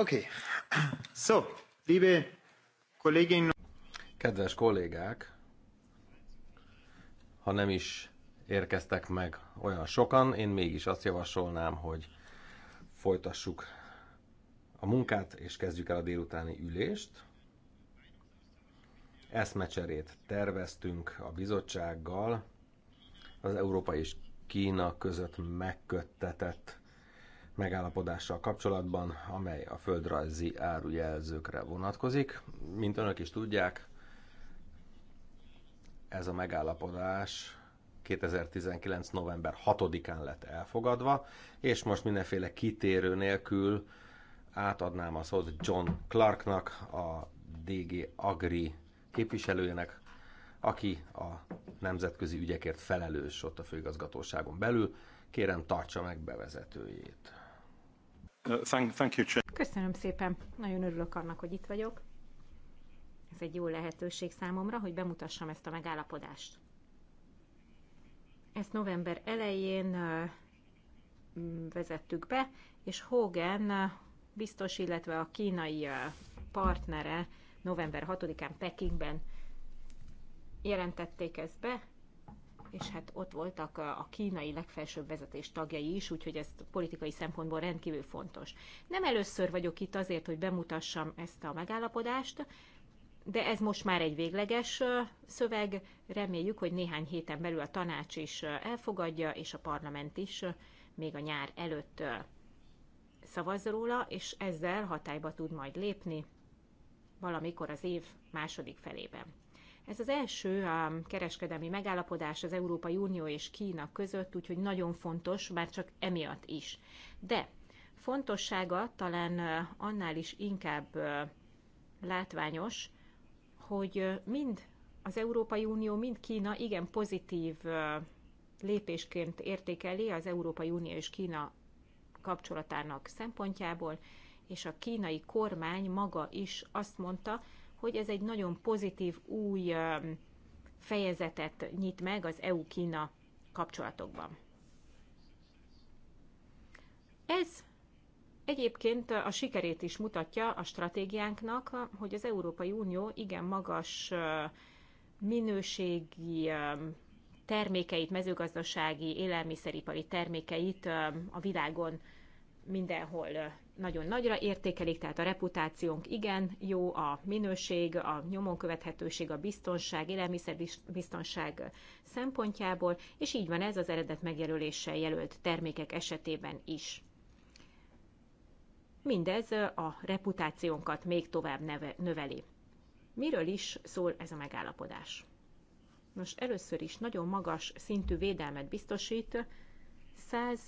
Okay. So, liebe Kolleginnen Kedves kollégák, ha nem is érkeztek meg olyan sokan, én mégis azt javasolnám, hogy folytassuk a munkát, és kezdjük el a délutáni ülést. Eszmecserét terveztünk a bizottsággal az Európai és Kína között megköttetett megállapodással kapcsolatban, amely a földrajzi árujelzőkre vonatkozik. Mint önök is tudják, ez a megállapodás 2019. november 6-án lett elfogadva, és most mindenféle kitérő nélkül átadnám a szót John Clarknak, a DG Agri képviselőjének, aki a nemzetközi ügyekért felelős ott a főigazgatóságon belül. Kérem, tartsa meg bevezetőjét. Uh, Köszönöm szépen, nagyon örülök annak, hogy itt vagyok. Ez egy jó lehetőség számomra, hogy bemutassam ezt a megállapodást. Ezt november elején uh, vezettük be, és Hogan uh, biztos, illetve a kínai partnere november 6-án Pekingben jelentették ezt be, és hát ott voltak a kínai legfelsőbb vezetés tagjai is, úgyhogy ez politikai szempontból rendkívül fontos. Nem először vagyok itt azért, hogy bemutassam ezt a megállapodást, de ez most már egy végleges szöveg, reméljük, hogy néhány héten belül a tanács is elfogadja, és a parlament is még a nyár előtt szavaz róla, és ezzel hatályba tud majd lépni valamikor az év második felében. Ez az első a kereskedelmi megállapodás az Európai Unió és Kína között, úgyhogy nagyon fontos, már csak emiatt is. De fontossága talán annál is inkább látványos, hogy mind az Európai Unió, mind Kína igen pozitív lépésként értékeli az Európai Unió és Kína kapcsolatának szempontjából, és a kínai kormány maga is azt mondta, hogy ez egy nagyon pozitív új fejezetet nyit meg az EU-Kína kapcsolatokban. Ez egyébként a sikerét is mutatja a stratégiánknak, hogy az Európai Unió igen magas minőségi termékeit, mezőgazdasági, élelmiszeripari termékeit a világon mindenhol nagyon nagyra értékelik, tehát a reputációnk igen jó, a minőség, a nyomon követhetőség, a biztonság, élelmiszerbiztonság szempontjából, és így van ez az eredet megjelöléssel jelölt termékek esetében is. Mindez a reputációnkat még tovább neve, növeli. Miről is szól ez a megállapodás? Nos, először is nagyon magas szintű védelmet biztosít 100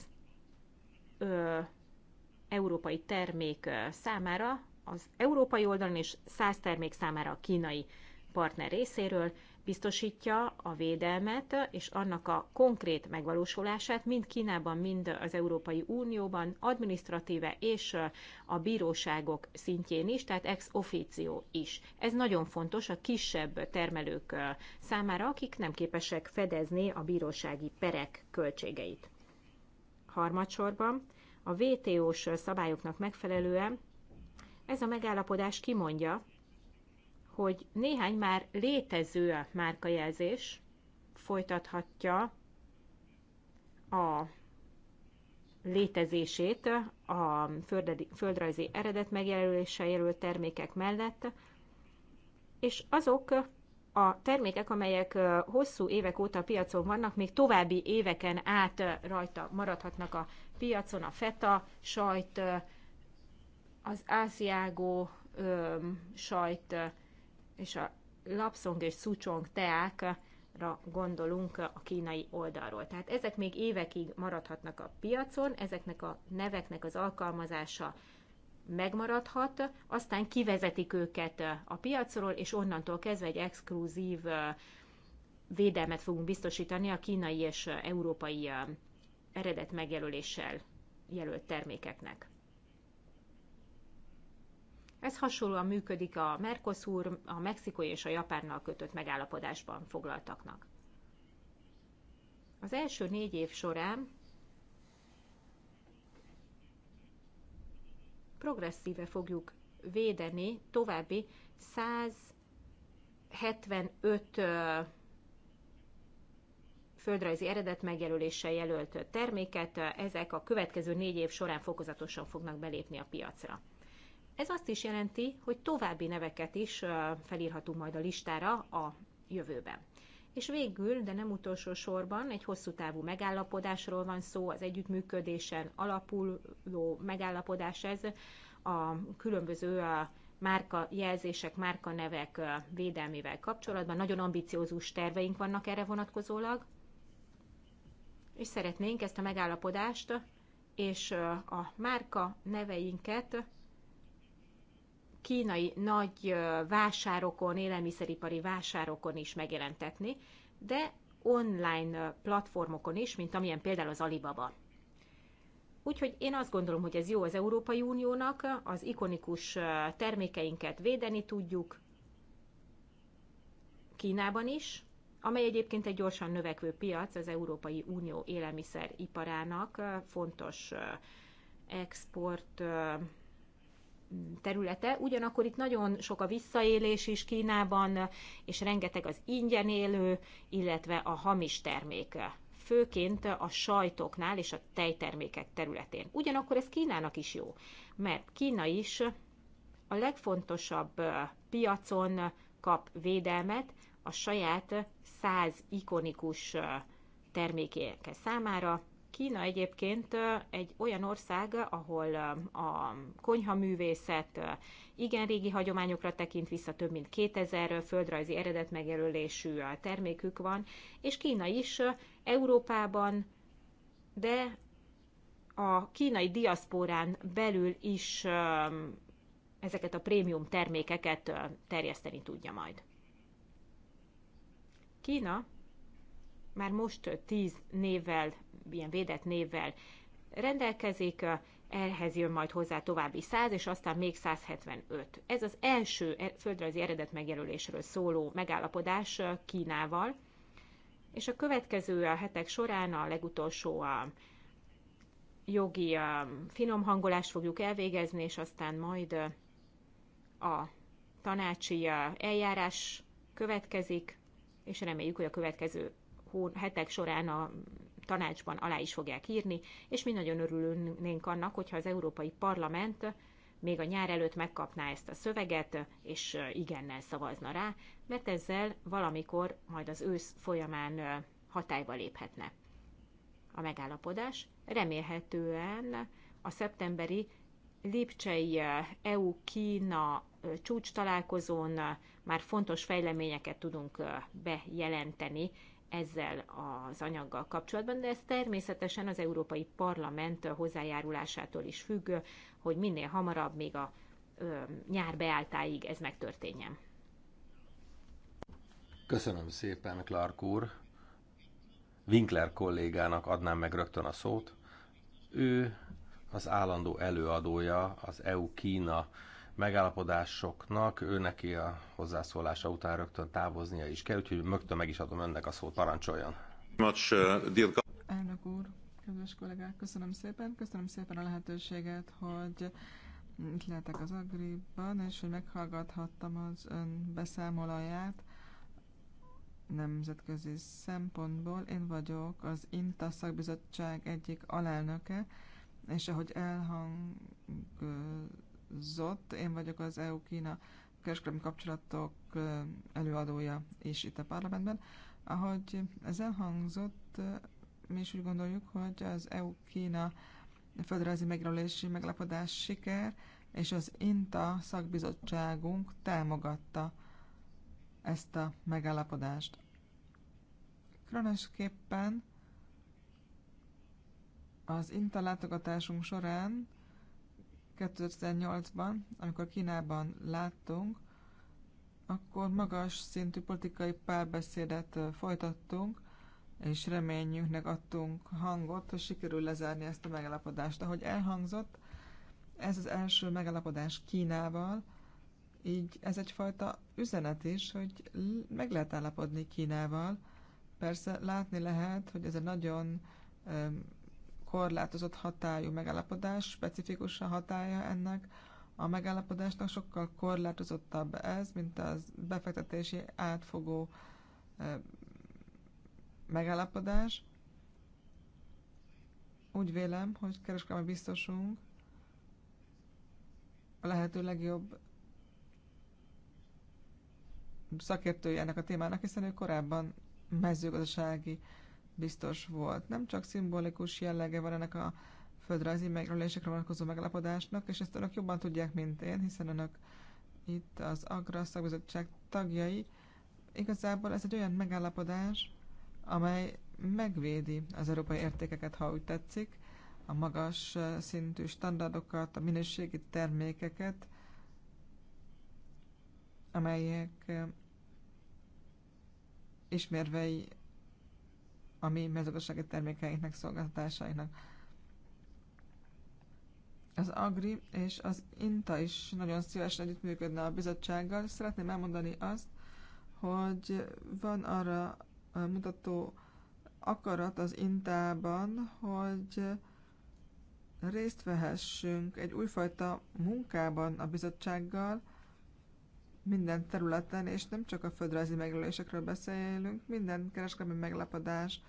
európai termék számára az európai oldalon és 100 termék számára a kínai partner részéről, biztosítja a védelmet és annak a konkrét megvalósulását mind Kínában, mind az Európai Unióban, administratíve és a bíróságok szintjén is, tehát ex officio is. Ez nagyon fontos a kisebb termelők számára, akik nem képesek fedezni a bírósági perek költségeit. Harmadsorban a WTO-s szabályoknak megfelelően ez a megállapodás kimondja, hogy néhány már létező márkajelzés folytathatja a létezését a földrajzi eredet megjelölése jelölt termékek mellett, és azok a termékek, amelyek hosszú évek óta a piacon vannak, még további éveken át rajta maradhatnak a piacon a feta sajt, az ásziágó sajt és a lapszong és szucsong teákra gondolunk a kínai oldalról. Tehát ezek még évekig maradhatnak a piacon, ezeknek a neveknek az alkalmazása megmaradhat, aztán kivezetik őket a piacról, és onnantól kezdve egy exkluzív védelmet fogunk biztosítani a kínai és európai eredet megjelöléssel jelölt termékeknek. Ez hasonlóan működik a Mercosur, a Mexikói és a Japánnal kötött megállapodásban foglaltaknak. Az első négy év során progresszíve fogjuk védeni további 175 földrajzi eredet megjelöléssel jelölt terméket, ezek a következő négy év során fokozatosan fognak belépni a piacra. Ez azt is jelenti, hogy további neveket is felírhatunk majd a listára a jövőben. És végül, de nem utolsó sorban, egy hosszú távú megállapodásról van szó, az együttműködésen alapuló megállapodás ez, a különböző a márka jelzések, nevek védelmével kapcsolatban. Nagyon ambiciózus terveink vannak erre vonatkozólag, és szeretnénk ezt a megállapodást és a márka neveinket kínai nagy vásárokon, élelmiszeripari vásárokon is megjelentetni, de online platformokon is, mint amilyen például az Alibaba. Úgyhogy én azt gondolom, hogy ez jó az Európai Uniónak, az ikonikus termékeinket védeni tudjuk, Kínában is, amely egyébként egy gyorsan növekvő piac az Európai Unió élelmiszeriparának fontos export területe. Ugyanakkor itt nagyon sok a visszaélés is Kínában, és rengeteg az ingyen élő, illetve a hamis termék főként a sajtoknál és a tejtermékek területén. Ugyanakkor ez Kínának is jó, mert Kína is a legfontosabb piacon kap védelmet, a saját 100 ikonikus termékének számára. Kína egyébként egy olyan ország, ahol a konyhaművészet igen régi hagyományokra tekint vissza, több mint 2000 földrajzi megjelölésű termékük van, és Kína is Európában, de a kínai diaszporán belül is ezeket a prémium termékeket terjeszteni tudja majd. Kína már most tíz névvel, ilyen védett névvel rendelkezik, ehhez jön majd hozzá további 100, és aztán még 175. Ez az első e- földrajzi eredet megjelölésről szóló megállapodás e, Kínával, és a következő a e, hetek során a legutolsó a jogi finomhangolást fogjuk elvégezni, és aztán majd a tanácsi eljárás következik, és reméljük, hogy a következő hetek során a tanácsban alá is fogják írni, és mi nagyon örülnénk annak, hogyha az Európai Parlament még a nyár előtt megkapná ezt a szöveget, és igennel szavazna rá, mert ezzel valamikor majd az ősz folyamán hatályba léphetne a megállapodás. Remélhetően a szeptemberi Lipcsei EU-Kína csúcs találkozón már fontos fejleményeket tudunk bejelenteni ezzel az anyaggal kapcsolatban, de ez természetesen az Európai Parlament hozzájárulásától is függ, hogy minél hamarabb, még a nyár beáltáig ez megtörténjen. Köszönöm szépen, Clark úr. Winkler kollégának adnám meg rögtön a szót. Ő az állandó előadója az EU-Kína megállapodásoknak, ő neki a hozzászólása után rögtön távoznia is kell, úgyhogy mögtön meg is adom önnek a szót, parancsoljon. Much, uh, Elnök úr, kedves kollégák, köszönöm szépen, köszönöm szépen a lehetőséget, hogy itt lehetek az Agriban, és hogy meghallgathattam az ön beszámolóját nemzetközi szempontból. Én vagyok az INTA szakbizottság egyik alelnöke, és ahogy elhang zott. Én vagyok az EU-Kína kereskedelmi kapcsolatok előadója is itt a parlamentben. Ahogy ez elhangzott, mi is úgy gondoljuk, hogy az EU-Kína földrajzi megjelölési meglapodás siker, és az INTA szakbizottságunk támogatta ezt a megállapodást. Különösképpen az INTA látogatásunk során 2008-ban, amikor Kínában láttunk, akkor magas szintű politikai párbeszédet folytattunk, és reményünknek adtunk hangot, hogy sikerül lezárni ezt a megalapodást. Ahogy elhangzott, ez az első megalapodás Kínával, így ez egyfajta üzenet is, hogy meg lehet állapodni Kínával. Persze látni lehet, hogy ez egy nagyon korlátozott hatályú megállapodás, specifikus a hatája ennek a megállapodásnak, sokkal korlátozottabb ez, mint az befektetési átfogó megállapodás. Úgy vélem, hogy kereskedelmi biztosunk a lehető legjobb szakértője ennek a témának, hiszen ő korábban mezőgazdasági biztos volt. Nem csak szimbolikus jellege van ennek a földrajzi megjelölésekre vonatkozó megalapodásnak, és ezt önök jobban tudják, mint én, hiszen önök itt az Agra szakbizottság tagjai. Igazából ez egy olyan megállapodás, amely megvédi az európai értékeket, ha úgy tetszik, a magas szintű standardokat, a minőségi termékeket, amelyek ismérvei a mi mezőgazdasági termékeinknek, szolgáltatásainak. Az Agri és az INTA is nagyon szívesen együttműködne a bizottsággal. Szeretném elmondani azt, hogy van arra mutató akarat az Intában, hogy részt vehessünk egy újfajta munkában a bizottsággal, minden területen, és nem csak a földrajzi megjelölésekről beszélünk, minden kereskedelmi meglepadás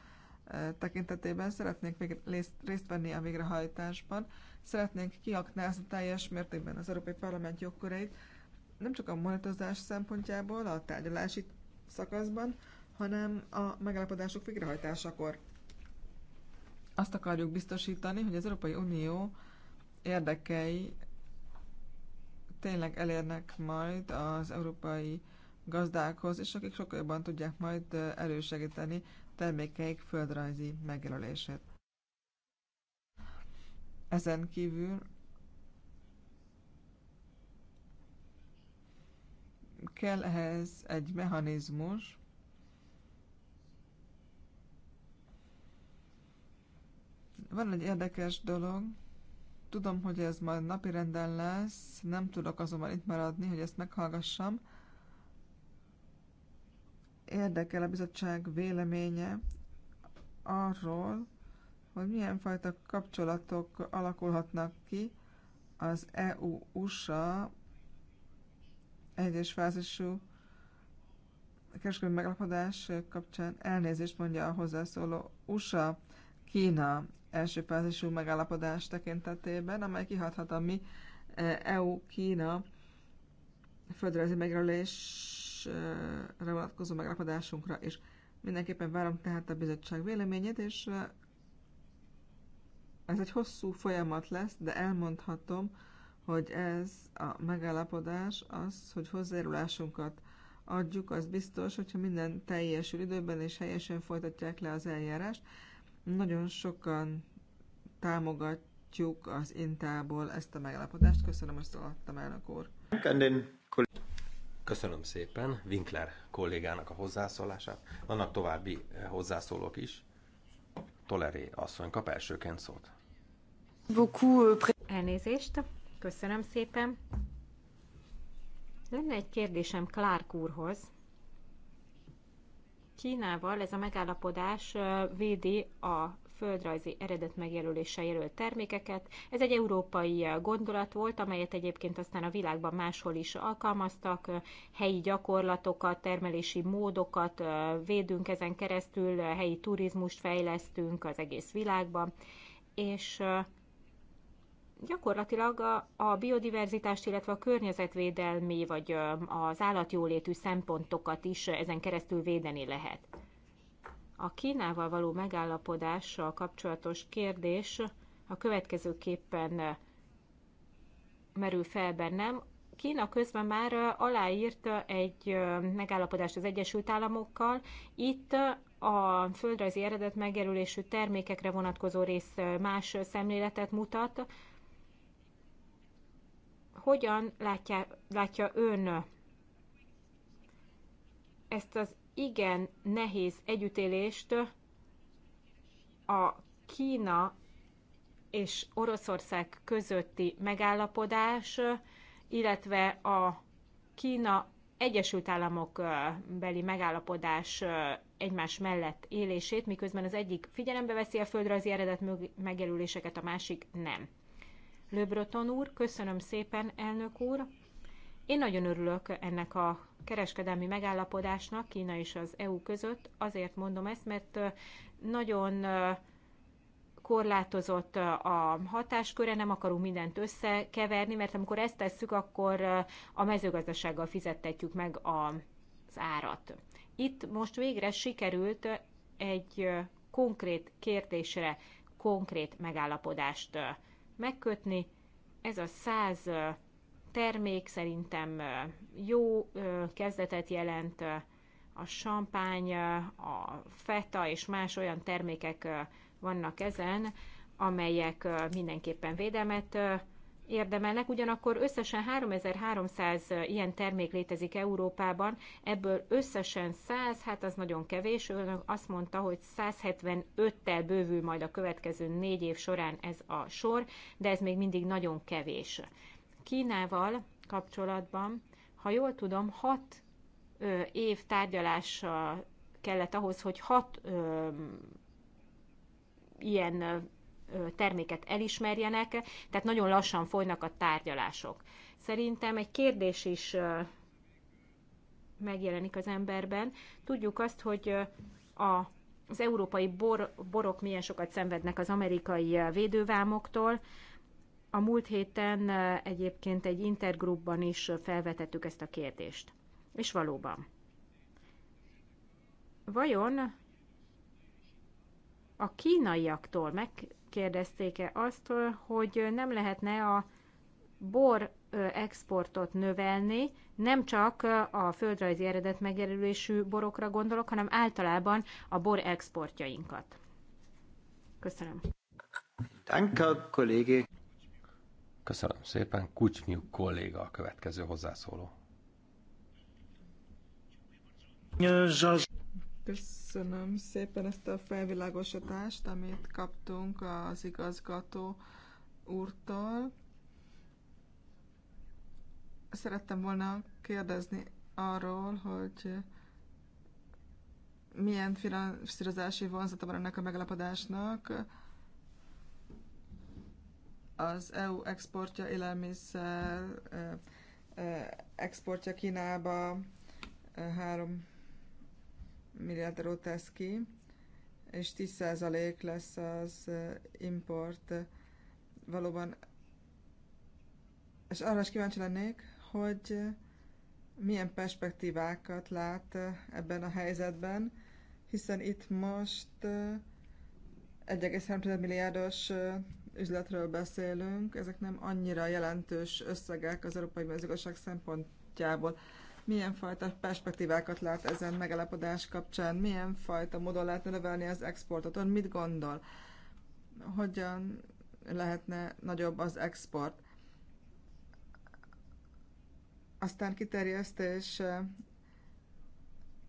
tekintetében szeretnénk még részt venni a végrehajtásban, szeretnénk kiaknázni teljes mértékben az Európai Parlament jogköreit, nem csak a monitorozás szempontjából, a tárgyalási szakaszban, hanem a megállapodások végrehajtásakor. Azt akarjuk biztosítani, hogy az Európai Unió érdekei tényleg elérnek majd az európai gazdákhoz, és akik sokkal jobban tudják majd elősegíteni termékeik földrajzi megjelölését. Ezen kívül kell ehhez egy mechanizmus, van egy érdekes dolog, Tudom, hogy ez majd napi renden lesz, nem tudok azonban itt maradni, hogy ezt meghallgassam. Érdekel a bizottság véleménye arról, hogy milyen fajta kapcsolatok alakulhatnak ki az EU-USA egyes fázisú kereskedelmi megalapodás kapcsán elnézést mondja a hozzászóló USA, Kína első fázisú megállapodás tekintetében, amely kihathat a mi e, EU-Kína földrajzi megjelölésre vonatkozó megállapodásunkra is. Mindenképpen várom tehát a bizottság véleményét, és e, ez egy hosszú folyamat lesz, de elmondhatom, hogy ez a megállapodás az, hogy hozzájárulásunkat adjuk, az biztos, hogyha minden teljesül időben és helyesen folytatják le az eljárást, nagyon sokan támogatjuk az Intából ezt a megállapodást. Köszönöm, hogy el a úr. Köszönöm szépen Winkler kollégának a hozzászólását. Vannak további eh, hozzászólók is. Toleré asszony kap elsőként szót. Euh, Elnézést, köszönöm szépen. Lenne egy kérdésem Clark úrhoz. Kínával ez a megállapodás védi a földrajzi eredet megjelöléssel jelölt termékeket. Ez egy európai gondolat volt, amelyet egyébként aztán a világban máshol is alkalmaztak. Helyi gyakorlatokat, termelési módokat védünk ezen keresztül, helyi turizmust fejlesztünk az egész világban, és gyakorlatilag a, a biodiverzitást, illetve a környezetvédelmi vagy az állatjólétű szempontokat is ezen keresztül védeni lehet. A Kínával való megállapodással kapcsolatos kérdés a következőképpen merül fel bennem. Kína közben már aláírt egy megállapodást az Egyesült Államokkal. Itt a földrajzi eredet megjelölésű termékekre vonatkozó rész más szemléletet mutat, hogyan látja, látja ön ezt az igen nehéz együttélést a Kína és Oroszország közötti megállapodás, illetve a Kína Egyesült Államok beli megállapodás egymás mellett élését, miközben az egyik figyelembe veszi a földrajzi eredet megjelöléseket, a másik nem. Le Breton úr, köszönöm szépen, elnök úr. Én nagyon örülök ennek a kereskedelmi megállapodásnak Kína és az EU között. Azért mondom ezt, mert nagyon korlátozott a hatásköre, nem akarunk mindent összekeverni, mert amikor ezt tesszük, akkor a mezőgazdasággal fizettetjük meg az árat. Itt most végre sikerült egy konkrét kérdésre konkrét megállapodást megkötni. Ez a 100 termék szerintem jó kezdetet jelent a sampány, a feta és más olyan termékek vannak ezen, amelyek mindenképpen védelmet érdemelnek, ugyanakkor összesen 3300 ilyen termék létezik Európában, ebből összesen 100, hát az nagyon kevés, ön azt mondta, hogy 175-tel bővül majd a következő négy év során ez a sor, de ez még mindig nagyon kevés. Kínával kapcsolatban, ha jól tudom, 6 év tárgyalása kellett ahhoz, hogy 6 ilyen terméket elismerjenek, tehát nagyon lassan folynak a tárgyalások. Szerintem egy kérdés is megjelenik az emberben. Tudjuk azt, hogy a az európai bor, borok milyen sokat szenvednek az amerikai védővámoktól. A múlt héten egyébként egy intergrupban is felvetettük ezt a kérdést. És valóban. Vajon a kínaiaktól meg megkérdezték-e azt, hogy nem lehetne a bor exportot növelni, nem csak a földrajzi eredet megjelölésű borokra gondolok, hanem általában a bor exportjainkat. Köszönöm. Danke, kollégé. Köszönöm szépen. Kucsmiuk kolléga a következő hozzászóló. Köszönöm szépen ezt a felvilágosítást, amit kaptunk az igazgató úrtól. Szerettem volna kérdezni arról, hogy milyen finanszírozási vonzata van ennek a megalapodásnak. Az EU exportja élelmiszer, exportja Kínába 3 milliárd tesz ki, és 10% lesz az import. Valóban, és arra is kíváncsi lennék, hogy milyen perspektívákat lát ebben a helyzetben, hiszen itt most 1,3 milliárdos üzletről beszélünk, ezek nem annyira jelentős összegek az európai mezőgazdaság szempontjából milyen fajta perspektívákat lát ezen megállapodás kapcsán, milyen fajta módon lehetne növelni az exportot, ön mit gondol, hogyan lehetne nagyobb az export. Aztán kiterjesztés eh,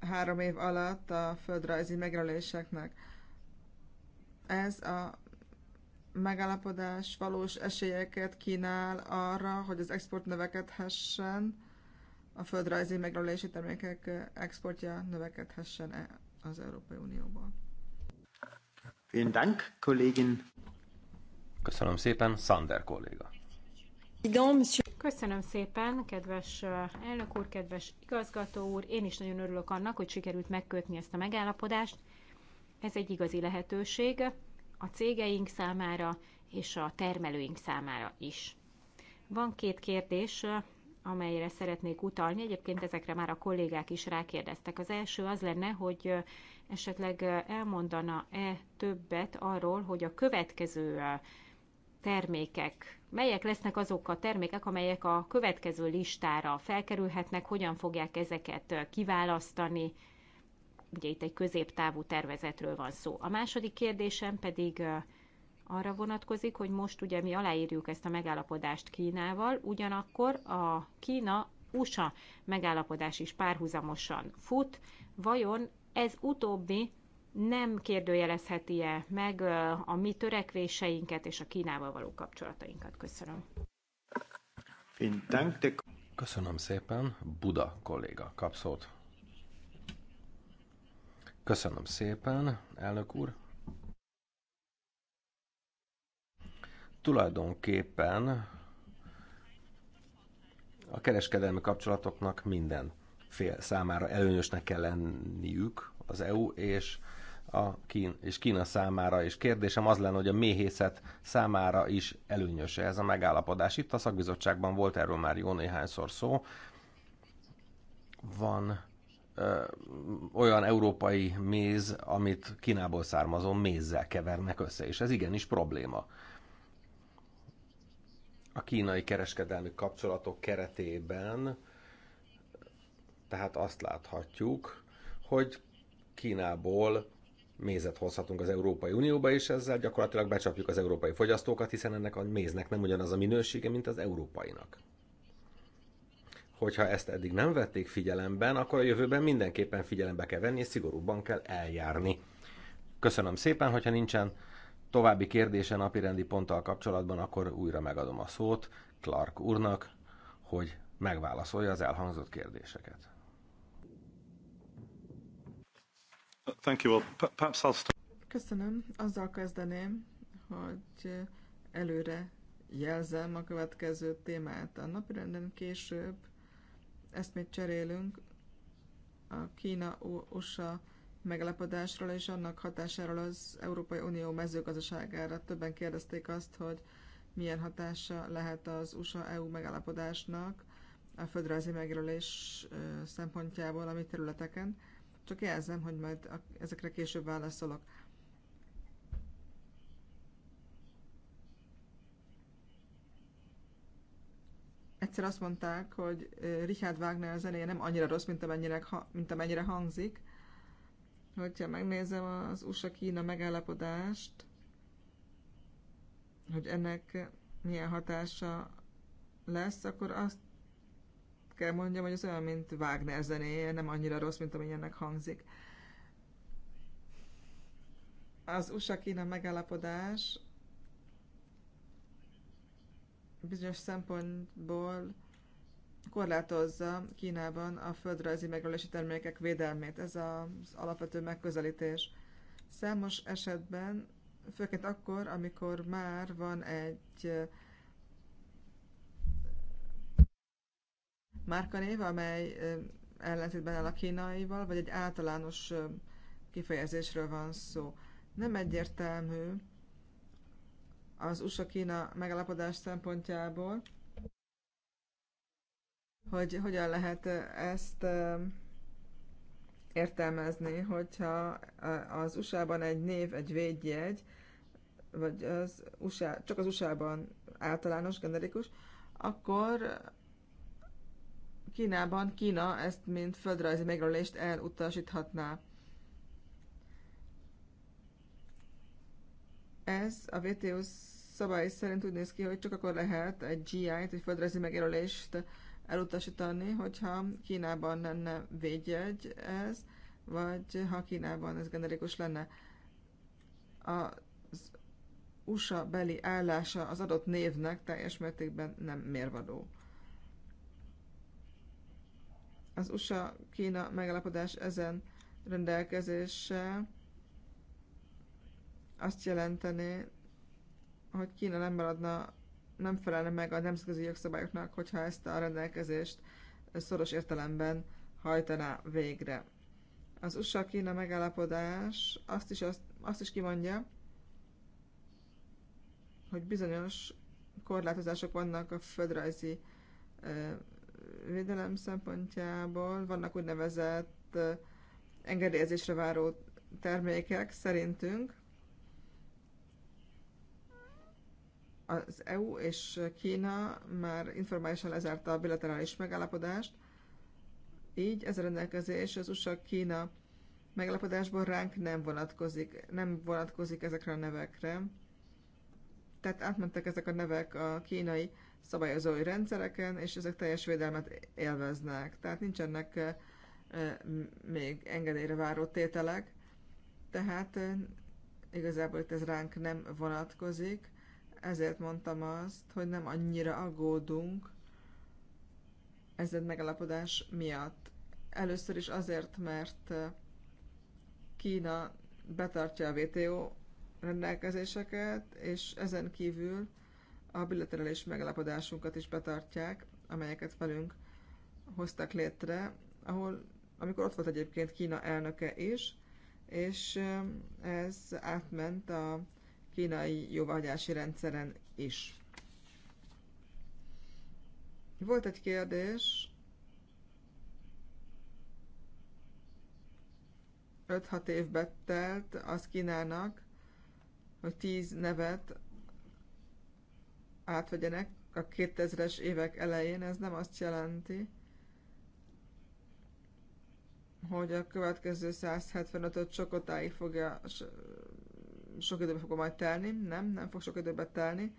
három év alatt a földrajzi megjelöléseknek. Ez a megállapodás valós esélyeket kínál arra, hogy az export növekedhessen, a földrajzi megjelölési termékek exportja növekedhessen -e az Európai Unióban. Vielen Dank, Köszönöm szépen, Sander kolléga. Köszönöm szépen, kedves elnök úr, kedves igazgató úr. Én is nagyon örülök annak, hogy sikerült megkötni ezt a megállapodást. Ez egy igazi lehetőség a cégeink számára és a termelőink számára is. Van két kérdés, amelyre szeretnék utalni. Egyébként ezekre már a kollégák is rákérdeztek. Az első az lenne, hogy esetleg elmondana-e többet arról, hogy a következő termékek, melyek lesznek azok a termékek, amelyek a következő listára felkerülhetnek, hogyan fogják ezeket kiválasztani, ugye itt egy középtávú tervezetről van szó. A második kérdésem pedig arra vonatkozik, hogy most ugye mi aláírjuk ezt a megállapodást Kínával, ugyanakkor a Kína-USA megállapodás is párhuzamosan fut. Vajon ez utóbbi nem kérdőjelezheti-e meg a mi törekvéseinket és a Kínával való kapcsolatainkat? Köszönöm. Köszönöm szépen, Buda kolléga, kapszót. Köszönöm szépen, elnök úr. Tulajdonképpen a kereskedelmi kapcsolatoknak minden fél számára előnyösnek kell lenniük az EU és a Kín, és Kína számára, és kérdésem az lenne, hogy a méhészet számára is előnyös ez a megállapodás. Itt a szakbizottságban volt erről már jó néhányszor szó. Van ö, olyan európai méz, amit Kínából származó mézzel kevernek össze, és ez igenis probléma a kínai kereskedelmi kapcsolatok keretében, tehát azt láthatjuk, hogy Kínából mézet hozhatunk az Európai Unióba, és ezzel gyakorlatilag becsapjuk az európai fogyasztókat, hiszen ennek a méznek nem ugyanaz a minősége, mint az európainak. Hogyha ezt eddig nem vették figyelemben, akkor a jövőben mindenképpen figyelembe kell venni, és szigorúbban kell eljárni. Köszönöm szépen, hogyha nincsen további kérdése napirendi ponttal kapcsolatban, akkor újra megadom a szót Clark úrnak, hogy megválaszolja az elhangzott kérdéseket. Thank you. Perhaps I'll start. Köszönöm. Azzal kezdeném, hogy előre jelzem a következő témát a napirenden később. Ezt még cserélünk. A Kína-USA megalapodásról és annak hatásáról az Európai Unió mezőgazdaságára. Többen kérdezték azt, hogy milyen hatása lehet az USA-EU e megállapodásnak a földrajzi megjelölés szempontjából a mi területeken. Csak jelzem, hogy majd ezekre később válaszolok. Egyszer azt mondták, hogy Richard Wagner zenéje nem annyira rossz, mint amennyire, mint amennyire hangzik, Hogyha megnézem az USA-Kína megállapodást, hogy ennek milyen hatása lesz, akkor azt kell mondjam, hogy az olyan, mint Wagner zenéje, nem annyira rossz, mint ennek hangzik. Az USA-Kína megállapodás bizonyos szempontból korlátozza Kínában a földrajzi megölési termékek védelmét. Ez az alapvető megközelítés. Számos esetben, főként akkor, amikor már van egy márkanév, amely ellentétben áll a kínaival, vagy egy általános kifejezésről van szó. Nem egyértelmű az USA-Kína megállapodás szempontjából, hogy hogyan lehet ezt értelmezni, hogyha az USA-ban egy név, egy védjegy, vagy az USA, csak az USA-ban általános, generikus, akkor Kínában Kína ezt, mint földrajzi megjelölést elutasíthatná. Ez a WTO szabály szerint úgy néz ki, hogy csak akkor lehet egy GI-t, egy földrajzi megjelölést elutasítani, hogyha Kínában lenne védjegy ez, vagy ha Kínában ez generikus lenne. Az USA beli állása az adott névnek teljes mértékben nem mérvadó. Az USA-Kína megállapodás ezen rendelkezése azt jelenteni, hogy Kína nem maradna nem felelne meg a nemzetközi jogszabályoknak, hogyha ezt a rendelkezést szoros értelemben hajtaná végre. Az USA-Kína megállapodás azt is, azt, azt is kimondja, hogy bizonyos korlátozások vannak a földrajzi védelem szempontjából, vannak úgynevezett engedélyezésre váró termékek szerintünk, Az EU és Kína már informálisan lezárta a bilaterális megállapodást, így ez a rendelkezés az USA-Kína megállapodásból ránk nem vonatkozik, nem vonatkozik ezekre a nevekre. Tehát átmentek ezek a nevek a kínai szabályozói rendszereken, és ezek teljes védelmet élveznek. Tehát nincsenek még engedélyre váró tételek, tehát igazából itt ez ránk nem vonatkozik ezért mondtam azt, hogy nem annyira aggódunk ezen megalapodás miatt. Először is azért, mert Kína betartja a WTO rendelkezéseket, és ezen kívül a bilaterális megalapodásunkat is betartják, amelyeket velünk hoztak létre, ahol, amikor ott volt egyébként Kína elnöke is, és ez átment a kínai jóváhagyási rendszeren is. Volt egy kérdés 5-6 év telt az Kínának, hogy 10 nevet átvegyenek a 2000-es évek elején. Ez nem azt jelenti, hogy a következő 175-öt sokotáig fogja sok időbe fogom majd telni. Nem, nem fog sok időbe telni.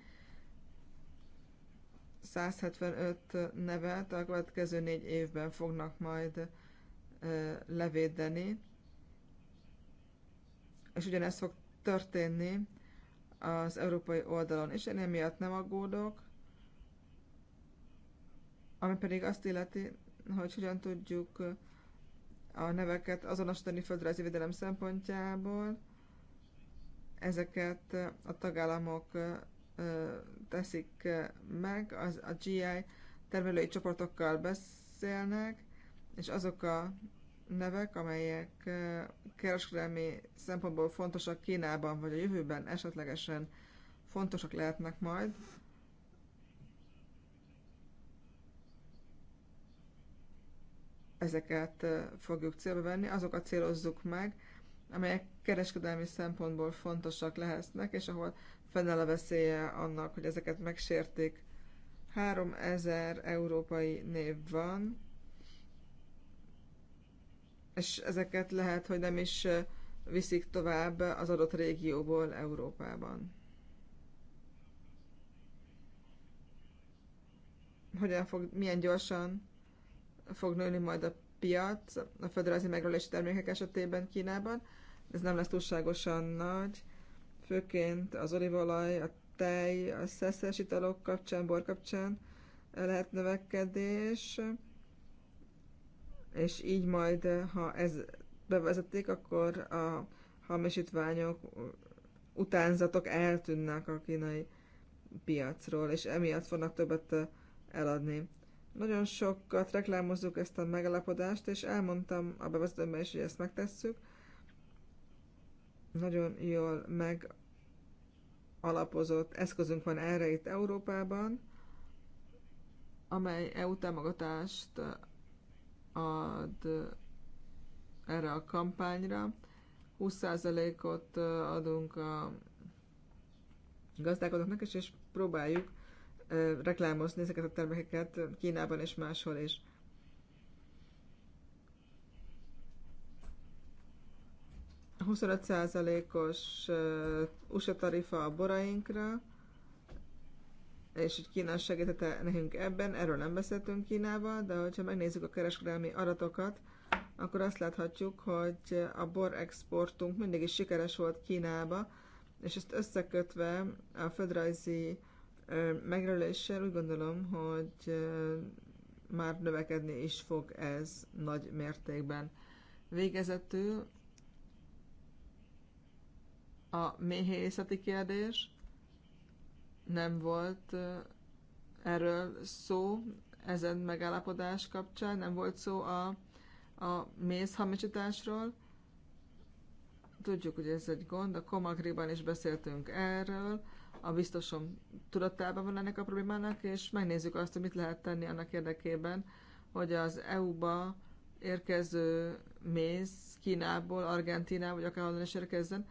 175 nevet a következő négy évben fognak majd levédeni. És ugyanezt fog történni az európai oldalon, és én emiatt nem aggódok. Ami pedig azt illeti, hogy hogyan tudjuk a neveket azonosítani földrajzi védelem szempontjából ezeket a tagállamok teszik meg, az, a GI termelői csoportokkal beszélnek, és azok a nevek, amelyek kereskedelmi szempontból fontosak Kínában, vagy a jövőben esetlegesen fontosak lehetnek majd, ezeket fogjuk célba venni, azokat célozzuk meg, amelyek kereskedelmi szempontból fontosak lehetnek, és ahol fennáll a veszélye annak, hogy ezeket megsértik. 3000 európai név van, és ezeket lehet, hogy nem is viszik tovább az adott régióból Európában. Hogyan fog, milyen gyorsan fog nőni majd a piac a földrajzi megölési termékek esetében Kínában? ez nem lesz túlságosan nagy, főként az olívolaj, a tej, a szeszes italok kapcsán, bor kapcsán lehet növekedés, és így majd, ha ez bevezették, akkor a hamisítványok, utánzatok eltűnnek a kínai piacról, és emiatt fognak többet eladni. Nagyon sokat reklámozzuk ezt a megalapodást, és elmondtam a bevezetőben is, hogy ezt megtesszük, nagyon jól meg alapozott eszközünk van erre itt Európában, amely EU támogatást ad erre a kampányra. 20%-ot adunk a gazdálkodóknak is, és próbáljuk reklámozni ezeket a termékeket Kínában és máshol is. 25%-os USA tarifa a borainkra, és hogy Kína segítette nekünk ebben, erről nem beszéltünk Kínával, de hogyha megnézzük a kereskedelmi adatokat, akkor azt láthatjuk, hogy a bor exportunk mindig is sikeres volt Kínába, és ezt összekötve a földrajzi megrőléssel úgy gondolom, hogy már növekedni is fog ez nagy mértékben. Végezetül a méhészeti kérdés nem volt erről szó ezen megállapodás kapcsán, nem volt szó a, a mézhamisításról. Tudjuk, hogy ez egy gond, a Komagriban is beszéltünk erről, a biztosom tudatában van ennek a problémának, és megnézzük azt, hogy mit lehet tenni annak érdekében, hogy az EU-ba érkező méz Kínából, Argentinából, vagy akárhonnan is érkezzen,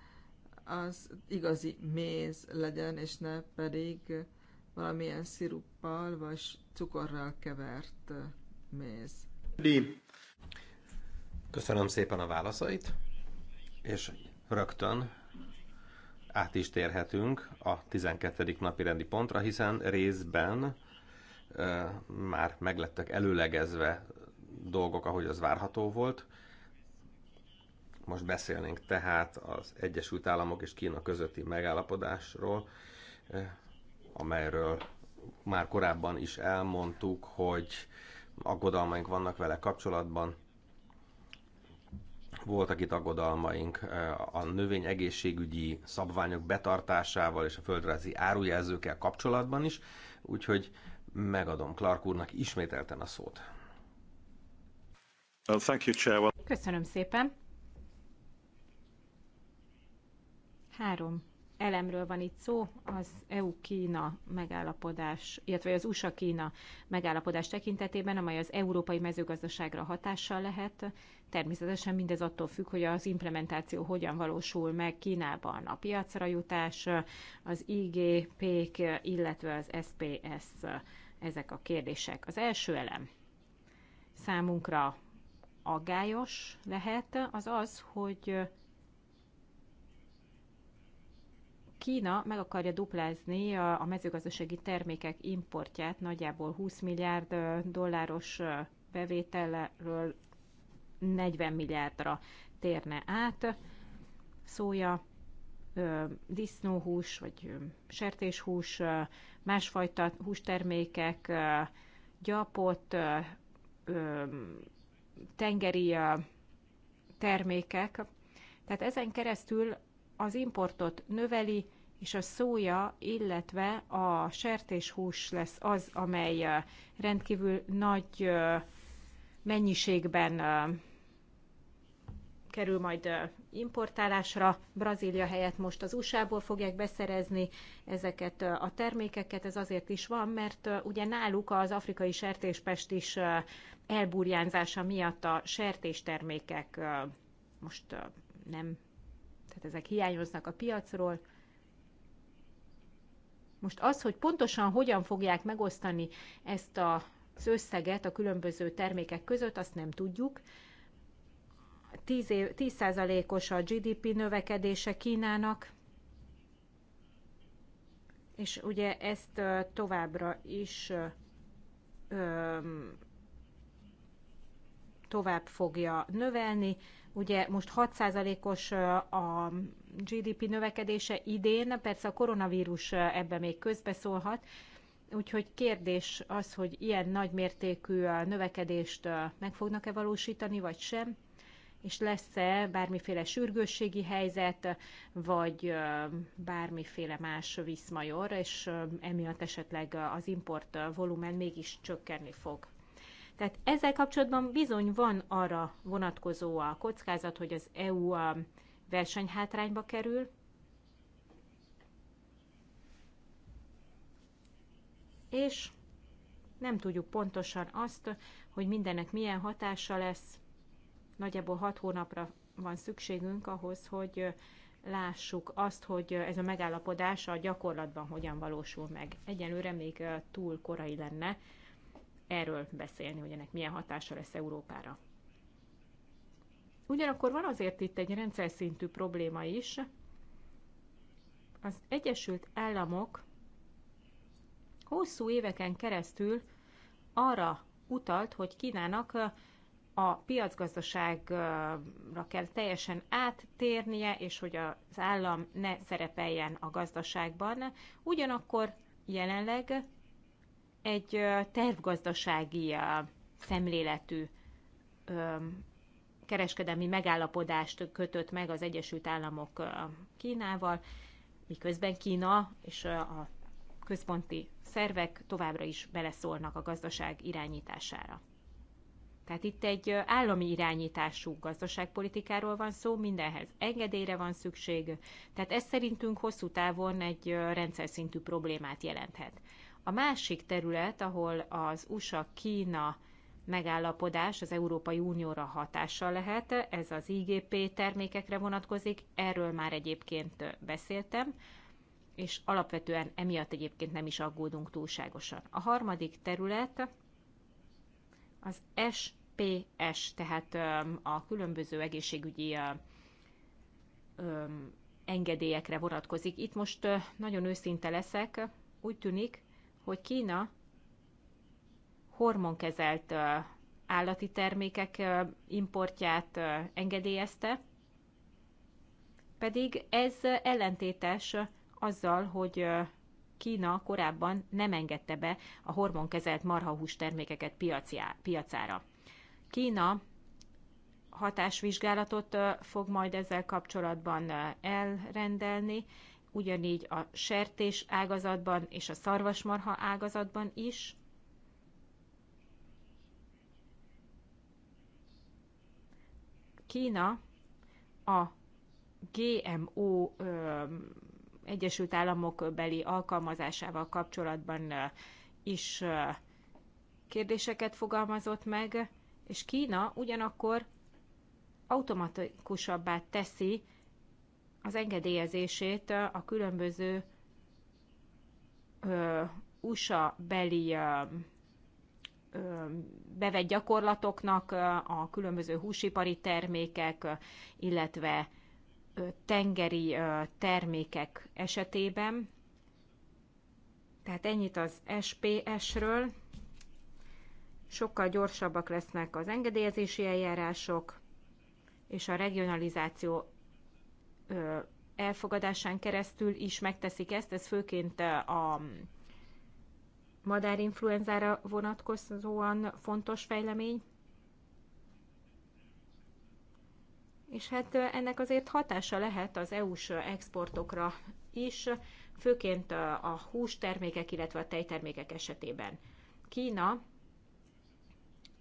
az igazi méz legyen, és ne pedig valamilyen sziruppal vagy cukorral kevert méz. Köszönöm szépen a válaszait, és rögtön át is térhetünk a 12. napi rendi pontra, hiszen részben e, már meglettek előlegezve dolgok, ahogy az várható volt. Most beszélnénk tehát az Egyesült Államok és Kína közötti megállapodásról, eh, amelyről már korábban is elmondtuk, hogy aggodalmaink vannak vele kapcsolatban. Voltak itt aggodalmaink eh, a növény egészségügyi szabványok betartásával és a földrajzi árujelzőkkel kapcsolatban is, úgyhogy megadom Clark úrnak ismételten a szót. Köszönöm szépen. Három elemről van itt szó, az EU-Kína megállapodás, illetve az USA-Kína megállapodás tekintetében, amely az európai mezőgazdaságra hatással lehet. Természetesen mindez attól függ, hogy az implementáció hogyan valósul meg Kínában. A piacra jutás, az igp illetve az SPS, ezek a kérdések. Az első elem számunkra aggályos lehet, az az, hogy Kína meg akarja duplázni a mezőgazdasági termékek importját, nagyjából 20 milliárd dolláros bevételről 40 milliárdra térne át. Szója, disznóhús, vagy sertéshús, másfajta hústermékek, gyapot, tengeri termékek. Tehát ezen keresztül az importot növeli, és a szója, illetve a sertéshús lesz az, amely rendkívül nagy mennyiségben kerül majd importálásra. Brazília helyett most az USA-ból fogják beszerezni ezeket a termékeket. Ez azért is van, mert ugye náluk az afrikai sertéspest is elburjánzása miatt a sertéstermékek most nem, tehát ezek hiányoznak a piacról. Most az, hogy pontosan hogyan fogják megosztani ezt a, az összeget a különböző termékek között, azt nem tudjuk. 10%-os a GDP növekedése Kínának, és ugye ezt továbbra is tovább fogja növelni, Ugye most 6%-os a GDP növekedése idén, persze a koronavírus ebbe még közbeszólhat, Úgyhogy kérdés az, hogy ilyen nagymértékű növekedést meg fognak-e valósítani, vagy sem, és lesz-e bármiféle sürgősségi helyzet, vagy bármiféle más viszmajor, és emiatt esetleg az import volumen mégis csökkenni fog. Tehát ezzel kapcsolatban bizony van arra vonatkozó a kockázat, hogy az EU a versenyhátrányba kerül, és nem tudjuk pontosan azt, hogy mindennek milyen hatása lesz. Nagyjából hat hónapra van szükségünk ahhoz, hogy lássuk azt, hogy ez a megállapodás a gyakorlatban hogyan valósul meg. Egyelőre még túl korai lenne erről beszélni, hogy ennek milyen hatása lesz Európára. Ugyanakkor van azért itt egy rendszer szintű probléma is. Az Egyesült Államok hosszú éveken keresztül arra utalt, hogy Kínának a piacgazdaságra kell teljesen áttérnie, és hogy az állam ne szerepeljen a gazdaságban. Ugyanakkor jelenleg egy tervgazdasági szemléletű kereskedelmi megállapodást kötött meg az Egyesült Államok Kínával, miközben Kína és a központi szervek továbbra is beleszólnak a gazdaság irányítására. Tehát itt egy állami irányítású gazdaságpolitikáról van szó, mindenhez engedélyre van szükség, tehát ez szerintünk hosszú távon egy rendszer szintű problémát jelenthet. A másik terület, ahol az USA-Kína megállapodás az Európai Unióra hatással lehet, ez az IGP termékekre vonatkozik, erről már egyébként beszéltem, és alapvetően emiatt egyébként nem is aggódunk túlságosan. A harmadik terület az SPS, tehát a különböző egészségügyi engedélyekre vonatkozik. Itt most nagyon őszinte leszek, úgy tűnik, hogy Kína hormonkezelt állati termékek importját engedélyezte, pedig ez ellentétes azzal, hogy Kína korábban nem engedte be a hormonkezelt marhahús termékeket piacára. Kína hatásvizsgálatot fog majd ezzel kapcsolatban elrendelni, ugyanígy a sertés ágazatban és a szarvasmarha ágazatban is. Kína a GMO ö, Egyesült Államok beli alkalmazásával kapcsolatban ö, is ö, kérdéseket fogalmazott meg, és Kína ugyanakkor automatikusabbá teszi az engedélyezését a különböző USA-beli bevett gyakorlatoknak, a különböző húsipari termékek, illetve tengeri termékek esetében. Tehát ennyit az SPS-ről. Sokkal gyorsabbak lesznek az engedélyezési eljárások, és a regionalizáció elfogadásán keresztül is megteszik ezt, ez főként a madárinfluenzára vonatkozóan fontos fejlemény. És hát ennek azért hatása lehet az EU-s exportokra is, főként a hústermékek, illetve a tejtermékek esetében. Kína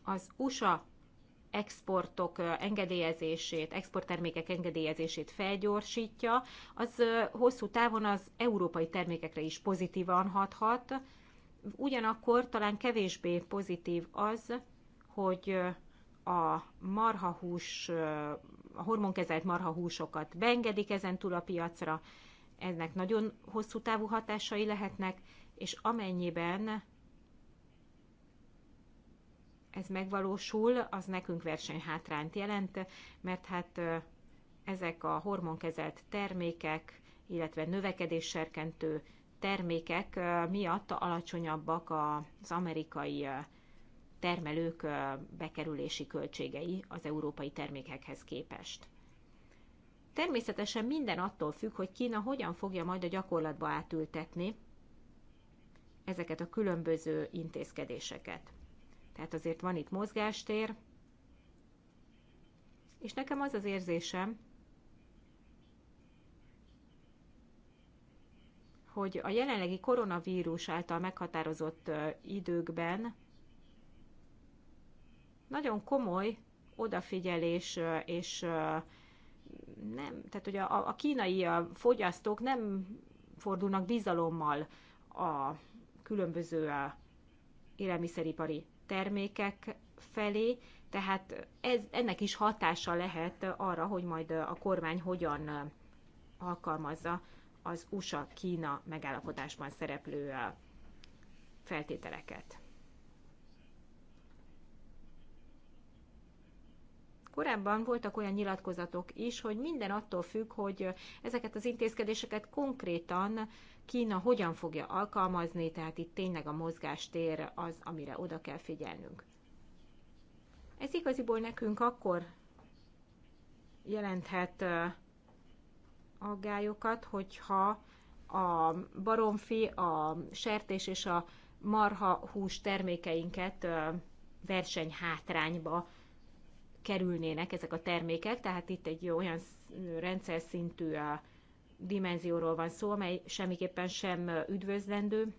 az USA exportok engedélyezését, exporttermékek engedélyezését felgyorsítja, az hosszú távon az európai termékekre is pozitívan hathat. Ugyanakkor talán kevésbé pozitív az, hogy a marhahús, a hormonkezelt marhahúsokat beengedik ezen túl a piacra, ennek nagyon hosszú távú hatásai lehetnek, és amennyiben ez megvalósul, az nekünk versenyhátrányt jelent, mert hát ezek a hormonkezelt termékek, illetve növekedésserkentő termékek miatt alacsonyabbak az amerikai termelők bekerülési költségei az európai termékekhez képest. Természetesen minden attól függ, hogy Kína hogyan fogja majd a gyakorlatba átültetni ezeket a különböző intézkedéseket. Tehát azért van itt mozgástér. És nekem az az érzésem, hogy a jelenlegi koronavírus által meghatározott időkben nagyon komoly odafigyelés és nem, tehát hogy a, a kínai fogyasztók nem fordulnak bizalommal a különböző élelmiszeripari termékek felé, tehát ez, ennek is hatása lehet arra, hogy majd a kormány hogyan alkalmazza az USA-Kína megállapodásban szereplő feltételeket. Korábban voltak olyan nyilatkozatok is, hogy minden attól függ, hogy ezeket az intézkedéseket konkrétan Kína hogyan fogja alkalmazni, tehát itt tényleg a mozgástér az, amire oda kell figyelnünk. Ez igaziból nekünk akkor jelenthet aggályokat, hogyha a baromfi, a sertés és a marha hús termékeinket hátrányba kerülnének ezek a termékek, tehát itt egy olyan rendszer szintű a dimenzióról van szó, amely semmiképpen sem üdvözlendő.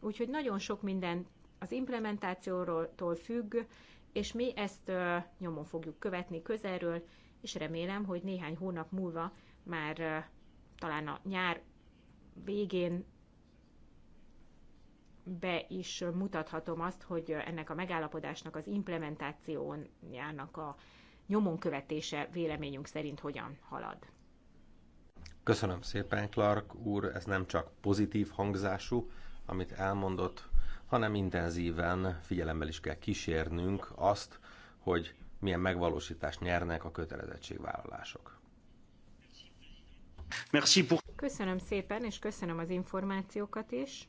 Úgyhogy nagyon sok minden az implementációtól függ, és mi ezt nyomon fogjuk követni közelről, és remélem, hogy néhány hónap múlva már talán a nyár végén be is mutathatom azt, hogy ennek a megállapodásnak az implementációjának a nyomon követése véleményünk szerint hogyan halad. Köszönöm szépen, Clark úr, ez nem csak pozitív hangzású, amit elmondott, hanem intenzíven figyelemmel is kell kísérnünk azt, hogy milyen megvalósítást nyernek a kötelezettségvállalások. Köszönöm szépen, és köszönöm az információkat is.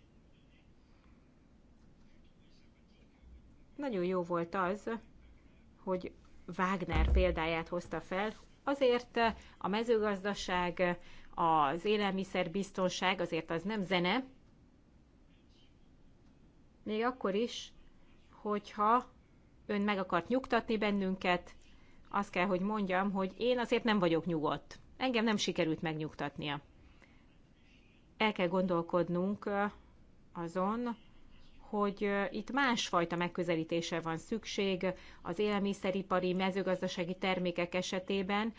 Nagyon jó volt az, hogy Wagner példáját hozta fel, azért a mezőgazdaság, az élelmiszerbiztonság azért az nem zene, még akkor is, hogyha ön meg akart nyugtatni bennünket, azt kell, hogy mondjam, hogy én azért nem vagyok nyugodt. Engem nem sikerült megnyugtatnia. El kell gondolkodnunk azon, hogy itt másfajta megközelítése van szükség az élelmiszeripari, mezőgazdasági termékek esetében.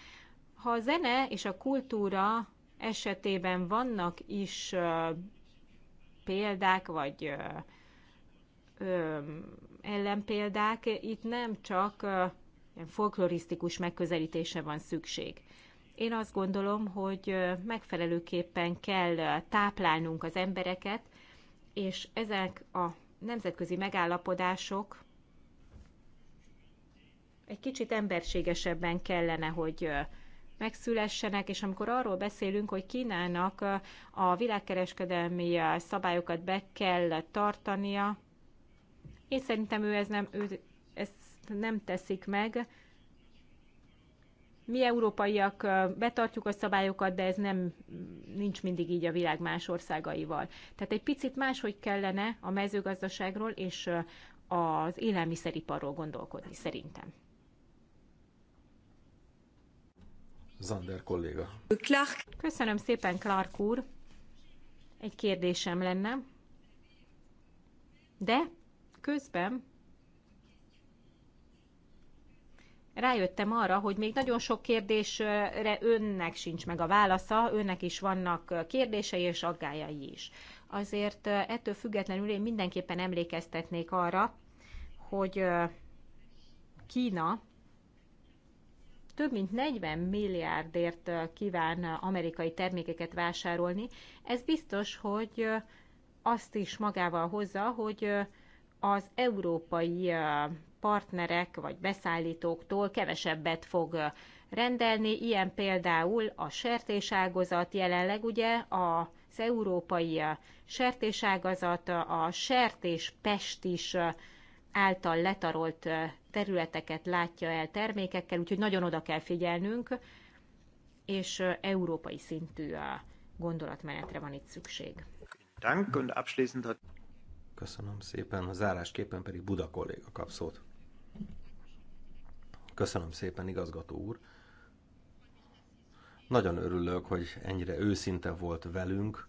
Ha a zene és a kultúra esetében vannak is példák, vagy ellenpéldák, itt nem csak folklorisztikus megközelítése van szükség. Én azt gondolom, hogy megfelelőképpen kell táplálnunk az embereket, és ezek a nemzetközi megállapodások egy kicsit emberségesebben kellene, hogy megszülessenek, és amikor arról beszélünk, hogy Kínának a világkereskedelmi szabályokat be kell tartania, én szerintem ő, ez nem, ő ezt nem teszik meg, mi európaiak betartjuk a szabályokat, de ez nem nincs mindig így a világ más országaival. Tehát egy picit máshogy kellene a mezőgazdaságról és az élelmiszeriparról gondolkodni szerintem. Zander kolléga. Clark. Köszönöm szépen, Clark úr. Egy kérdésem lenne. De közben rájöttem arra, hogy még nagyon sok kérdésre önnek sincs meg a válasza, önnek is vannak kérdései és aggájai is. Azért ettől függetlenül én mindenképpen emlékeztetnék arra, hogy Kína több mint 40 milliárdért kíván amerikai termékeket vásárolni. Ez biztos, hogy azt is magával hozza, hogy az európai partnerek vagy beszállítóktól kevesebbet fog rendelni, ilyen például a sertéságozat jelenleg ugye az európai sertéságazat, a pest is által letarolt területeket látja el termékekkel, úgyhogy nagyon oda kell figyelnünk, és európai szintű a gondolatmenetre van itt szükség. Köszönöm szépen, a zárásképpen pedig Buda kolléga kap szót. Köszönöm szépen, igazgató úr. Nagyon örülök, hogy ennyire őszinte volt velünk,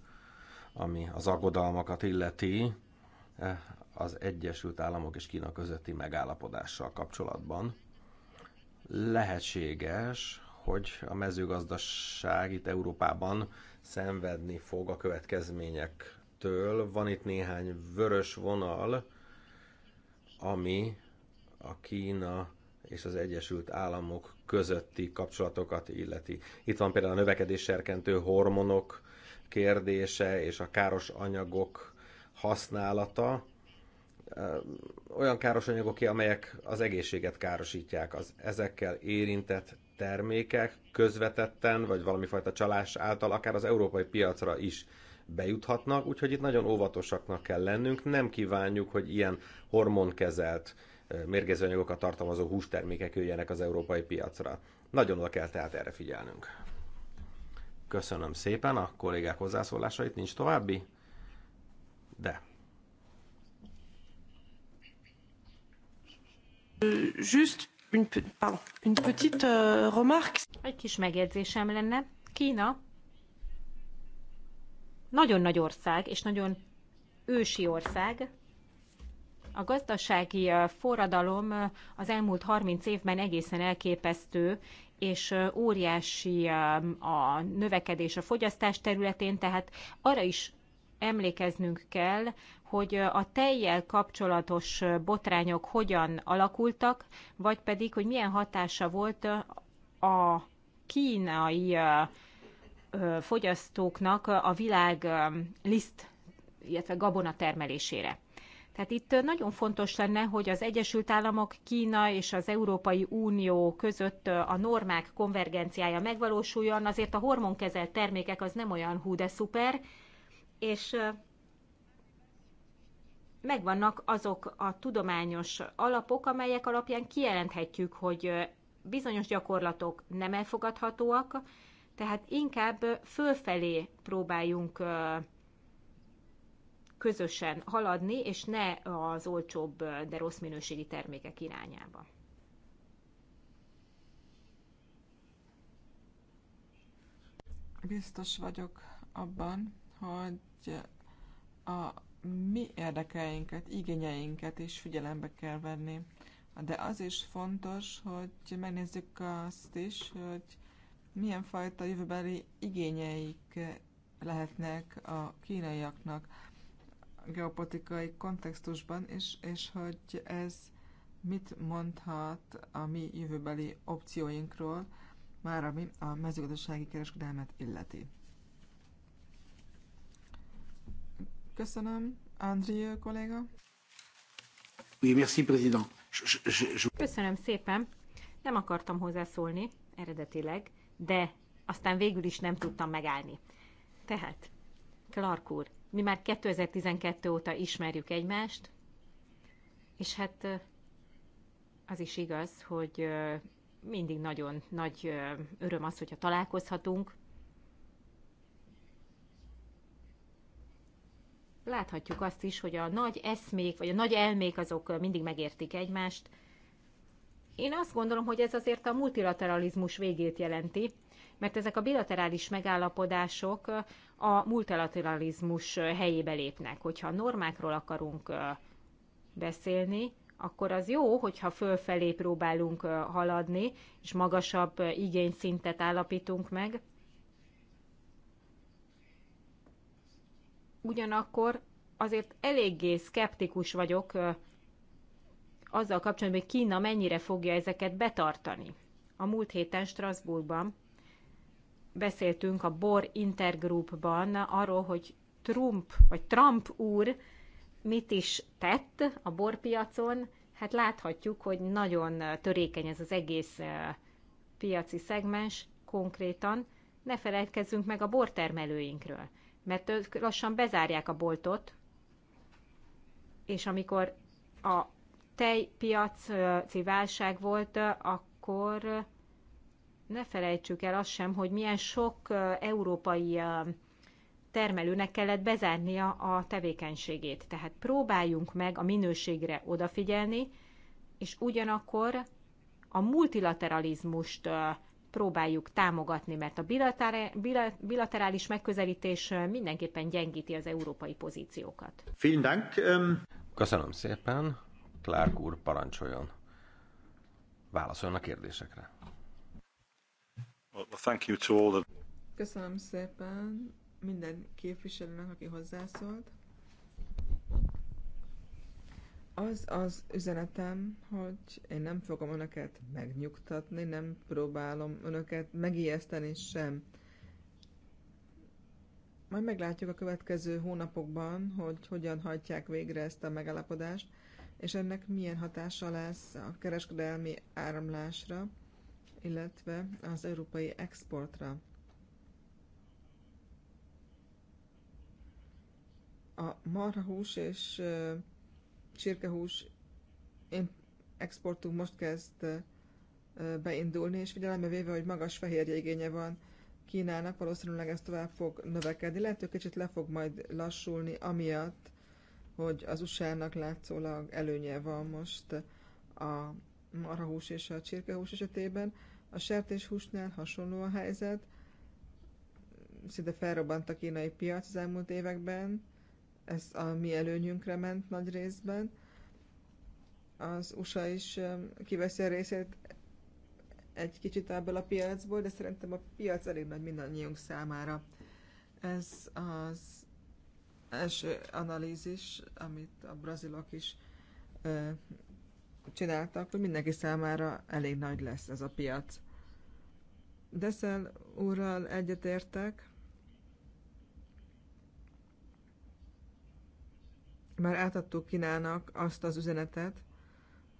ami az aggodalmakat illeti eh, az Egyesült Államok és Kína közötti megállapodással kapcsolatban. Lehetséges, hogy a mezőgazdaság itt Európában szenvedni fog a következményektől. Van itt néhány vörös vonal, ami a Kína és az Egyesült Államok közötti kapcsolatokat illeti. Itt van például a növekedés serkentő hormonok kérdése és a káros anyagok használata, olyan káros anyagok, amelyek az egészséget károsítják, az ezekkel érintett termékek közvetetten, vagy valami fajta csalás által akár az európai piacra is bejuthatnak, úgyhogy itt nagyon óvatosaknak kell lennünk, nem kívánjuk, hogy ilyen hormonkezelt mérgező anyagokat tartalmazó hústermékek jöjjenek az európai piacra. Nagyon oda kell tehát erre figyelnünk. Köszönöm szépen a kollégák hozzászólásait, nincs további, de. Just une, pardon, une petite euh, remarque. Egy kis megjegyzésem lenne. Kína nagyon nagy ország, és nagyon ősi ország, a gazdasági forradalom az elmúlt 30 évben egészen elképesztő, és óriási a növekedés a fogyasztás területén, tehát arra is emlékeznünk kell, hogy a tejjel kapcsolatos botrányok hogyan alakultak, vagy pedig, hogy milyen hatása volt a kínai fogyasztóknak a világ liszt, illetve gabona termelésére. Tehát itt nagyon fontos lenne, hogy az Egyesült Államok, Kína és az Európai Unió között a normák konvergenciája megvalósuljon. Azért a hormonkezelt termékek az nem olyan hú de szuper, és megvannak azok a tudományos alapok, amelyek alapján kijelenthetjük, hogy bizonyos gyakorlatok nem elfogadhatóak, tehát inkább fölfelé próbáljunk közösen haladni, és ne az olcsóbb, de rossz minőségi termékek irányába. Biztos vagyok abban, hogy a mi érdekeinket, igényeinket is figyelembe kell venni. De az is fontos, hogy megnézzük azt is, hogy milyen fajta jövőbeli igényeik lehetnek a kínaiaknak geopolitikai kontextusban, és, és hogy ez mit mondhat a mi jövőbeli opcióinkról, már ami a mezőgazdasági kereskedelmet illeti. Köszönöm, Andrió kolléga. Köszönöm szépen. Nem akartam hozzászólni eredetileg, de aztán végül is nem tudtam megállni. Tehát, Clark úr, mi már 2012 óta ismerjük egymást, és hát az is igaz, hogy mindig nagyon nagy öröm az, hogyha találkozhatunk. Láthatjuk azt is, hogy a nagy eszmék, vagy a nagy elmék azok mindig megértik egymást. Én azt gondolom, hogy ez azért a multilateralizmus végét jelenti, mert ezek a bilaterális megállapodások a multilateralizmus helyébe lépnek. Hogyha normákról akarunk beszélni, akkor az jó, hogyha fölfelé próbálunk haladni, és magasabb igényszintet állapítunk meg. Ugyanakkor azért eléggé szkeptikus vagyok azzal kapcsolatban, hogy Kína mennyire fogja ezeket betartani. A múlt héten Strasbourgban beszéltünk a Bor Intergroupban arról, hogy Trump, vagy Trump úr mit is tett a borpiacon, hát láthatjuk, hogy nagyon törékeny ez az egész piaci szegmens konkrétan. Ne felejtkezzünk meg a bortermelőinkről, mert ők lassan bezárják a boltot, és amikor a tejpiaci válság volt, akkor ne felejtsük el azt sem, hogy milyen sok európai termelőnek kellett bezárnia a tevékenységét. Tehát próbáljunk meg a minőségre odafigyelni, és ugyanakkor a multilateralizmust próbáljuk támogatni, mert a bilaterális megközelítés mindenképpen gyengíti az európai pozíciókat. Ähm. Köszönöm szépen. Clark úr, parancsoljon. Válaszoljon a kérdésekre. Köszönöm szépen minden képviselőnek, aki hozzászólt. Az az üzenetem, hogy én nem fogom önöket megnyugtatni, nem próbálom önöket megijeszteni sem. Majd meglátjuk a következő hónapokban, hogy hogyan hajtják végre ezt a megállapodást, és ennek milyen hatása lesz a kereskedelmi áramlásra illetve az európai exportra. A marhahús és csirkehús exportunk most kezd beindulni, és figyelembe véve, hogy magas fehérje igénye van Kínának, valószínűleg ez tovább fog növekedni. Lehet, hogy kicsit le fog majd lassulni, amiatt, hogy az USA-nak látszólag előnye van most a marhahús és a csirkehús esetében. A sertéshúsnál hasonló a helyzet, szinte felrobbant a kínai piac az elmúlt években, ez a mi előnyünkre ment nagy részben. Az USA is um, kiveszi a részét egy kicsit ebből a piacból, de szerintem a piac elég nagy mindannyiunk számára. Ez az első analízis, amit a brazilok is csináltak, hogy mindenki számára elég nagy lesz ez a piac. Deszel úrral egyetértek, már átadtuk Kínának azt az üzenetet,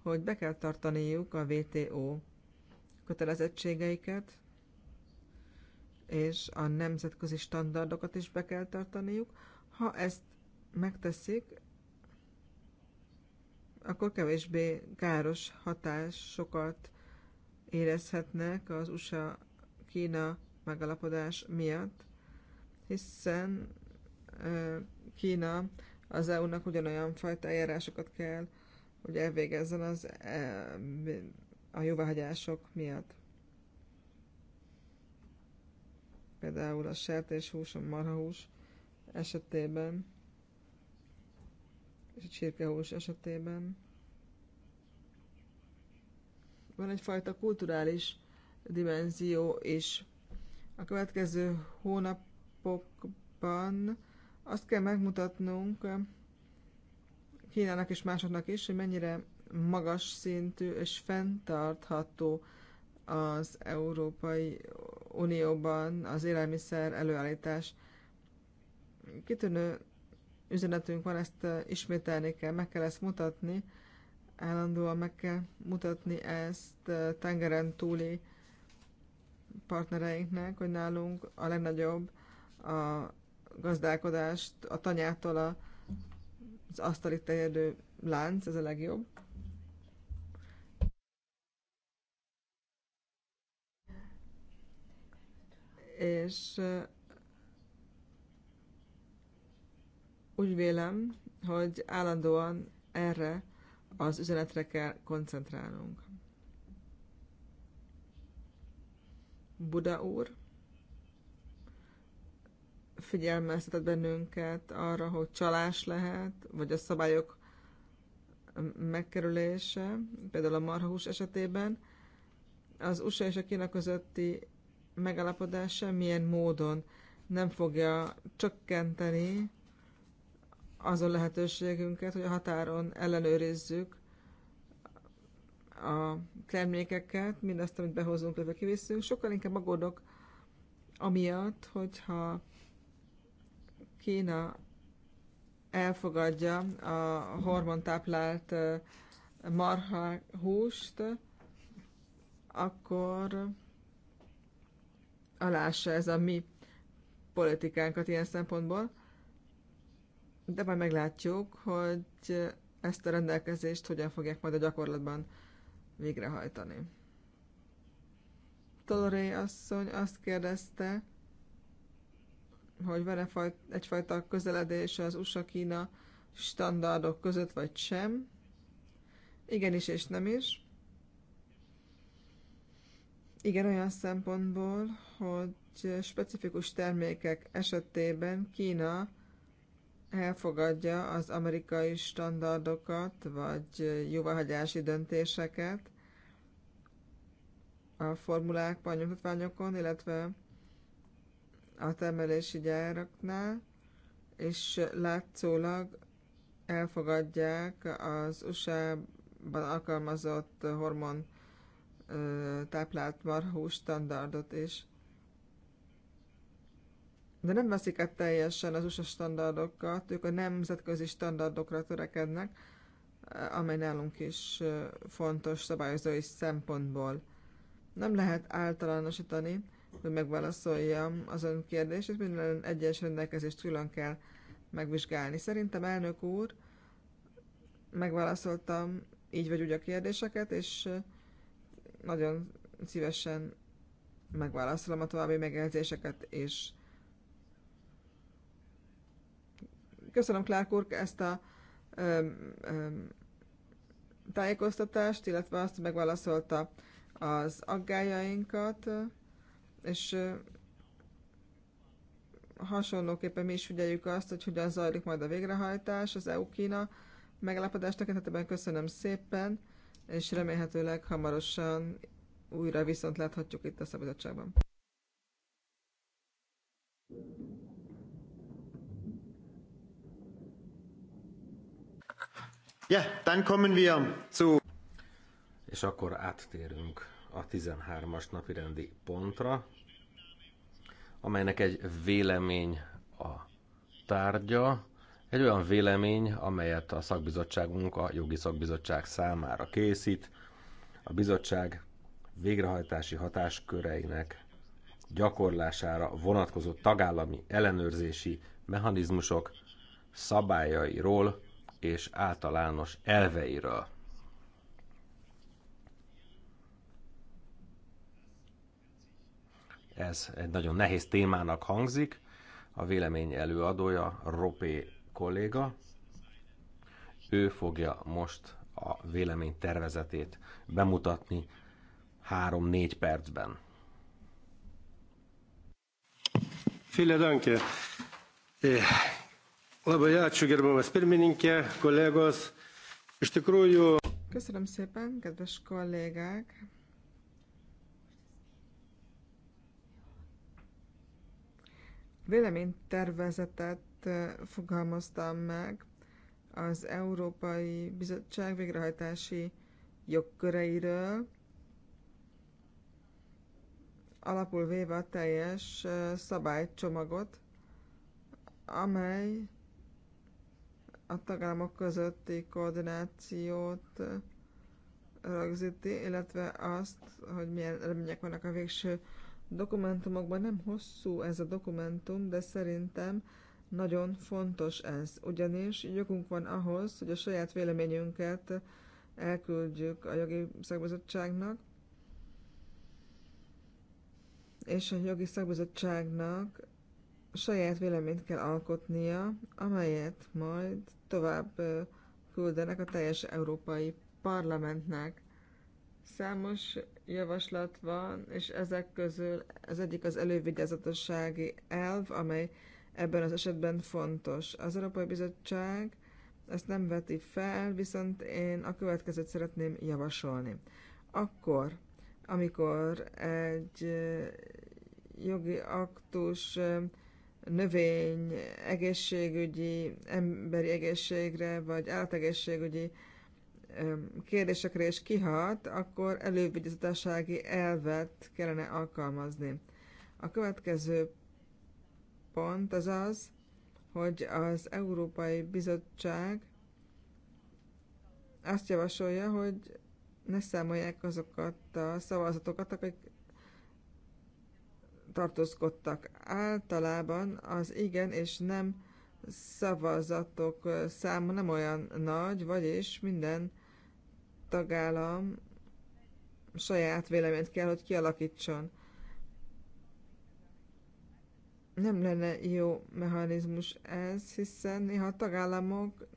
hogy be kell tartaniuk a WTO kötelezettségeiket, és a nemzetközi standardokat is be kell tartaniuk. Ha ezt megteszik, akkor kevésbé káros hatásokat érezhetnek az USA-Kína megalapodás miatt, hiszen Kína az EU-nak ugyanolyan fajta eljárásokat kell, hogy elvégezzen az, e, a jóváhagyások miatt. Például a sertéshús, a marhahús esetében és a csirkehús esetében van egyfajta kulturális dimenzió is. A következő hónapokban azt kell megmutatnunk Kínának és másoknak is, hogy mennyire magas szintű és fenntartható az Európai Unióban az élelmiszer előállítás. Kitűnő üzenetünk van, ezt ismételni kell, meg kell ezt mutatni, állandóan meg kell mutatni ezt tengeren túli partnereinknek, hogy nálunk a legnagyobb a gazdálkodást a tanyától a, az asztalig terjedő lánc, ez a legjobb. És Úgy vélem, hogy állandóan erre az üzenetre kell koncentrálnunk. Buda úr figyelmeztetett bennünket arra, hogy csalás lehet, vagy a szabályok megkerülése, például a marhahús esetében. Az USA és a Kína közötti megállapodás semmilyen módon nem fogja csökkenteni a lehetőségünket, hogy a határon ellenőrizzük a termékeket, mindazt, amit behozunk, illetve kivisszünk. Sokkal inkább aggódok amiatt, hogyha Kína elfogadja a hormontáplált marha húst, akkor alássa ez a mi politikánkat ilyen szempontból de majd meglátjuk, hogy ezt a rendelkezést hogyan fogják majd a gyakorlatban végrehajtani. Toloré asszony azt kérdezte, hogy van-e egyfajta közeledés az USA-Kína standardok között, vagy sem. Igenis és nem is. Igen, olyan szempontból, hogy specifikus termékek esetében Kína elfogadja az amerikai standardokat, vagy jóváhagyási döntéseket a formulák, nyomtatványokon, illetve a termelési gyáraknál, és látszólag elfogadják az USA-ban alkalmazott hormon táplált marhús standardot is de nem veszik el teljesen az USA standardokat, ők a nemzetközi standardokra törekednek, amely nálunk is fontos szabályozói szempontból. Nem lehet általánosítani, hogy megválaszoljam az ön kérdését, minden egyes rendelkezést külön kell megvizsgálni. Szerintem elnök úr, megválaszoltam így vagy úgy a kérdéseket, és nagyon szívesen megválaszolom a további megjegyzéseket, és Köszönöm, Clark úr, ezt a ö, ö, tájékoztatást, illetve azt, hogy megválaszolta az aggájainkat, és hasonlóképpen mi is figyeljük azt, hogy hogyan zajlik majd a végrehajtás az EU-Kína meglepadás tekintetében. Köszönöm szépen, és remélhetőleg hamarosan újra viszont láthatjuk itt a szabadságban. Ja, dann kommen wir zu... És akkor áttérünk a 13-as napi rendi pontra, amelynek egy vélemény a tárgya, egy olyan vélemény, amelyet a szakbizottságunk a jogi szakbizottság számára készít, a bizottság végrehajtási hatásköreinek gyakorlására vonatkozó tagállami ellenőrzési mechanizmusok szabályairól és általános elveiről. Ez egy nagyon nehéz témának hangzik. A vélemény előadója Ropé kolléga. Ő fogja most a vélemény tervezetét bemutatni 3-4 percben. Vielen Dank. Eh, Labai ačiū, gerbiamas pirmininkė, kollégos. És tikrųjú... Köszönöm szépen, kedves kollégák! Véleménytervezetet eh, fogalmaztam meg az Európai Bizottság végrehajtási jogköreiről, alapul véve a teljes eh, szabálycsomagot, amely a tagállamok közötti koordinációt rögzíti, illetve azt, hogy milyen eredmények vannak a végső dokumentumokban. Nem hosszú ez a dokumentum, de szerintem nagyon fontos ez, ugyanis jogunk van ahhoz, hogy a saját véleményünket elküldjük a jogi szakbizottságnak, és a jogi szakbizottságnak saját véleményt kell alkotnia, amelyet majd tovább küldenek a teljes Európai Parlamentnek. Számos javaslat van, és ezek közül az egyik az elővigyázatossági elv, amely ebben az esetben fontos. Az Európai Bizottság ezt nem veti fel, viszont én a következőt szeretném javasolni. Akkor, amikor egy jogi aktus növény egészségügyi, emberi egészségre, vagy állategészségügyi kérdésekre is kihat, akkor elővigyázatossági elvet kellene alkalmazni. A következő pont az az, hogy az Európai Bizottság azt javasolja, hogy ne számolják azokat a szavazatokat, akik tartózkodtak. Általában az igen és nem szavazatok száma nem olyan nagy, vagyis minden tagállam saját véleményt kell, hogy kialakítson. Nem lenne jó mechanizmus ez, hiszen néha a tagállamok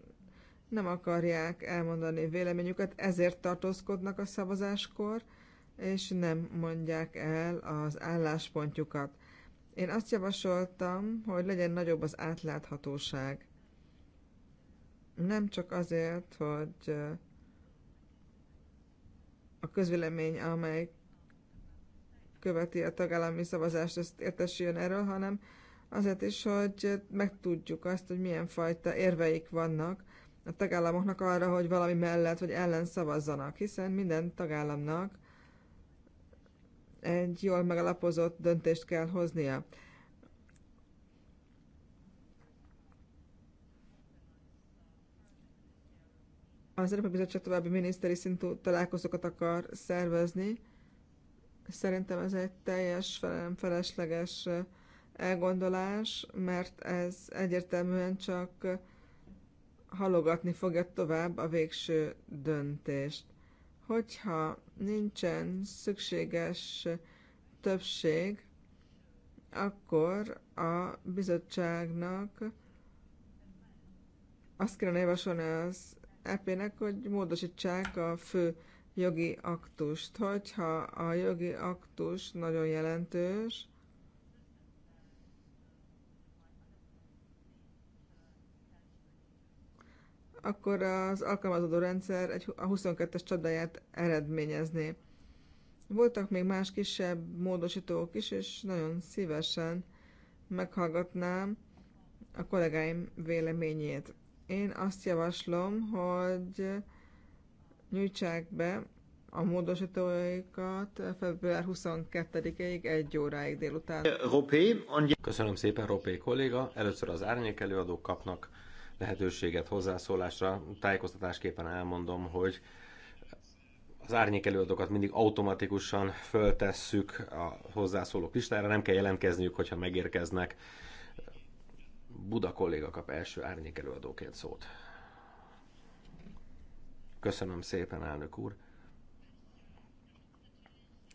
nem akarják elmondani véleményüket, ezért tartózkodnak a szavazáskor, és nem mondják el az álláspontjukat. Én azt javasoltam, hogy legyen nagyobb az átláthatóság. Nem csak azért, hogy a közvélemény, amely követi a tagállami szavazást, ezt értesüljön erről, hanem azért is, hogy megtudjuk azt, hogy milyen fajta érveik vannak a tagállamoknak arra, hogy valami mellett vagy ellen szavazzanak, hiszen minden tagállamnak egy jól megalapozott döntést kell hoznia. Az Európai Bizottság további miniszteri szintű találkozókat akar szervezni. Szerintem ez egy teljes felesleges elgondolás, mert ez egyértelműen csak halogatni fogja tovább a végső döntést. Hogyha nincsen szükséges többség, akkor a bizottságnak azt kellene javasolni az EP-nek, hogy módosítsák a fő jogi aktust. Hogyha a jogi aktus nagyon jelentős, akkor az alkalmazódó rendszer egy, a 22-es csodáját eredményezné. Voltak még más kisebb módosítók is, és nagyon szívesen meghallgatnám a kollégáim véleményét. Én azt javaslom, hogy nyújtsák be a módosítóikat február 22-ig egy óráig délután. Köszönöm szépen, Ropé kolléga. Először az árnyék előadók kapnak lehetőséget hozzászólásra. Tájékoztatásképpen elmondom, hogy az árnyék előadókat mindig automatikusan föltesszük a hozzászólók listára, nem kell jelentkezniük, hogyha megérkeznek. Buda kolléga kap első árnyék előadóként szót. Köszönöm szépen, elnök úr.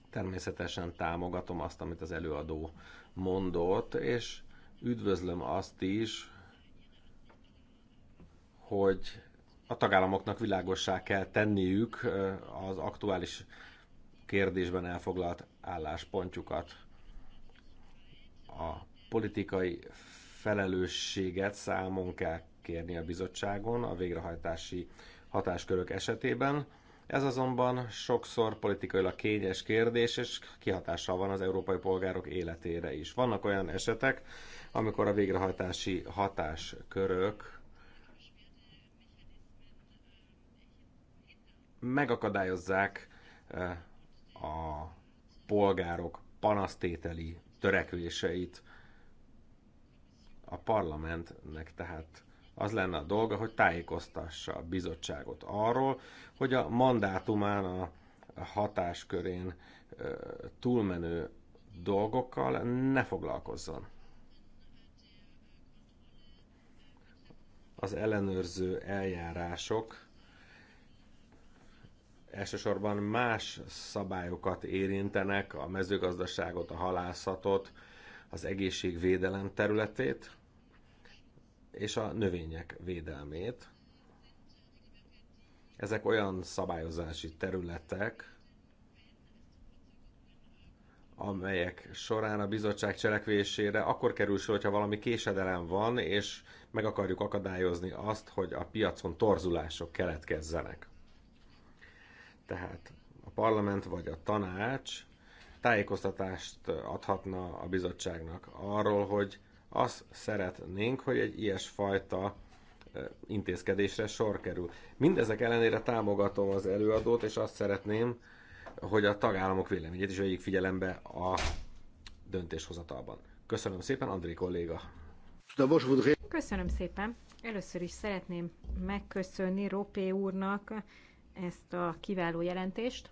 Természetesen támogatom azt, amit az előadó mondott, és üdvözlöm azt is, hogy a tagállamoknak világossá kell tenniük az aktuális kérdésben elfoglalt álláspontjukat. A politikai felelősséget számon kell kérni a bizottságon a végrehajtási hatáskörök esetében. Ez azonban sokszor politikailag kényes kérdés, és kihatással van az európai polgárok életére is. Vannak olyan esetek, amikor a végrehajtási hatáskörök megakadályozzák a polgárok panasztételi törekvéseit. A parlamentnek tehát az lenne a dolga, hogy tájékoztassa a bizottságot arról, hogy a mandátumán, a hatáskörén túlmenő dolgokkal ne foglalkozzon. Az ellenőrző eljárások elsősorban más szabályokat érintenek, a mezőgazdaságot, a halászatot, az egészségvédelem területét és a növények védelmét. Ezek olyan szabályozási területek, amelyek során a bizottság cselekvésére akkor kerül sor, hogyha valami késedelem van, és meg akarjuk akadályozni azt, hogy a piacon torzulások keletkezzenek. Tehát a parlament vagy a tanács tájékoztatást adhatna a bizottságnak arról, hogy azt szeretnénk, hogy egy ilyesfajta intézkedésre sor kerül. Mindezek ellenére támogatom az előadót, és azt szeretném, hogy a tagállamok véleményét is vegyék figyelembe a döntéshozatalban. Köszönöm szépen, André kolléga! Köszönöm szépen! Először is szeretném megköszönni Ropé úrnak ezt a kiváló jelentést.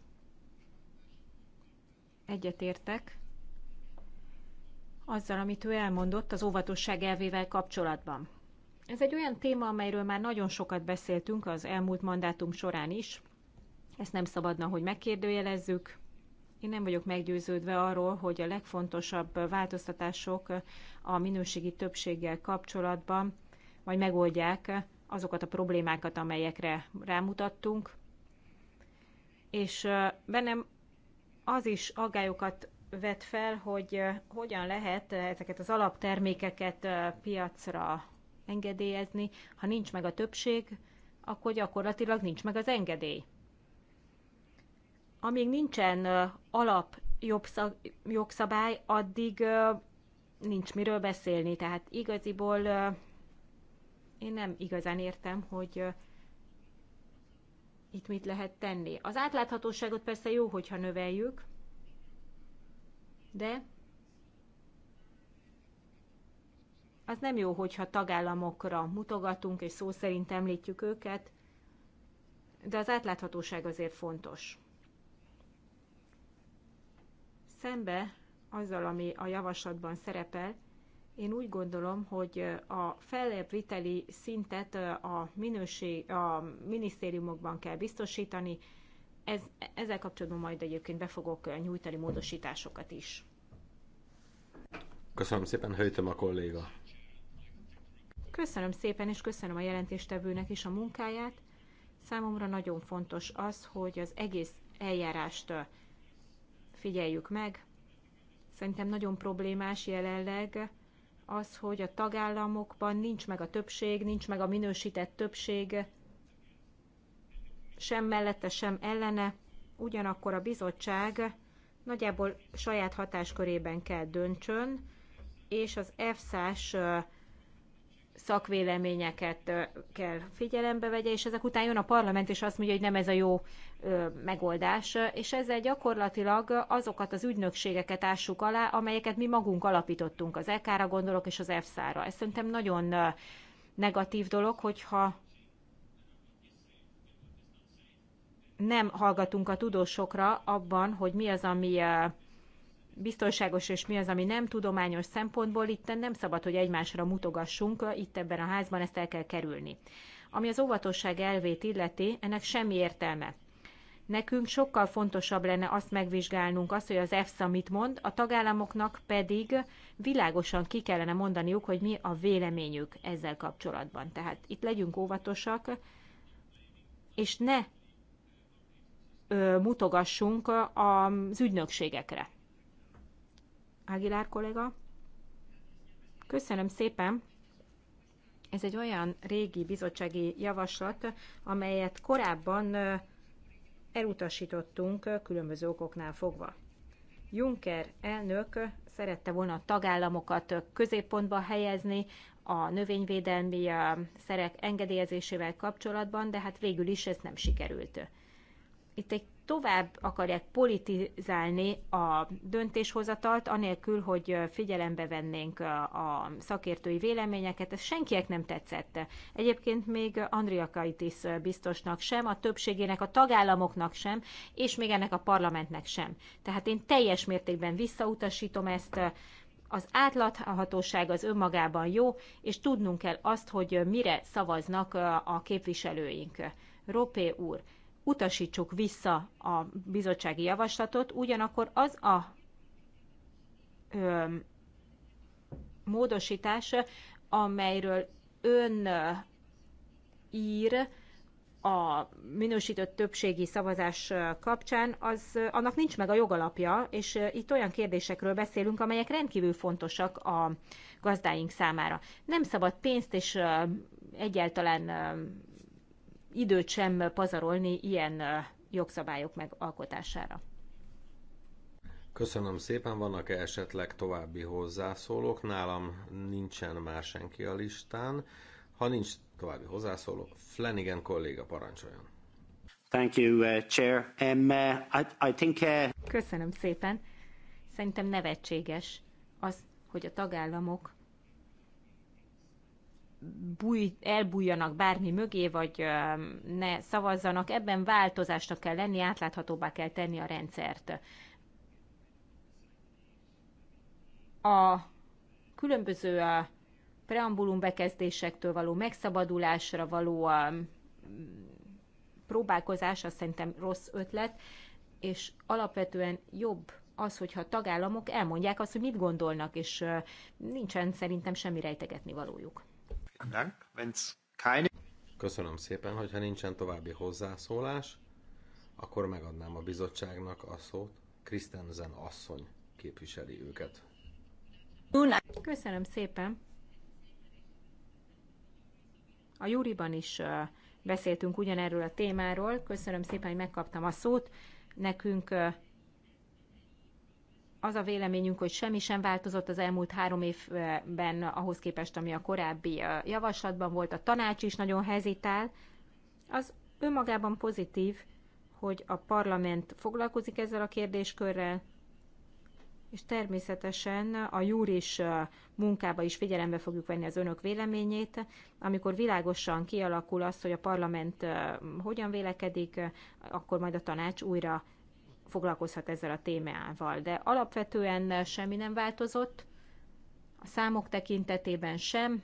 Egyetértek azzal, amit ő elmondott az óvatosság elvével kapcsolatban. Ez egy olyan téma, amelyről már nagyon sokat beszéltünk az elmúlt mandátum során is. Ezt nem szabadna, hogy megkérdőjelezzük. Én nem vagyok meggyőződve arról, hogy a legfontosabb változtatások a minőségi többséggel kapcsolatban majd megoldják azokat a problémákat, amelyekre rámutattunk és bennem az is aggályokat vet fel, hogy hogyan lehet ezeket az alaptermékeket piacra engedélyezni. Ha nincs meg a többség, akkor gyakorlatilag nincs meg az engedély. Amíg nincsen alap jogszabály, addig nincs miről beszélni. Tehát igaziból én nem igazán értem, hogy itt mit lehet tenni. Az átláthatóságot persze jó, hogyha növeljük, de az nem jó, hogyha tagállamokra mutogatunk, és szó szerint említjük őket, de az átláthatóság azért fontos. Szembe azzal, ami a javaslatban szerepel, én úgy gondolom, hogy a felépíteli szintet a, minőség, a minisztériumokban kell biztosítani. Ez, ezzel kapcsolatban majd egyébként be fogok nyújtani módosításokat is. Köszönöm szépen, hőtöm a kolléga. Köszönöm szépen, és köszönöm a jelentéstevőnek is a munkáját. Számomra nagyon fontos az, hogy az egész eljárást figyeljük meg. Szerintem nagyon problémás jelenleg, az, hogy a tagállamokban nincs meg a többség, nincs meg a minősített többség, sem mellette, sem ellene, ugyanakkor a bizottság nagyjából saját hatáskörében kell döntsön, és az EFSA-s szakvéleményeket kell figyelembe vegye, és ezek után jön a parlament, és azt mondja, hogy nem ez a jó megoldás, és ezzel gyakorlatilag azokat az ügynökségeket ássuk alá, amelyeket mi magunk alapítottunk, az EK-ra gondolok, és az efsz ra Ez szerintem nagyon negatív dolog, hogyha nem hallgatunk a tudósokra abban, hogy mi az, ami biztonságos és mi az, ami nem tudományos szempontból. Itt nem szabad, hogy egymásra mutogassunk, itt ebben a házban ezt el kell kerülni. Ami az óvatosság elvét illeti, ennek semmi értelme. Nekünk sokkal fontosabb lenne azt megvizsgálnunk, azt, hogy az EFSA mit mond, a tagállamoknak pedig világosan ki kellene mondaniuk, hogy mi a véleményük ezzel kapcsolatban. Tehát itt legyünk óvatosak, és ne ö, mutogassunk az ügynökségekre. Aguilar kollega. Köszönöm szépen! Ez egy olyan régi bizottsági javaslat, amelyet korábban elutasítottunk különböző okoknál fogva. Juncker elnök szerette volna a tagállamokat középpontba helyezni a növényvédelmi szerek engedélyezésével kapcsolatban, de hát végül is ez nem sikerült itt egy tovább akarják politizálni a döntéshozatalt, anélkül, hogy figyelembe vennénk a szakértői véleményeket. Ez senkiek nem tetszett. Egyébként még Andrea Kaitis biztosnak sem, a többségének, a tagállamoknak sem, és még ennek a parlamentnek sem. Tehát én teljes mértékben visszautasítom ezt, az átláthatóság az önmagában jó, és tudnunk kell azt, hogy mire szavaznak a képviselőink. Ropé úr, utasítsuk vissza a bizottsági javaslatot, ugyanakkor az a ö, módosítás, amelyről ön ír a minősített többségi szavazás kapcsán, az, annak nincs meg a jogalapja, és itt olyan kérdésekről beszélünk, amelyek rendkívül fontosak a gazdáink számára. Nem szabad pénzt és egyáltalán időt sem pazarolni ilyen jogszabályok megalkotására. Köszönöm szépen, vannak-e esetleg további hozzászólók? Nálam nincsen már senki a listán. Ha nincs további hozzászóló, Flanagan kolléga parancsoljon. Thank you, uh, Chair. Um, uh, I, I think, uh... Köszönöm szépen. Szerintem nevetséges az, hogy a tagállamok búj, elbújjanak bármi mögé, vagy ne szavazzanak, ebben változásnak kell lenni, átláthatóbbá kell tenni a rendszert. A különböző a preambulum bekezdésektől való megszabadulásra való a próbálkozás, azt szerintem rossz ötlet, és alapvetően jobb az, hogyha a tagállamok elmondják azt, hogy mit gondolnak, és nincsen szerintem semmi rejtegetni valójuk. Köszönöm szépen, hogyha nincsen további hozzászólás, akkor megadnám a bizottságnak a szót. Krisztenzen asszony képviseli őket. Köszönöm szépen. A Júriban is beszéltünk ugyanerről a témáról. Köszönöm szépen, hogy megkaptam a szót. Nekünk az a véleményünk, hogy semmi sem változott az elmúlt három évben ahhoz képest, ami a korábbi javaslatban volt. A tanács is nagyon hezitál. Az önmagában pozitív, hogy a parlament foglalkozik ezzel a kérdéskörrel, és természetesen a júris munkába is figyelembe fogjuk venni az önök véleményét, amikor világosan kialakul az, hogy a parlament hogyan vélekedik, akkor majd a tanács újra foglalkozhat ezzel a témával. De alapvetően semmi nem változott, a számok tekintetében sem.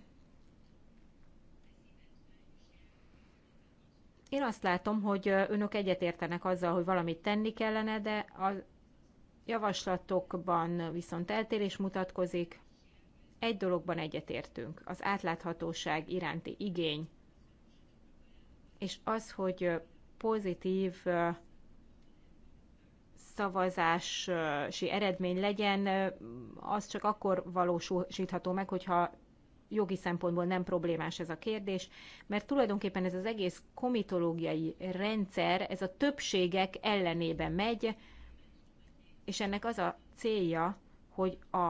Én azt látom, hogy önök egyetértenek azzal, hogy valamit tenni kellene, de a javaslatokban viszont eltérés mutatkozik. Egy dologban egyetértünk, az átláthatóság iránti igény, és az, hogy pozitív szavazási eredmény legyen, az csak akkor valósítható meg, hogyha jogi szempontból nem problémás ez a kérdés, mert tulajdonképpen ez az egész komitológiai rendszer, ez a többségek ellenébe megy, és ennek az a célja, hogy a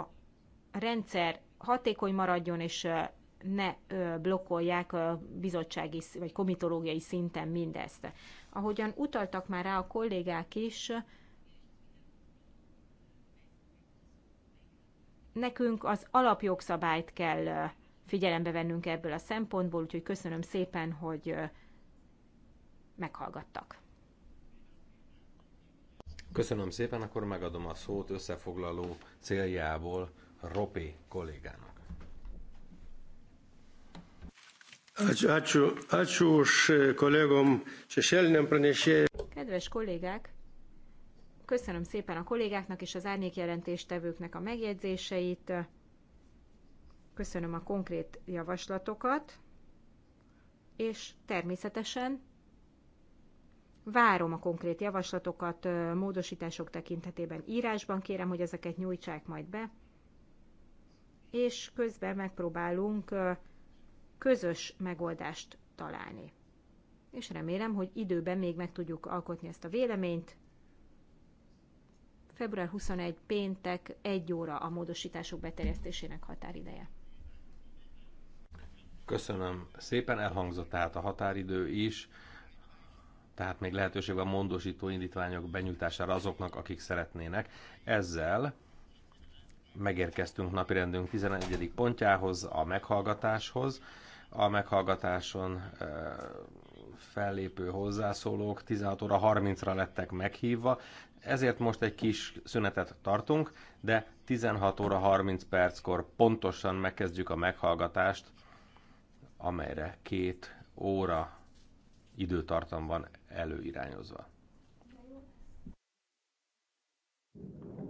rendszer hatékony maradjon, és ne blokkolják a bizottsági vagy komitológiai szinten mindezt. Ahogyan utaltak már rá a kollégák is, nekünk az alapjogszabályt kell figyelembe vennünk ebből a szempontból, úgyhogy köszönöm szépen, hogy meghallgattak. Köszönöm szépen, akkor megadom a szót összefoglaló céljából Ropi kollégának. Kedves kollégák, Köszönöm szépen a kollégáknak és az árnyékjelentéstevőknek a megjegyzéseit. Köszönöm a konkrét javaslatokat, és természetesen várom a konkrét javaslatokat módosítások tekintetében írásban, kérem, hogy ezeket nyújtsák majd be, és közben megpróbálunk közös megoldást találni. És remélem, hogy időben még meg tudjuk alkotni ezt a véleményt, február 21 péntek 1 óra a módosítások beterjesztésének határideje. Köszönöm. Szépen elhangzott tehát a határidő is, tehát még lehetőség van módosító indítványok benyújtására azoknak, akik szeretnének. Ezzel megérkeztünk napirendünk 11. pontjához, a meghallgatáshoz. A meghallgatáson fellépő hozzászólók 16 óra 30-ra lettek meghívva, ezért most egy kis szünetet tartunk, de 16 óra 30 perckor pontosan megkezdjük a meghallgatást, amelyre két óra időtartam van előirányozva. Thank you.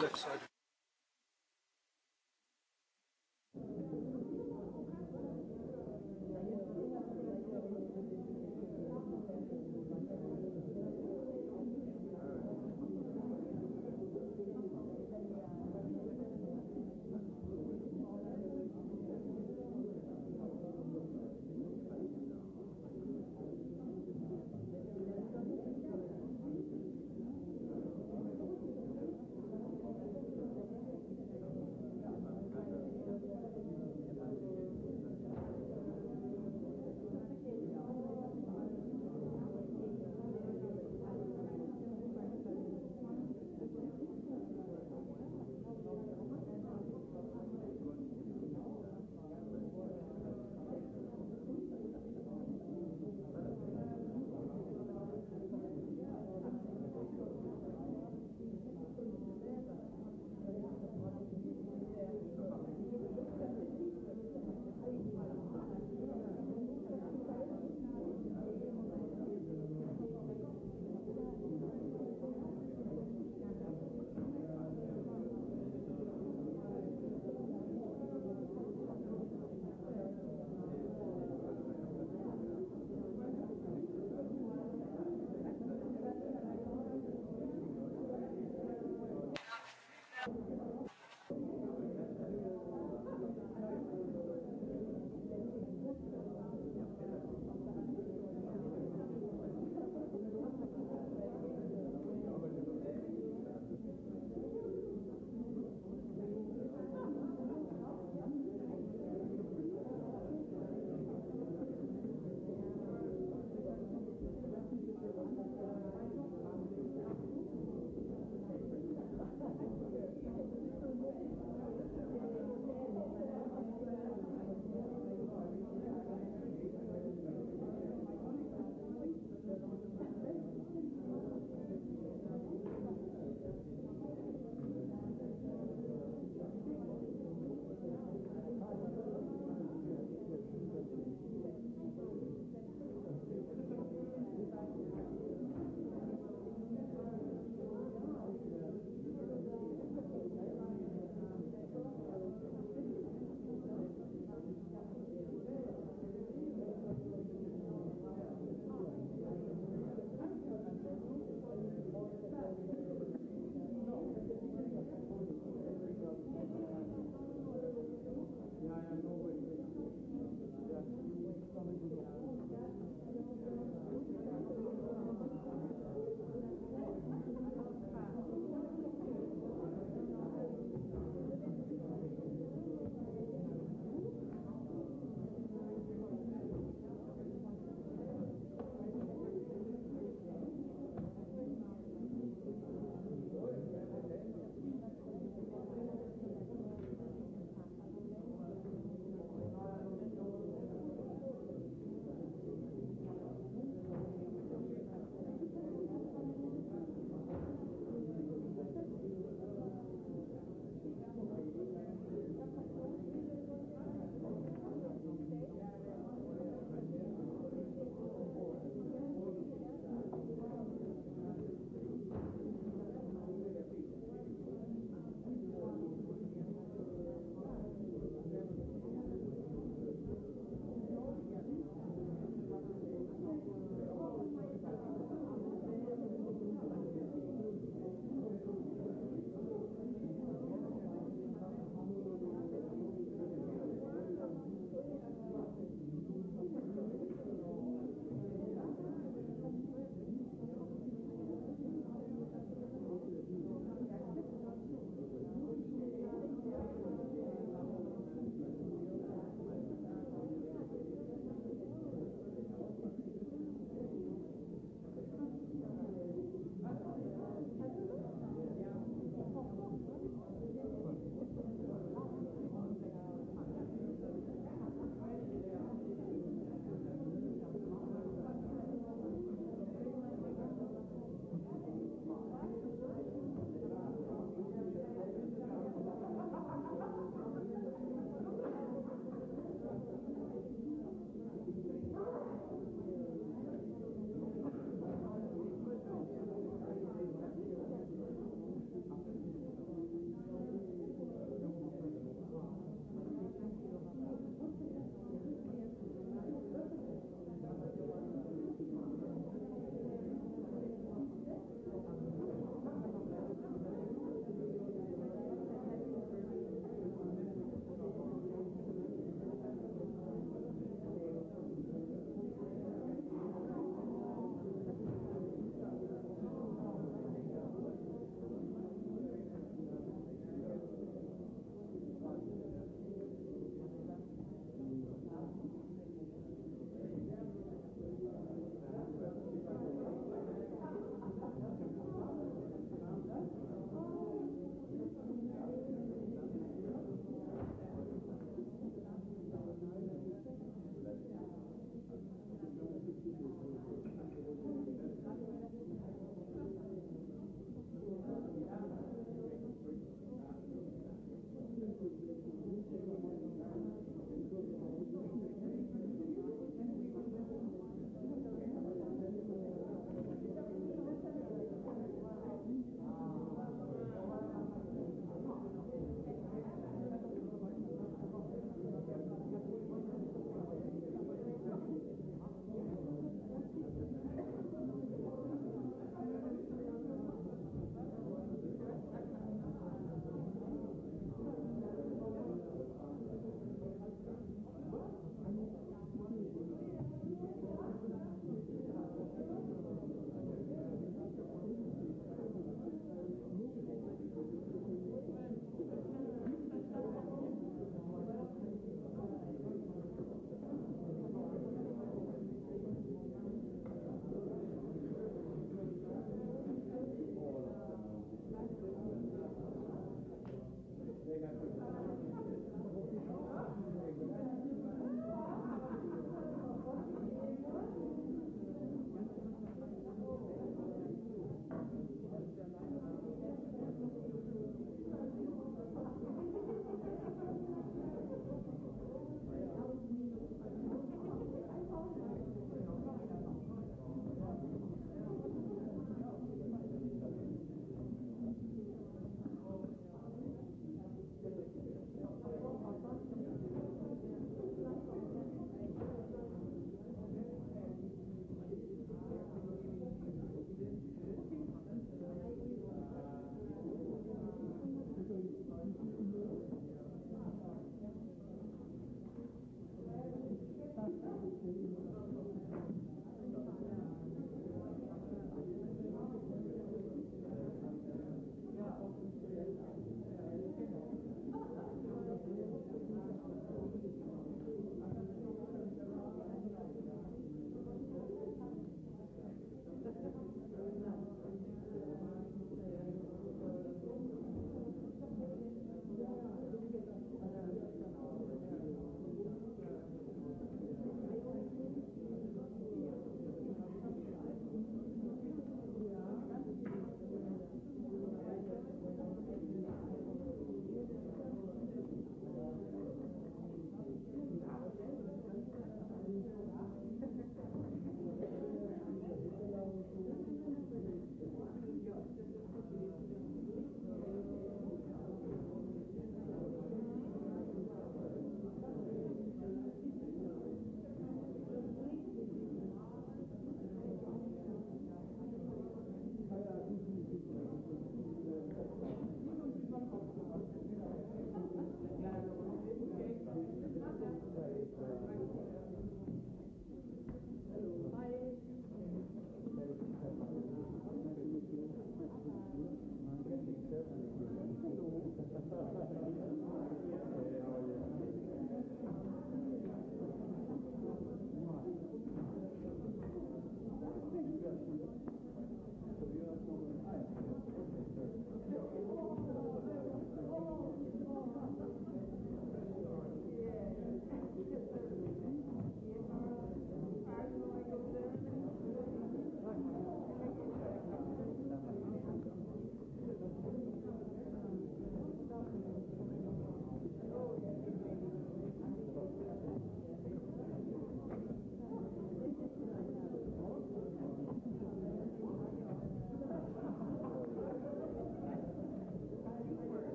left side.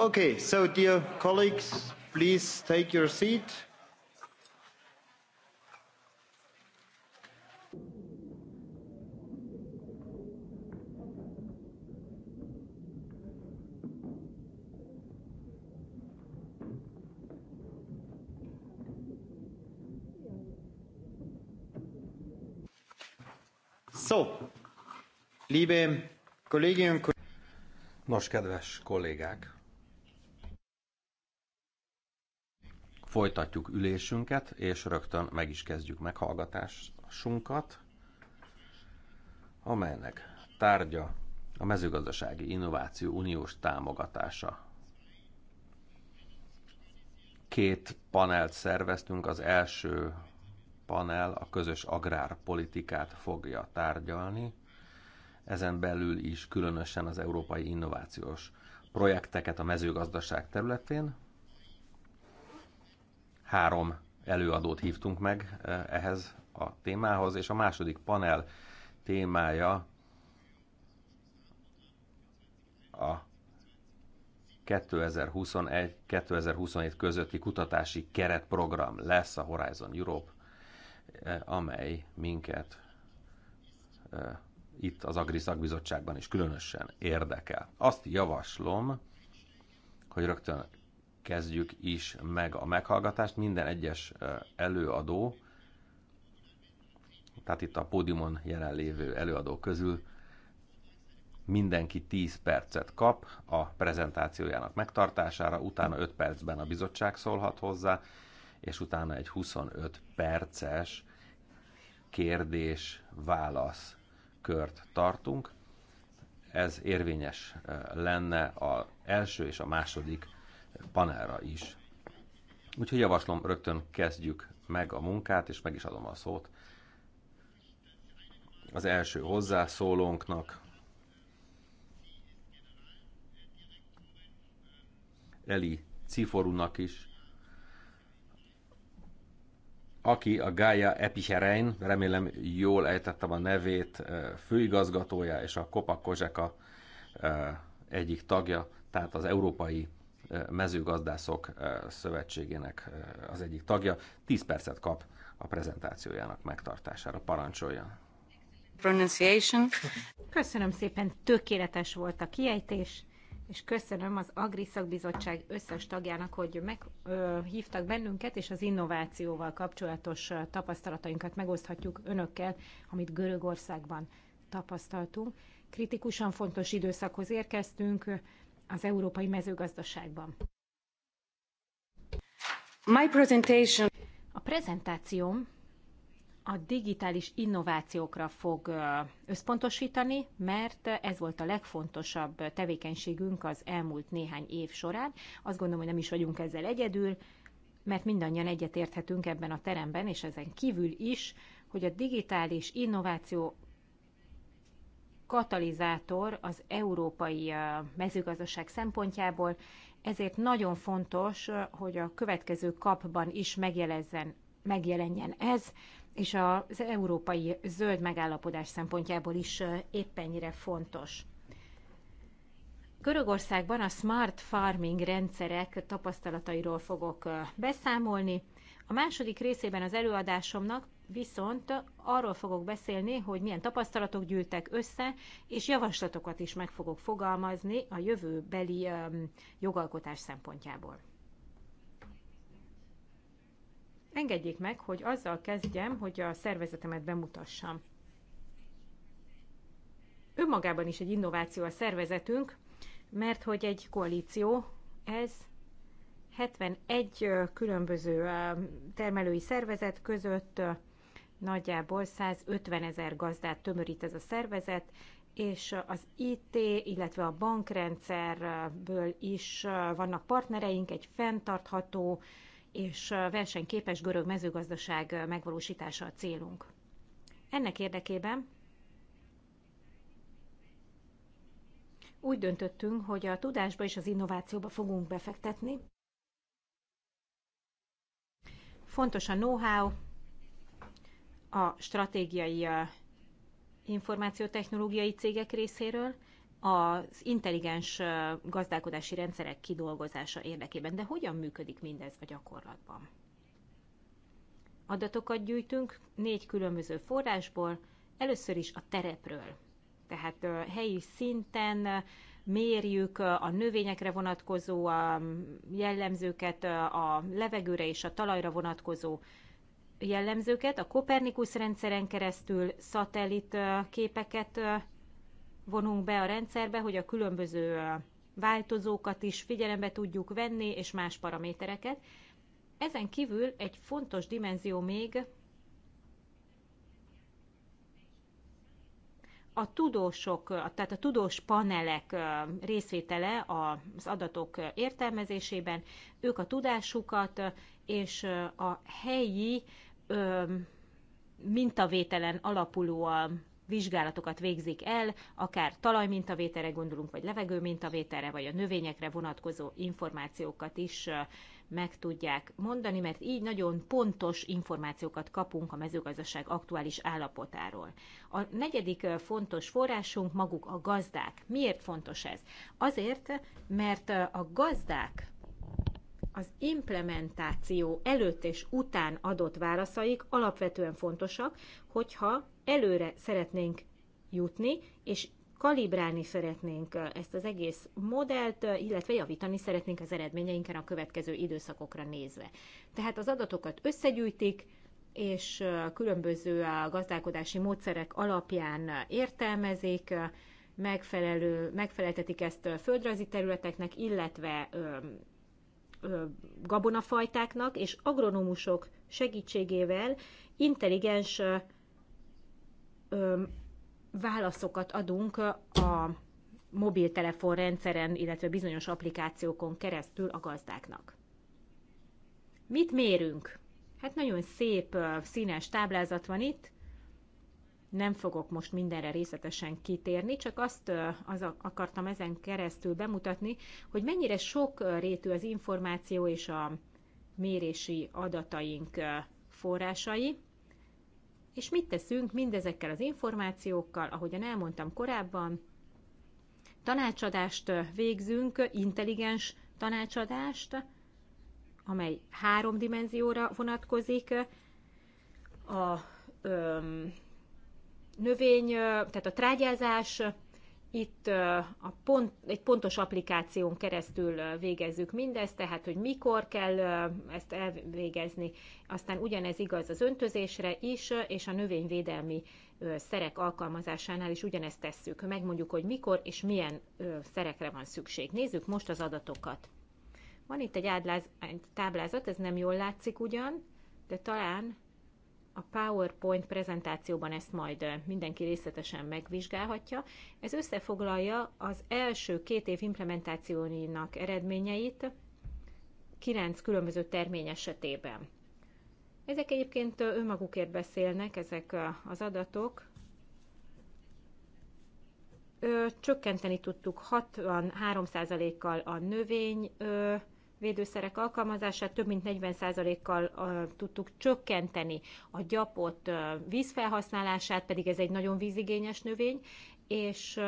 Okay, so dear colleagues, please take your seat. So, liebe Kolleginnen und Kollegen, Nos, kedves kollégák, Folytatjuk ülésünket, és rögtön meg is kezdjük meghallgatásunkat, amelynek tárgya a mezőgazdasági innováció uniós támogatása. Két panelt szerveztünk, az első panel a közös agrárpolitikát fogja tárgyalni, ezen belül is különösen az európai innovációs projekteket a mezőgazdaság területén, Három előadót hívtunk meg eh, ehhez a témához, és a második panel témája a 2021-2027 közötti kutatási keretprogram lesz a Horizon Europe, eh, amely minket eh, itt az Agri Szakbizottságban is különösen érdekel. Azt javaslom, hogy rögtön kezdjük is meg a meghallgatást. Minden egyes előadó, tehát itt a pódiumon jelenlévő előadó közül mindenki 10 percet kap a prezentációjának megtartására, utána 5 percben a bizottság szólhat hozzá, és utána egy 25 perces kérdés-válasz kört tartunk. Ez érvényes lenne az első és a második panelra is. Úgyhogy javaslom, rögtön kezdjük meg a munkát, és meg is adom a szót az első hozzászólónknak, Eli Ciforunak is, aki a Gaia Epicherein, remélem jól ejtettem a nevét, főigazgatója és a Kopa Kozseka egyik tagja, tehát az Európai mezőgazdászok szövetségének az egyik tagja. 10 percet kap a prezentációjának megtartására. Parancsoljon! Pronunciation. Köszönöm szépen, tökéletes volt a kiejtés, és köszönöm az Agri Szakbizottság összes tagjának, hogy meghívtak bennünket, és az innovációval kapcsolatos tapasztalatainkat megoszthatjuk önökkel, amit Görögországban tapasztaltunk. Kritikusan fontos időszakhoz érkeztünk, az európai mezőgazdaságban. My presentation. A prezentációm a digitális innovációkra fog összpontosítani, mert ez volt a legfontosabb tevékenységünk az elmúlt néhány év során. Azt gondolom, hogy nem is vagyunk ezzel egyedül, mert mindannyian egyetérthetünk ebben a teremben, és ezen kívül is, hogy a digitális innováció katalizátor az európai mezőgazdaság szempontjából, ezért nagyon fontos, hogy a következő kapban is megjelezzen, megjelenjen ez, és az európai zöld megállapodás szempontjából is éppennyire fontos. Görögországban a smart farming rendszerek tapasztalatairól fogok beszámolni. A második részében az előadásomnak viszont arról fogok beszélni, hogy milyen tapasztalatok gyűltek össze, és javaslatokat is meg fogok fogalmazni a jövőbeli jogalkotás szempontjából. Engedjék meg, hogy azzal kezdjem, hogy a szervezetemet bemutassam. Önmagában is egy innováció a szervezetünk, mert hogy egy koalíció, ez 71 különböző termelői szervezet között nagyjából 150 ezer gazdát tömörít ez a szervezet, és az IT, illetve a bankrendszerből is vannak partnereink, egy fenntartható és versenyképes görög mezőgazdaság megvalósítása a célunk. Ennek érdekében úgy döntöttünk, hogy a tudásba és az innovációba fogunk befektetni. Fontos a know-how, a stratégiai információtechnológiai cégek részéről az intelligens gazdálkodási rendszerek kidolgozása érdekében. De hogyan működik mindez a gyakorlatban? Adatokat gyűjtünk négy különböző forrásból, először is a terepről. Tehát helyi szinten mérjük a növényekre vonatkozó jellemzőket, a levegőre és a talajra vonatkozó jellemzőket, a Kopernikus rendszeren keresztül szatellit képeket vonunk be a rendszerbe, hogy a különböző változókat is figyelembe tudjuk venni, és más paramétereket. Ezen kívül egy fontos dimenzió még a tudósok, tehát a tudós panelek részvétele az adatok értelmezésében, ők a tudásukat és a helyi mintavételen alapuló a vizsgálatokat végzik el, akár talajmintavételre gondolunk, vagy levegő mintavételre, vagy a növényekre vonatkozó információkat is meg tudják mondani, mert így nagyon pontos információkat kapunk a mezőgazdaság aktuális állapotáról. A negyedik fontos forrásunk maguk a gazdák. Miért fontos ez? Azért, mert a gazdák az implementáció előtt és után adott válaszaik alapvetően fontosak, hogyha előre szeretnénk jutni, és kalibrálni szeretnénk ezt az egész modellt, illetve javítani szeretnénk az eredményeinken a következő időszakokra nézve. Tehát az adatokat összegyűjtik, és különböző gazdálkodási módszerek alapján értelmezik, megfelelő, megfeleltetik ezt földrajzi területeknek, illetve gabonafajtáknak, és agronomusok segítségével intelligens válaszokat adunk a mobiltelefon rendszeren, illetve bizonyos applikációkon keresztül a gazdáknak. Mit mérünk? Hát nagyon szép színes táblázat van itt, nem fogok most mindenre részletesen kitérni, csak azt az akartam ezen keresztül bemutatni, hogy mennyire sok rétű az információ és a mérési adataink forrásai, és mit teszünk mindezekkel az információkkal, ahogyan elmondtam korábban, tanácsadást végzünk, intelligens tanácsadást, amely három dimenzióra vonatkozik, a növény, tehát a trágyázás, itt a pont, egy pontos applikáción keresztül végezzük mindezt, tehát hogy mikor kell ezt elvégezni. Aztán ugyanez igaz az öntözésre is, és a növényvédelmi szerek alkalmazásánál is ugyanezt tesszük. Megmondjuk, hogy mikor és milyen szerekre van szükség. Nézzük most az adatokat. Van itt egy, ádláz, egy táblázat, ez nem jól látszik ugyan, de talán a PowerPoint prezentációban ezt majd mindenki részletesen megvizsgálhatja. Ez összefoglalja az első két év implementációinak eredményeit kilenc különböző termény esetében. Ezek egyébként önmagukért beszélnek, ezek az adatok. Csökkenteni tudtuk 63%-kal a növény védőszerek alkalmazását több mint 40%-kal tudtuk csökkenteni, a gyapot vízfelhasználását, pedig ez egy nagyon vízigényes növény, és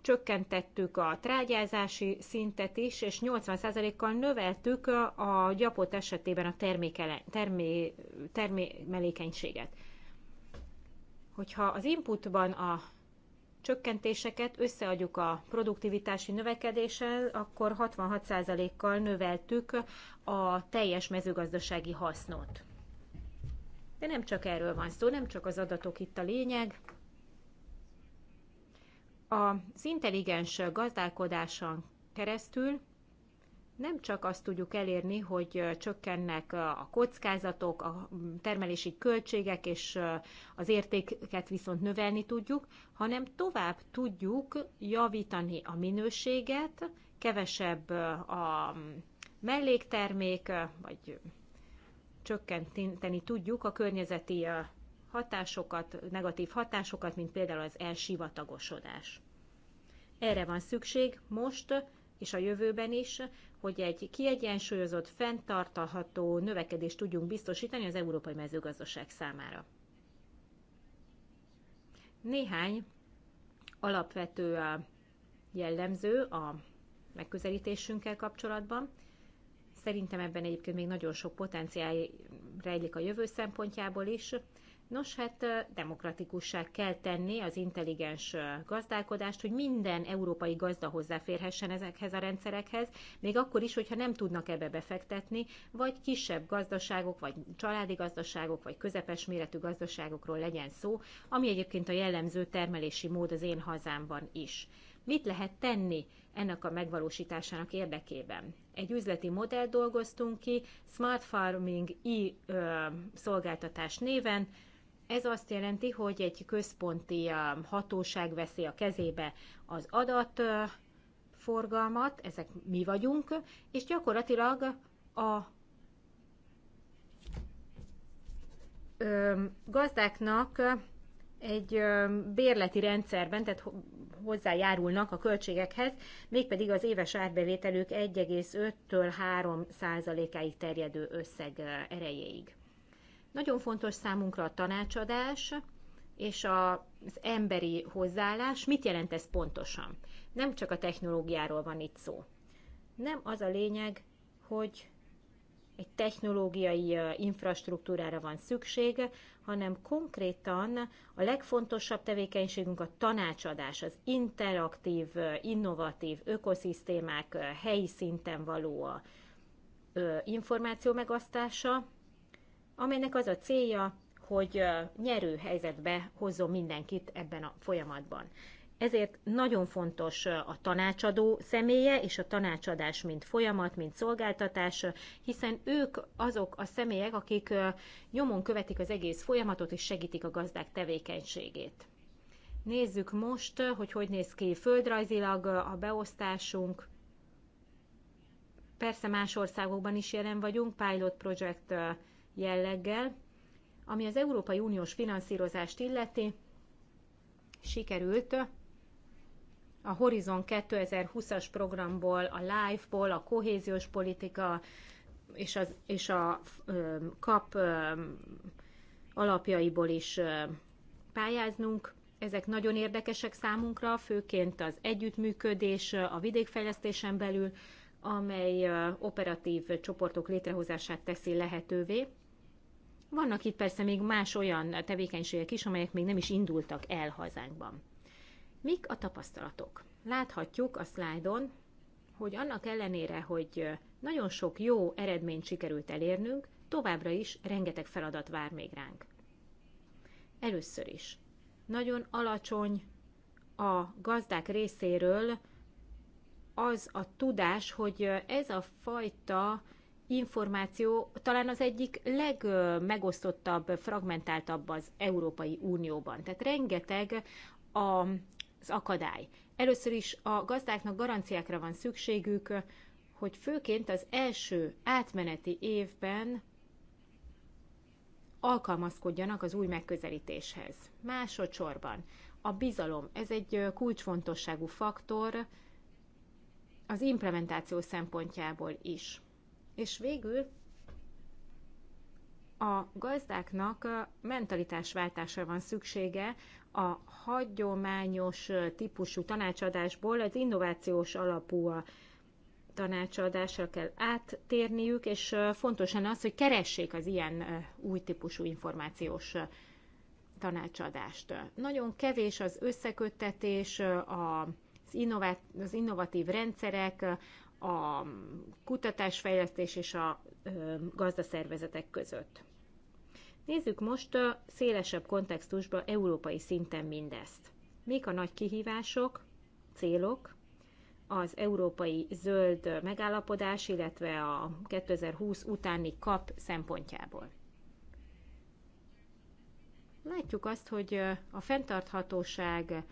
csökkentettük a trágyázási szintet is, és 80%-kal növeltük a gyapot esetében a termékele, termé, termémelékenységet. Hogyha az inputban a csökkentéseket összeadjuk a produktivitási növekedéssel, akkor 66%-kal növeltük a teljes mezőgazdasági hasznot. De nem csak erről van szó, nem csak az adatok itt a lényeg. Az intelligens gazdálkodáson keresztül nem csak azt tudjuk elérni, hogy csökkennek a kockázatok, a termelési költségek és az értéket viszont növelni tudjuk, hanem tovább tudjuk javítani a minőséget, kevesebb a melléktermék, vagy csökkenteni tudjuk a környezeti hatásokat, negatív hatásokat, mint például az elsivatagosodás. Erre van szükség most és a jövőben is, hogy egy kiegyensúlyozott, fenntartható növekedést tudjunk biztosítani az európai mezőgazdaság számára. Néhány alapvető jellemző a megközelítésünkkel kapcsolatban. Szerintem ebben egyébként még nagyon sok potenciál rejlik a jövő szempontjából is. Nos, hát demokratikussá kell tenni az intelligens gazdálkodást, hogy minden európai gazda hozzáférhessen ezekhez a rendszerekhez, még akkor is, hogyha nem tudnak ebbe befektetni, vagy kisebb gazdaságok, vagy családi gazdaságok, vagy közepes méretű gazdaságokról legyen szó, ami egyébként a jellemző termelési mód az én hazámban is. Mit lehet tenni ennek a megvalósításának érdekében? Egy üzleti modell dolgoztunk ki, Smart Farming e szolgáltatás néven, ez azt jelenti, hogy egy központi hatóság veszi a kezébe az adatforgalmat, ezek mi vagyunk, és gyakorlatilag a gazdáknak egy bérleti rendszerben, tehát hozzájárulnak a költségekhez, mégpedig az éves árbevételük 1,5-től 3 százalékáig terjedő összeg erejéig. Nagyon fontos számunkra a tanácsadás és az emberi hozzáállás. Mit jelent ez pontosan? Nem csak a technológiáról van itt szó. Nem az a lényeg, hogy egy technológiai infrastruktúrára van szükség, hanem konkrétan a legfontosabb tevékenységünk a tanácsadás, az interaktív, innovatív ökoszisztémák helyi szinten való információ megosztása, amelynek az a célja, hogy nyerő helyzetbe hozzon mindenkit ebben a folyamatban. Ezért nagyon fontos a tanácsadó személye és a tanácsadás, mint folyamat, mint szolgáltatás, hiszen ők azok a személyek, akik nyomon követik az egész folyamatot és segítik a gazdák tevékenységét. Nézzük most, hogy hogy néz ki földrajzilag a beosztásunk. Persze más országokban is jelen vagyunk, pilot project jelleggel, ami az Európai Uniós finanszírozást illeti, sikerült a Horizon 2020-as programból, a LIFE-ból, a kohéziós politika és, az, és a KAP alapjaiból is pályáznunk. Ezek nagyon érdekesek számunkra, főként az együttműködés a vidékfejlesztésen belül, amely operatív csoportok létrehozását teszi lehetővé. Vannak itt persze még más olyan tevékenységek is, amelyek még nem is indultak el hazánkban. Mik a tapasztalatok? Láthatjuk a szlájdon, hogy annak ellenére, hogy nagyon sok jó eredményt sikerült elérnünk, továbbra is rengeteg feladat vár még ránk. Először is. Nagyon alacsony a gazdák részéről az a tudás, hogy ez a fajta információ talán az egyik legmegosztottabb, fragmentáltabb az Európai Unióban. Tehát rengeteg az akadály. Először is a gazdáknak garanciákra van szükségük, hogy főként az első átmeneti évben alkalmazkodjanak az új megközelítéshez. Másodszorban a bizalom, ez egy kulcsfontosságú faktor az implementáció szempontjából is. És végül a gazdáknak mentalitásváltásra van szüksége a hagyományos típusú tanácsadásból az innovációs alapú a tanácsadásra kell áttérniük, és fontos az, hogy keressék az ilyen új típusú információs tanácsadást. Nagyon kevés az összeköttetés, az innovatív rendszerek, a kutatásfejlesztés és a gazdaszervezetek között. Nézzük most szélesebb kontextusba, európai szinten mindezt. Mik a nagy kihívások, célok, az európai zöld megállapodás, illetve a 2020 utáni kap szempontjából. Látjuk azt, hogy a fenntarthatóság,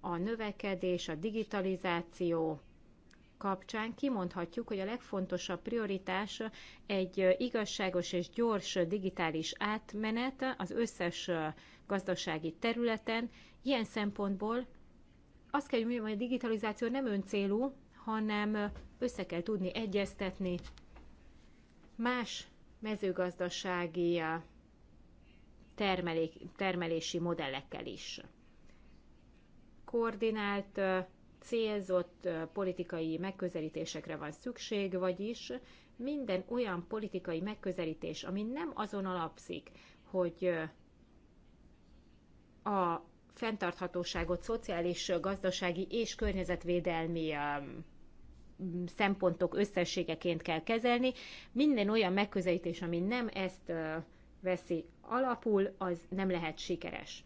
a növekedés, a digitalizáció, kapcsán kimondhatjuk, hogy a legfontosabb prioritás egy igazságos és gyors digitális átmenet az összes gazdasági területen. Ilyen szempontból azt kell, hogy mondjam, hogy a digitalizáció nem öncélú, hanem össze kell tudni egyeztetni más mezőgazdasági eh, termelé, termelési modellekkel is. Koordinált eh, célzott politikai megközelítésekre van szükség, vagyis minden olyan politikai megközelítés, ami nem azon alapszik, hogy a fenntarthatóságot szociális, gazdasági és környezetvédelmi szempontok összességeként kell kezelni. Minden olyan megközelítés, ami nem ezt veszi alapul, az nem lehet sikeres.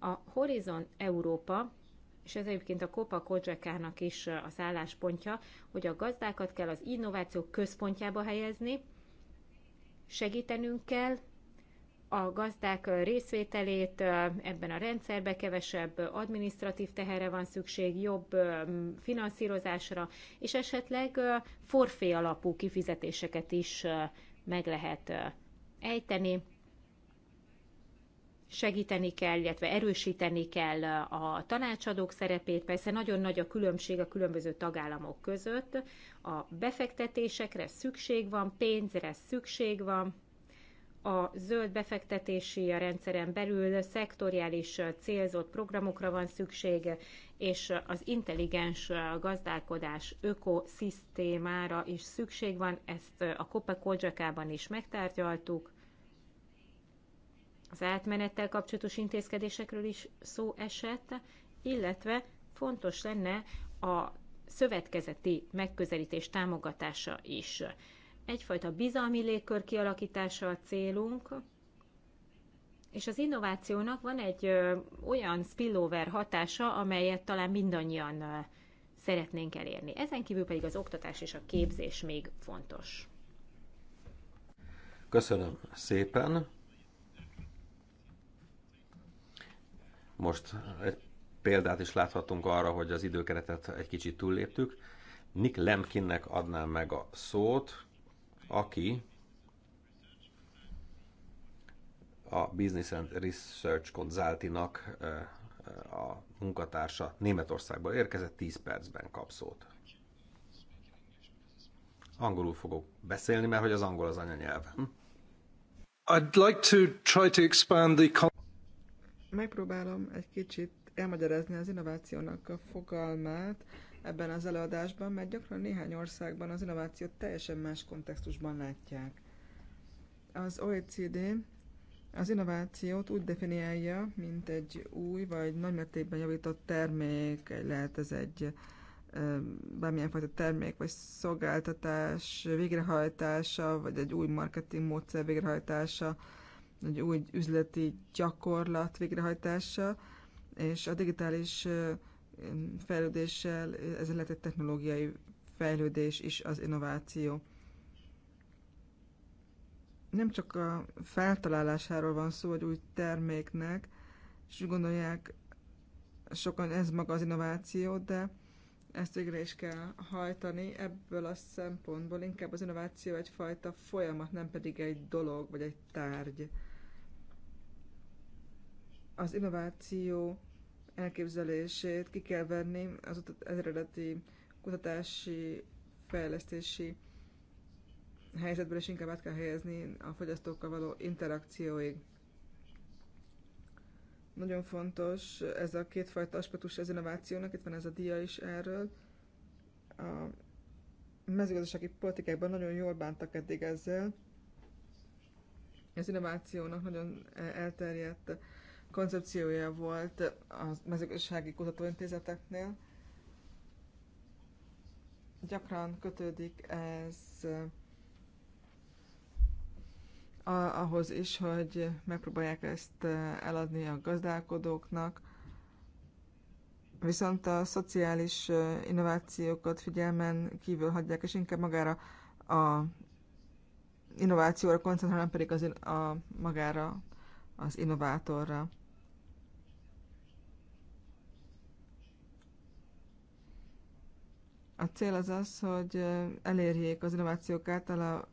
A Horizon Európa és ez egyébként a Kopa Kodzsekának is az álláspontja, hogy a gazdákat kell az innováció központjába helyezni, segítenünk kell a gazdák részvételét ebben a rendszerbe, kevesebb administratív teherre van szükség, jobb finanszírozásra, és esetleg forfé alapú kifizetéseket is meg lehet ejteni, segíteni kell, illetve erősíteni kell a tanácsadók szerepét. Persze nagyon nagy a különbség a különböző tagállamok között. A befektetésekre szükség van, pénzre szükség van. A zöld befektetési rendszeren belül szektoriális célzott programokra van szükség, és az intelligens gazdálkodás ökoszisztémára is szükség van. Ezt a Kopa Kodzsakában is megtárgyaltuk az átmenettel kapcsolatos intézkedésekről is szó esett, illetve fontos lenne a szövetkezeti megközelítés támogatása is. Egyfajta bizalmi légkör kialakítása a célunk, és az innovációnak van egy ö, olyan spillover hatása, amelyet talán mindannyian ö, szeretnénk elérni. Ezen kívül pedig az oktatás és a képzés még fontos. Köszönöm szépen! Most egy példát is láthatunk arra, hogy az időkeretet egy kicsit túlléptük. Nick Lemkinnek adnám meg a szót, aki a Business and Research Consultinak a munkatársa Németországból érkezett, 10 percben kap szót. Angolul fogok beszélni, mert hogy az angol az anyanyelvem. I'd like to try to expand the Megpróbálom egy kicsit elmagyarázni az innovációnak a fogalmát ebben az előadásban, mert gyakran néhány országban az innovációt teljesen más kontextusban látják. Az OECD az innovációt úgy definiálja, mint egy új vagy nagymértékben javított termék, lehet ez egy bármilyen fajta termék vagy szolgáltatás végrehajtása, vagy egy új marketing módszer végrehajtása, egy új üzleti gyakorlat végrehajtása, és a digitális fejlődéssel ez lehet egy technológiai fejlődés is az innováció. Nem csak a feltalálásáról van szó hogy új terméknek, és úgy gondolják sokan ez maga az innováció, de ezt végre is kell hajtani. Ebből a szempontból inkább az innováció egyfajta folyamat, nem pedig egy dolog vagy egy tárgy az innováció elképzelését ki kell venni az eredeti kutatási, fejlesztési helyzetből, és inkább át kell helyezni a fogyasztókkal való interakcióig. Nagyon fontos ez a kétfajta aspektus az innovációnak, itt van ez a dia is erről. A mezőgazdasági politikákban nagyon jól bántak eddig ezzel. Az innovációnak nagyon elterjedt koncepciója volt a mezőgazdasági kutatóintézeteknél. Gyakran kötődik ez ahhoz is, hogy megpróbálják ezt eladni a gazdálkodóknak, viszont a szociális innovációkat figyelmen kívül hagyják, és inkább magára a innovációra koncentrálnak, pedig az a, magára az innovátorra. A cél az az, hogy elérjék az innovációk által a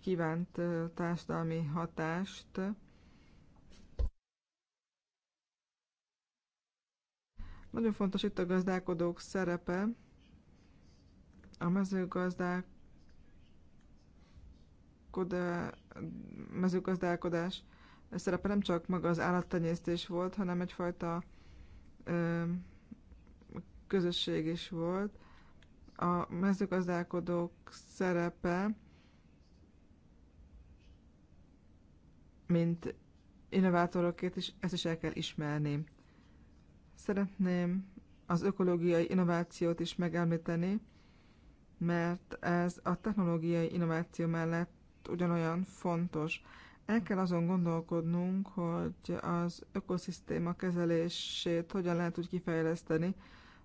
kívánt társadalmi hatást. Nagyon fontos itt a gazdálkodók szerepe. A mezőgazdálkodás, mezőgazdálkodás szerepe nem csak maga az állattenyésztés volt, hanem egyfajta közösség is volt. A mezőgazdálkodók szerepe, mint innovátorokért is, ezt is el kell ismerni. Szeretném az ökológiai innovációt is megelmíteni, mert ez a technológiai innováció mellett ugyanolyan fontos. El kell azon gondolkodnunk, hogy az ökoszisztéma kezelését hogyan lehet úgy kifejleszteni,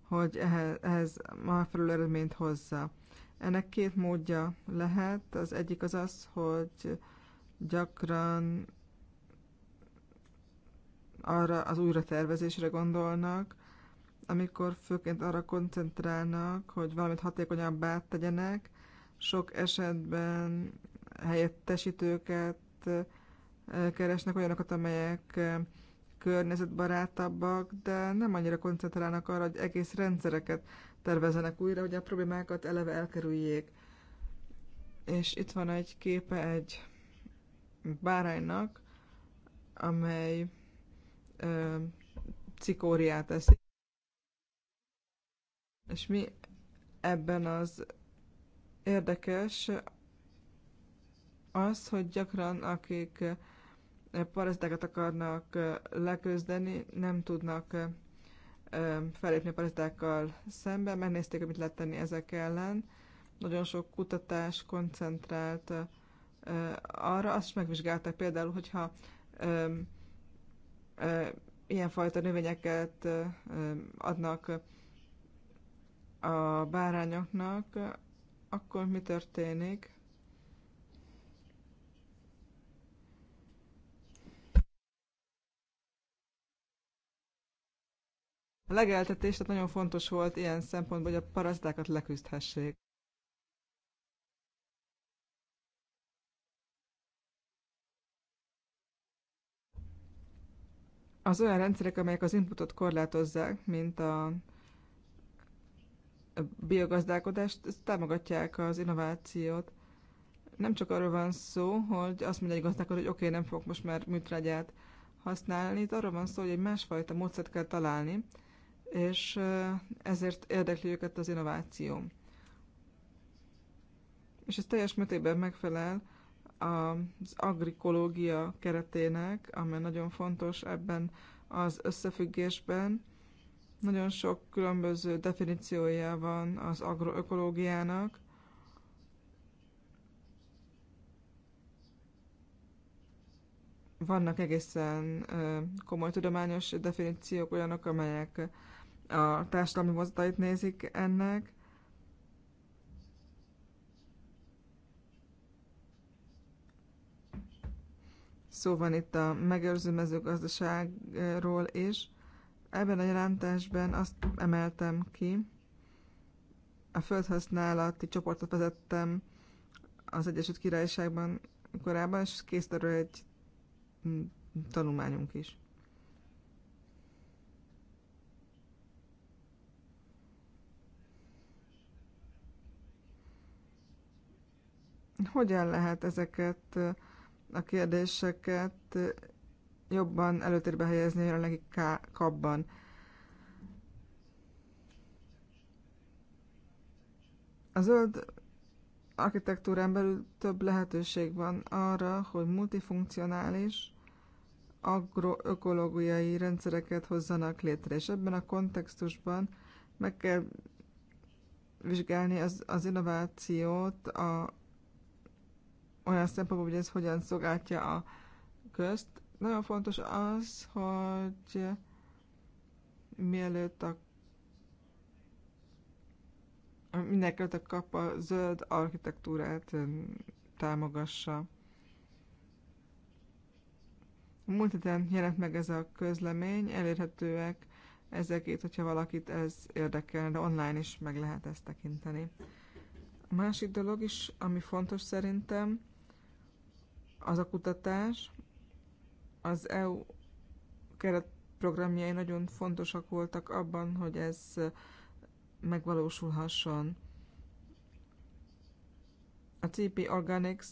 hogy ehhez, ehhez megfelelő eredményt hozza. Ennek két módja lehet. Az egyik az az, hogy gyakran arra az újratervezésre gondolnak, amikor főként arra koncentrálnak, hogy valamit hatékonyabbá tegyenek, sok esetben helyettesítőket eh, keresnek olyanokat, amelyek eh, környezetbarátabbak, de nem annyira koncentrálnak arra, hogy egész rendszereket tervezenek újra, hogy a problémákat eleve elkerüljék. És itt van egy képe egy báránynak, amely ö, cikóriát eszik. És mi ebben az érdekes az, hogy gyakran akik parazitákat akarnak leküzdeni, nem tudnak felépni a parazitákkal szemben. Megnézték, mit lehet tenni ezek ellen. Nagyon sok kutatás koncentrált arra. Azt is megvizsgálták például, hogyha ilyenfajta növényeket adnak a bárányoknak, akkor mi történik? A legeltetés tehát nagyon fontos volt ilyen szempontból, hogy a parasztákat leküzdhessék. Az olyan rendszerek, amelyek az inputot korlátozzák, mint a biogazdálkodást, támogatják az innovációt. Nem csak arról van szó, hogy azt mondja egy gazdálkodó, hogy oké, okay, nem fogok most már műtrágyát használni, itt arról van szó, hogy egy másfajta módszert kell találni, és ezért érdekli őket az innováció. És ez teljes mértékben megfelel az agrikológia keretének, amely nagyon fontos ebben az összefüggésben. Nagyon sok különböző definíciója van az agroökológiának, vannak egészen komoly tudományos definíciók, olyanok, amelyek a társadalmi mozdait nézik ennek. Szó van itt a megőrző mezőgazdaságról is. Ebben a jelentésben azt emeltem ki, a földhasználati csoportot vezettem az Egyesült Királyságban korábban, és készült egy tanulmányunk is. Hogyan lehet ezeket a kérdéseket jobban előtérbe helyezni a jelenlegi kapban? A zöld architektúrán belül több lehetőség van arra, hogy multifunkcionális, agroökológiai rendszereket hozzanak létre, és ebben a kontextusban meg kell vizsgálni az, az innovációt a olyan szempontból, hogy ez hogyan szolgálja a közt. Nagyon fontos az, hogy mielőtt a mindenkelőtt a kap a zöld architektúrát támogassa. Múlt héten jelent meg ez a közlemény, elérhetőek ezekét, hogyha valakit ez érdekel, de online is meg lehet ezt tekinteni. A másik dolog is, ami fontos szerintem, az a kutatás. Az EU keretprogramjai nagyon fontosak voltak abban, hogy ez megvalósulhasson. A CP Organics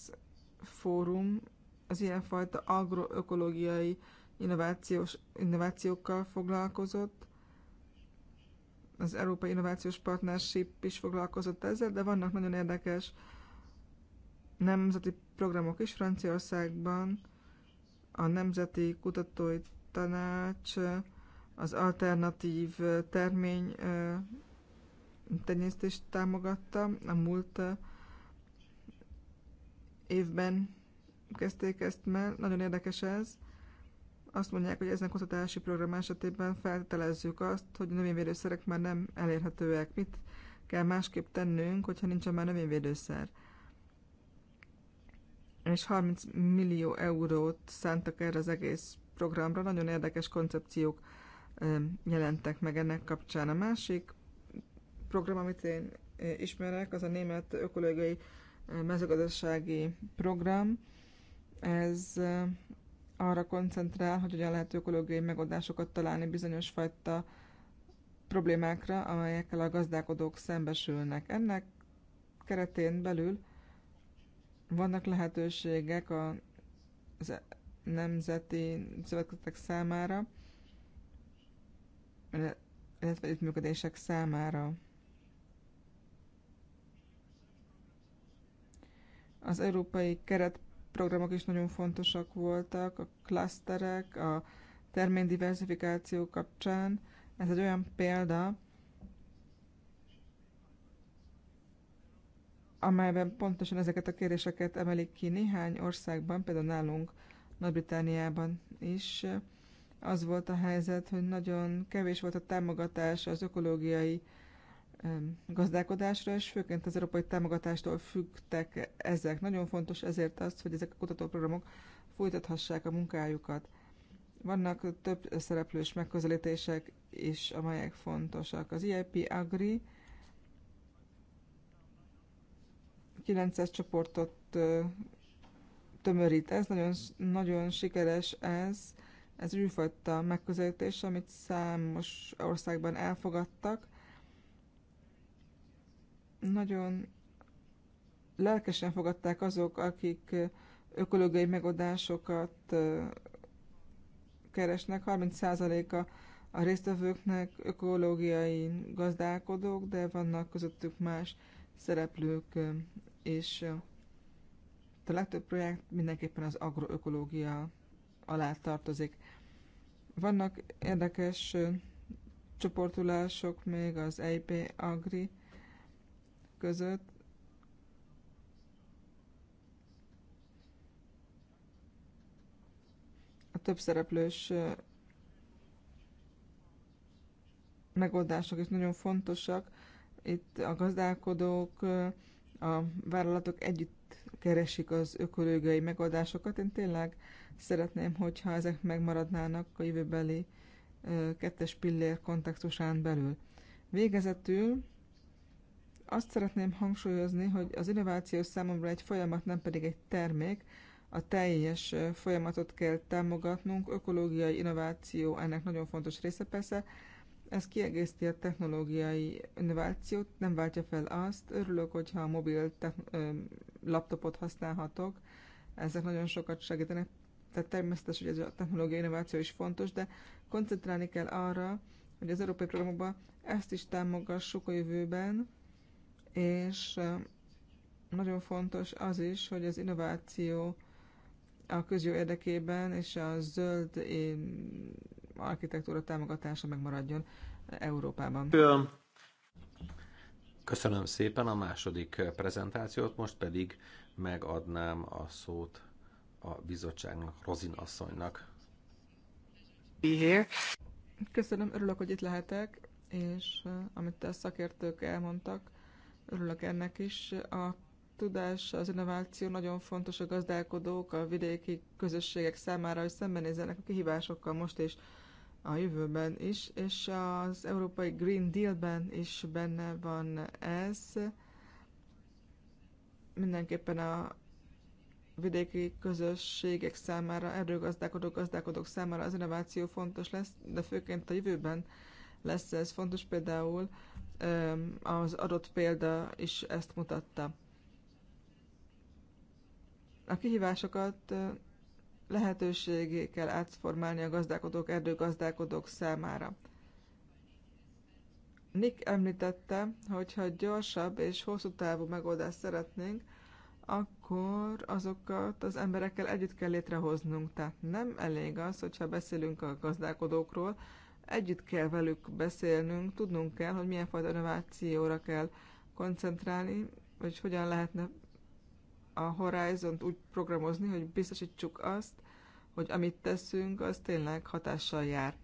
Fórum az ilyenfajta agroökológiai innovációs, innovációkkal foglalkozott, az Európai Innovációs Partnership is foglalkozott ezzel, de vannak nagyon érdekes nemzeti programok is Franciaországban, a Nemzeti Kutatói Tanács, az alternatív termény tenyésztést támogatta. A múlt évben kezdték ezt meg, nagyon érdekes ez. Azt mondják, hogy ezen kutatási program esetében feltételezzük azt, hogy a növényvédőszerek már nem elérhetőek. Mit kell másképp tennünk, hogyha nincsen már növényvédőszer? és 30 millió eurót szántak erre az egész programra. Nagyon érdekes koncepciók jelentek meg ennek kapcsán. A másik program, amit én ismerek, az a Német Ökológiai Mezőgazdasági Program. Ez arra koncentrál, hogy hogyan lehet ökológiai megoldásokat találni bizonyos fajta problémákra, amelyekkel a gazdálkodók szembesülnek. Ennek keretén belül vannak lehetőségek a, nemzeti szövetkezetek számára, illetve együttműködések számára. Az európai keretprogramok is nagyon fontosak voltak, a klaszterek, a diversifikáció kapcsán. Ez egy olyan példa, amelyben pontosan ezeket a kéréseket emelik ki néhány országban, például nálunk Nagy-Britániában is az volt a helyzet, hogy nagyon kevés volt a támogatás az ökológiai gazdálkodásra, és főként az európai támogatástól függtek ezek. Nagyon fontos ezért az, hogy ezek a kutatóprogramok folytathassák a munkájukat. Vannak több szereplős megközelítések is, amelyek fontosak. Az e IIP Agri 9-es csoportot tömörít. Ez nagyon, nagyon sikeres ez, ez újfajta megközelítés, amit számos országban elfogadtak. Nagyon lelkesen fogadták azok, akik ökológiai megoldásokat keresnek. 30%-a a résztvevőknek ökológiai gazdálkodók, de vannak közöttük más szereplők és a legtöbb projekt mindenképpen az agroökológia alá tartozik. Vannak érdekes csoportulások még az EIP Agri között. A több szereplős megoldások is nagyon fontosak. Itt a gazdálkodók, a vállalatok együtt keresik az ökológiai megoldásokat. Én tényleg szeretném, hogyha ezek megmaradnának a jövőbeli kettes pillér kontextusán belül. Végezetül azt szeretném hangsúlyozni, hogy az innováció számomra egy folyamat, nem pedig egy termék. A teljes folyamatot kell támogatnunk, ökológiai innováció ennek nagyon fontos része persze, ez kiegészíti a technológiai innovációt, nem váltja fel azt. Örülök, hogyha a mobil laptopot használhatok. Ezek nagyon sokat segítenek. Tehát természetes, hogy ez a technológiai innováció is fontos, de koncentrálni kell arra, hogy az európai programokban ezt is támogassuk a jövőben, és nagyon fontos az is, hogy az innováció a közjó érdekében és a zöld architektúra támogatása megmaradjon Európában. Köszönöm szépen a második prezentációt, most pedig megadnám a szót a bizottságnak, Rozin asszonynak. Köszönöm, örülök, hogy itt lehetek, és eh, amit a szakértők elmondtak, örülök ennek is. A tudás, az innováció nagyon fontos a gazdálkodók, a vidéki közösségek számára, hogy szembenézzenek a kihívásokkal most is. És a jövőben is, és az Európai Green Deal-ben is benne van ez. Mindenképpen a vidéki közösségek számára, erőgazdálkodók, gazdálkodók számára az innováció fontos lesz, de főként a jövőben lesz ez fontos, például az adott példa is ezt mutatta. A kihívásokat lehetőségé kell átformálni a gazdálkodók, erdőgazdálkodók számára. Nick említette, hogy ha gyorsabb és hosszú távú megoldást szeretnénk, akkor azokat az emberekkel együtt kell létrehoznunk. Tehát nem elég az, hogyha beszélünk a gazdálkodókról, együtt kell velük beszélnünk, tudnunk kell, hogy milyen fajta innovációra kell koncentrálni, vagy hogyan lehetne a Horizont úgy programozni, hogy biztosítsuk azt, hogy amit teszünk, az tényleg hatással jár.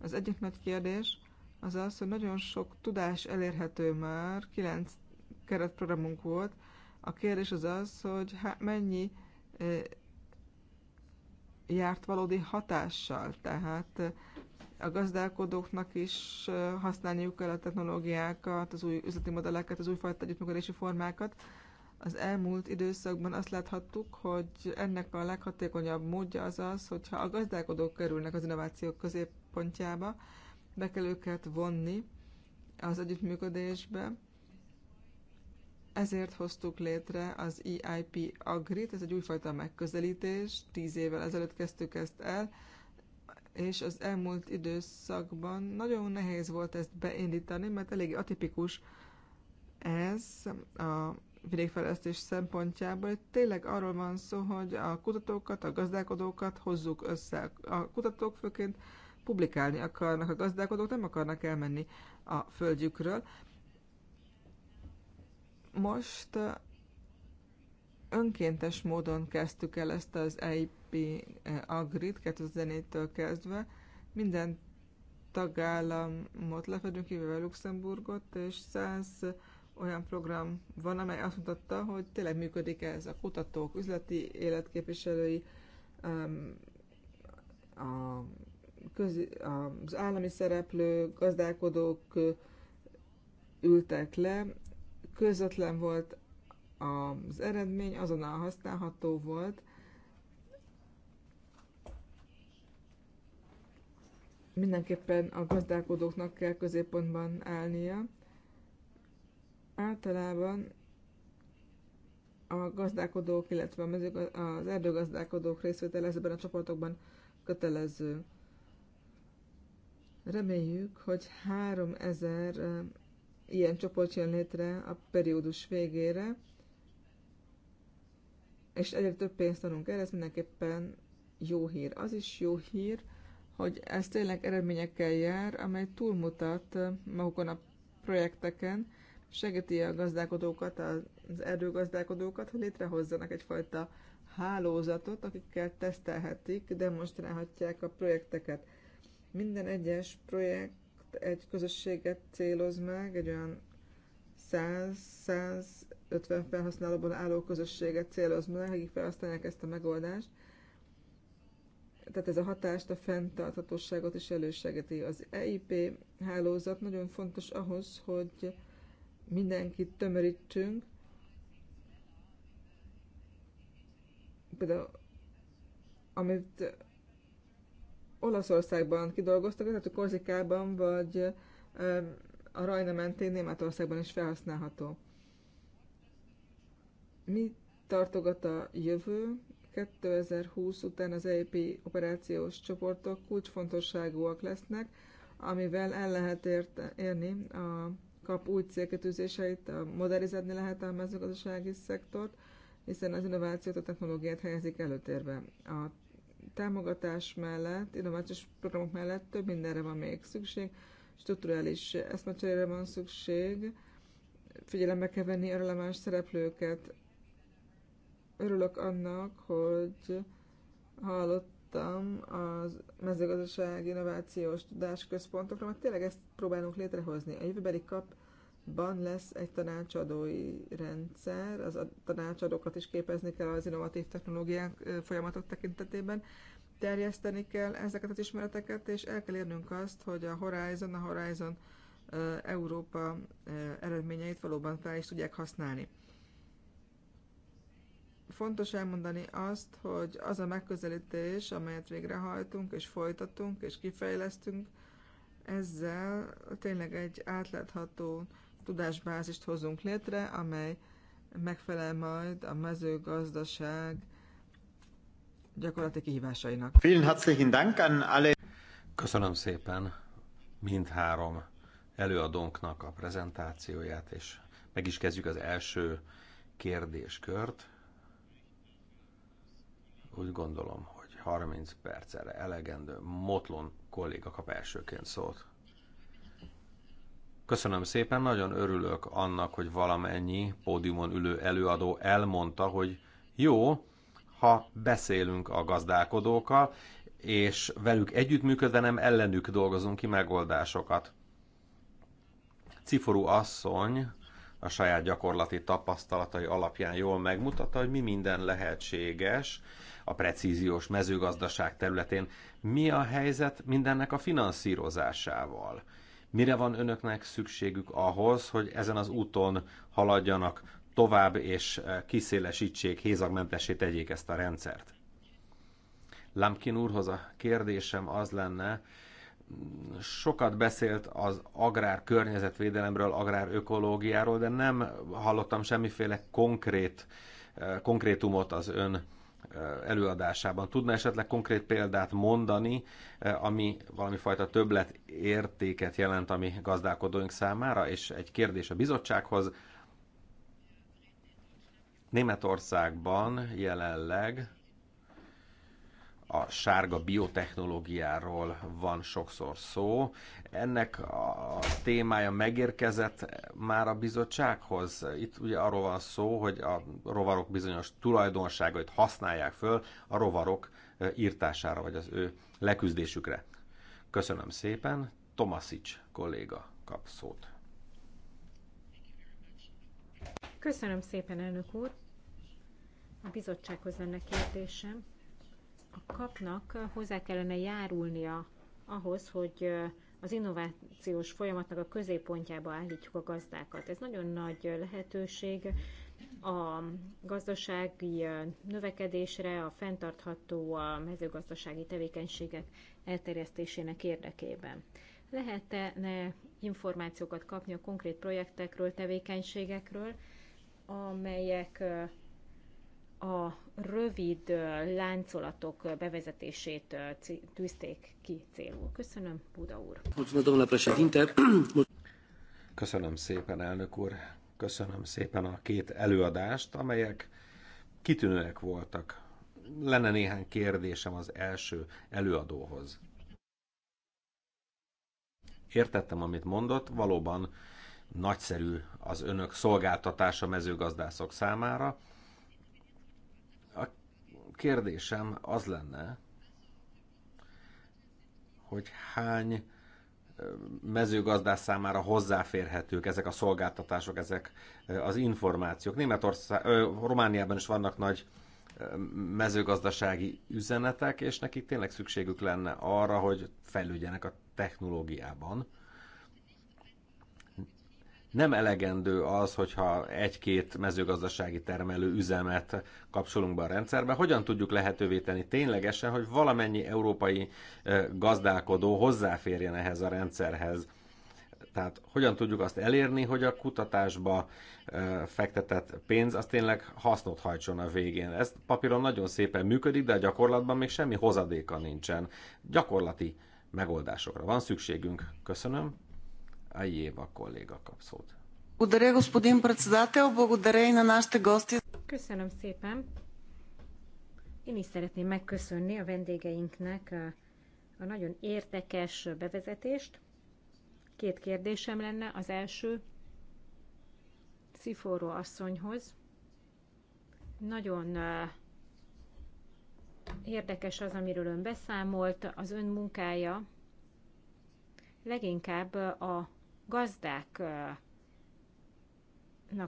Az egyik nagy kérdés az az, hogy nagyon sok tudás elérhető már, kilenc keretprogramunk volt. A kérdés az az, hogy hát mennyi járt valódi hatással, tehát a gazdálkodóknak is használniuk kell a technológiákat, az új üzleti modelleket, az újfajta együttműködési formákat, az elmúlt időszakban azt láthattuk, hogy ennek a leghatékonyabb módja az az, hogyha a gazdálkodók kerülnek az innovációk középpontjába, be kell őket vonni az együttműködésbe. Ezért hoztuk létre az EIP Agrit, ez egy újfajta megközelítés, tíz évvel ezelőtt kezdtük ezt el, és az elmúlt időszakban nagyon nehéz volt ezt beindítani, mert elég atipikus ez a vidékfejlesztés szempontjából. Itt tényleg arról van szó, hogy a kutatókat, a gazdálkodókat hozzuk össze. A kutatók főként publikálni akarnak, a gazdálkodók nem akarnak elmenni a földjükről. Most önkéntes módon kezdtük el ezt az EIP Agrit 2004-től kezdve. Minden tagállamot lefedünk, kivéve Luxemburgot, és 100 olyan program van, amely azt mutatta, hogy tényleg működik ez a kutatók, üzleti életképviselői, um, a közi, az állami szereplők, gazdálkodók ültek le, közvetlen volt az eredmény, azonnal használható volt. Mindenképpen a gazdálkodóknak kell középpontban állnia Általában a gazdálkodók, illetve a mezőgaz, az erdőgazdálkodók részvétele ezekben a csoportokban kötelező. Reméljük, hogy 3000 ilyen csoport jön létre a periódus végére, és egyre több pénzt adunk erre, ez mindenképpen jó hír. Az is jó hír, hogy ez tényleg eredményekkel jár, amely túlmutat magukon a projekteken, segíti a gazdálkodókat, az erdőgazdálkodókat, hogy létrehozzanak egyfajta hálózatot, akikkel tesztelhetik, demonstrálhatják a projekteket. Minden egyes projekt egy közösséget céloz meg, egy olyan 100-150 felhasználóban álló közösséget céloz meg, akik felhasználják ezt a megoldást. Tehát ez a hatást, a fenntarthatóságot is elősegíti. Az EIP hálózat nagyon fontos ahhoz, hogy mindenkit tömörítsünk. Például, amit Olaszországban kidolgoztak, tehát a Korzikában, vagy a Rajna mentén Németországban is felhasználható. Mi tartogat a jövő? 2020 után az EIP operációs csoportok kulcsfontosságúak lesznek, amivel el lehet érte, érni a kap új célkitűzéseit, modernizálni lehet a mezőgazdasági szektort, hiszen az innovációt, a technológiát helyezik előtérbe. A támogatás mellett, innovációs programok mellett több mindenre van még szükség, strukturális eszmecserére van szükség, figyelembe kell venni a releváns szereplőket. Örülök annak, hogy hallott utaltam a mezőgazdasági innovációs tudásközpontokra, mert tényleg ezt próbálunk létrehozni. A jövőbeli kapban lesz egy tanácsadói rendszer, az a tanácsadókat is képezni kell az innovatív technológiák folyamatok tekintetében, terjeszteni kell ezeket az ismereteket, és el kell érnünk azt, hogy a Horizon, a Horizon Európa eredményeit valóban fel is tudják használni fontos elmondani azt, hogy az a megközelítés, amelyet végrehajtunk, és folytatunk, és kifejlesztünk, ezzel tényleg egy átlátható tudásbázist hozunk létre, amely megfelel majd a mezőgazdaság gyakorlati kihívásainak. Vielen herzlichen Dank an alle. Köszönöm szépen mindhárom előadónknak a prezentációját, és meg is kezdjük az első kérdéskört. Úgy gondolom, hogy 30 percre elegendő. Motlon kolléga kap elsőként szót. Köszönöm szépen, nagyon örülök annak, hogy valamennyi pódiumon ülő előadó elmondta, hogy jó, ha beszélünk a gazdálkodókkal, és velük együttműködve nem ellenük dolgozunk ki megoldásokat. Ciforú asszony a saját gyakorlati tapasztalatai alapján jól megmutatta, hogy mi minden lehetséges, a precíziós mezőgazdaság területén. Mi a helyzet mindennek a finanszírozásával? Mire van önöknek szükségük ahhoz, hogy ezen az úton haladjanak tovább, és eh, kiszélesítsék, hézagmentesé tegyék ezt a rendszert? Lamkin úrhoz a kérdésem az lenne, sokat beszélt az agrár környezetvédelemről, agrár ökológiáról, de nem hallottam semmiféle konkrét eh, konkrétumot az ön Eh, előadásában. Tudna esetleg konkrét példát mondani, eh, ami valami fajta többlet értéket jelent a mi gazdálkodóink számára, és egy kérdés a bizottsághoz. Németországban jelenleg a sárga biotechnológiáról van sokszor szó. Ennek a témája megérkezett már a bizottsághoz. Itt ugye arról van szó, hogy a rovarok bizonyos tulajdonságait használják föl a rovarok írtására, vagy az ő leküzdésükre. Köszönöm szépen. Tomaszics kolléga kap szót. Köszönöm szépen, elnök úr. A bizottsághoz lenne kérdésem a kapnak hozzá kellene járulnia ahhoz, hogy az innovációs folyamatnak a középpontjába állítjuk a gazdákat. Ez nagyon nagy lehetőség a gazdasági növekedésre, a fenntartható a mezőgazdasági tevékenységek elterjesztésének érdekében. Lehetne információkat kapni a konkrét projektekről, tevékenységekről, amelyek a rövid láncolatok bevezetését tűzték ki célul. Köszönöm, Buda úr. Köszönöm szépen, elnök úr. Köszönöm szépen a két előadást, amelyek kitűnőek voltak. Lenne néhány kérdésem az első előadóhoz. Értettem, amit mondott, valóban nagyszerű az önök szolgáltatása mezőgazdászok számára, kérdésem az lenne, hogy hány mezőgazdás számára hozzáférhetők ezek a szolgáltatások, ezek az információk. Németország, Romániában is vannak nagy mezőgazdasági üzenetek, és nekik tényleg szükségük lenne arra, hogy fejlődjenek a technológiában. Nem elegendő az, hogyha egy-két mezőgazdasági termelő üzemet kapcsolunk be a rendszerbe. Hogyan tudjuk lehetővé tenni ténylegesen, hogy valamennyi európai gazdálkodó hozzáférjen ehhez a rendszerhez? Tehát hogyan tudjuk azt elérni, hogy a kutatásba fektetett pénz az tényleg hasznot hajtson a végén. Ez papíron nagyon szépen működik, de a gyakorlatban még semmi hozadéka nincsen. Gyakorlati megoldásokra van szükségünk. Köszönöm. Ajéva kolléga kap Köszönöm szépen. Én is szeretném megköszönni a vendégeinknek a nagyon értekes bevezetést. Két kérdésem lenne. Az első Sziforó asszonyhoz. Nagyon érdekes az, amiről ön beszámolt, az ön munkája leginkább a gazdáknak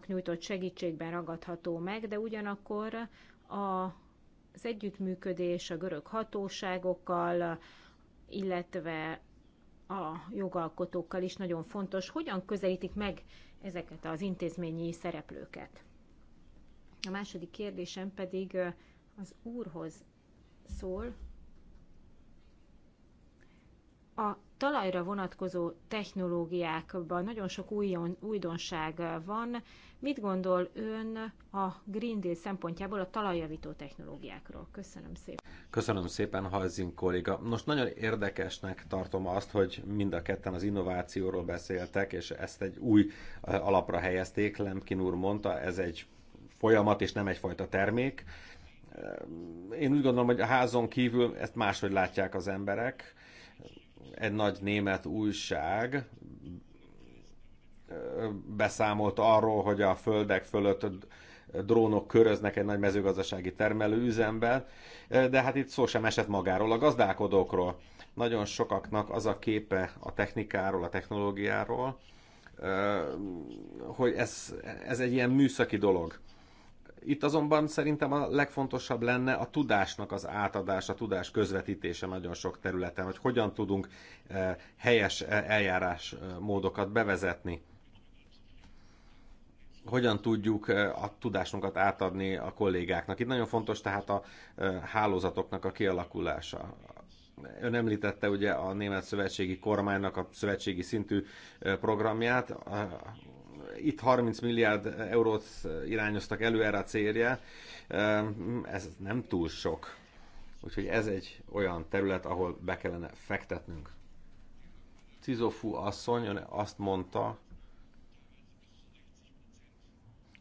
nyújtott segítségben ragadható meg, de ugyanakkor a az együttműködés a görög hatóságokkal, illetve a jogalkotókkal is nagyon fontos, hogyan közelítik meg ezeket az intézményi szereplőket. A második kérdésem pedig az úrhoz szól. A talajra vonatkozó technológiákban nagyon sok újon, újdonság van. Mit gondol ön a Green Deal szempontjából a talajjavító technológiákról? Köszönöm szépen. Köszönöm szépen, Hajzin kolléga. Most nagyon érdekesnek tartom azt, hogy mind a ketten az innovációról beszéltek, és ezt egy új alapra helyezték. Lemkin úr mondta, ez egy folyamat, és nem egyfajta termék. Én úgy gondolom, hogy a házon kívül ezt máshogy látják az emberek egy nagy német újság beszámolt arról, hogy a földek fölött drónok köröznek egy nagy mezőgazdasági üzemben, de hát itt szó sem esett magáról, a gazdálkodókról. Nagyon sokaknak az a képe a technikáról, a technológiáról, hogy ez, ez egy ilyen műszaki dolog. Itt azonban szerintem a legfontosabb lenne a tudásnak az átadása, a tudás közvetítése nagyon sok területen, hogy hogyan tudunk eh, helyes eh, eljárásmódokat eh, bevezetni hogyan tudjuk a tudásunkat átadni a kollégáknak. Itt nagyon fontos tehát a hálózatoknak a kialakulása. Ön említette ugye a Német Szövetségi Kormánynak a szövetségi szintű programját, itt 30 milliárd eurót irányoztak elő erre a célja, ez nem túl sok. Úgyhogy ez egy olyan terület, ahol be kellene fektetnünk. Cizofú asszony azt mondta,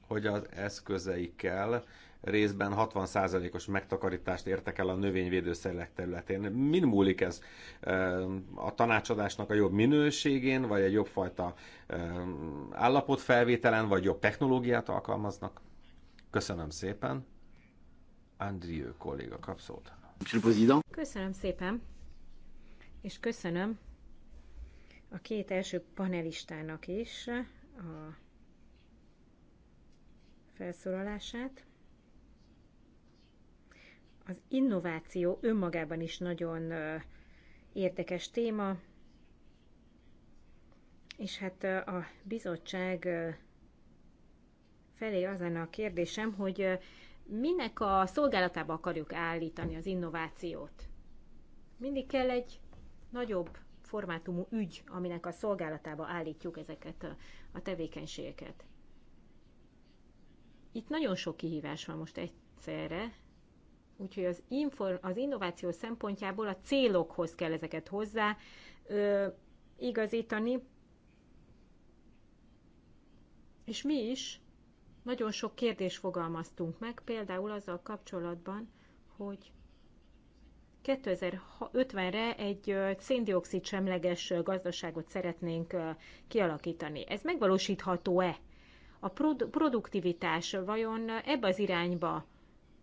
hogy az eszközeikkel részben 60%-os megtakarítást értek el a növényvédőszerek területén. Min múlik ez? A tanácsadásnak a jobb minőségén, vagy egy jobb fajta állapotfelvételen, vagy jobb technológiát alkalmaznak? Köszönöm szépen. Andrieu kolléga kap szót. Köszönöm szépen, és köszönöm a két első panelistának is a felszólalását. Az innováció önmagában is nagyon érdekes téma, és hát a bizottság felé az lenne a kérdésem, hogy minek a szolgálatába akarjuk állítani az innovációt? Mindig kell egy nagyobb formátumú ügy, aminek a szolgálatába állítjuk ezeket a, a tevékenységeket. Itt nagyon sok kihívás van most egyszerre, Úgyhogy az, inform, az innováció szempontjából a célokhoz kell ezeket hozzá ö, igazítani. És mi is nagyon sok kérdést fogalmaztunk meg, például azzal kapcsolatban, hogy 2050-re egy széndiokszid semleges gazdaságot szeretnénk kialakítani. Ez megvalósítható-e? A produktivitás vajon ebbe az irányba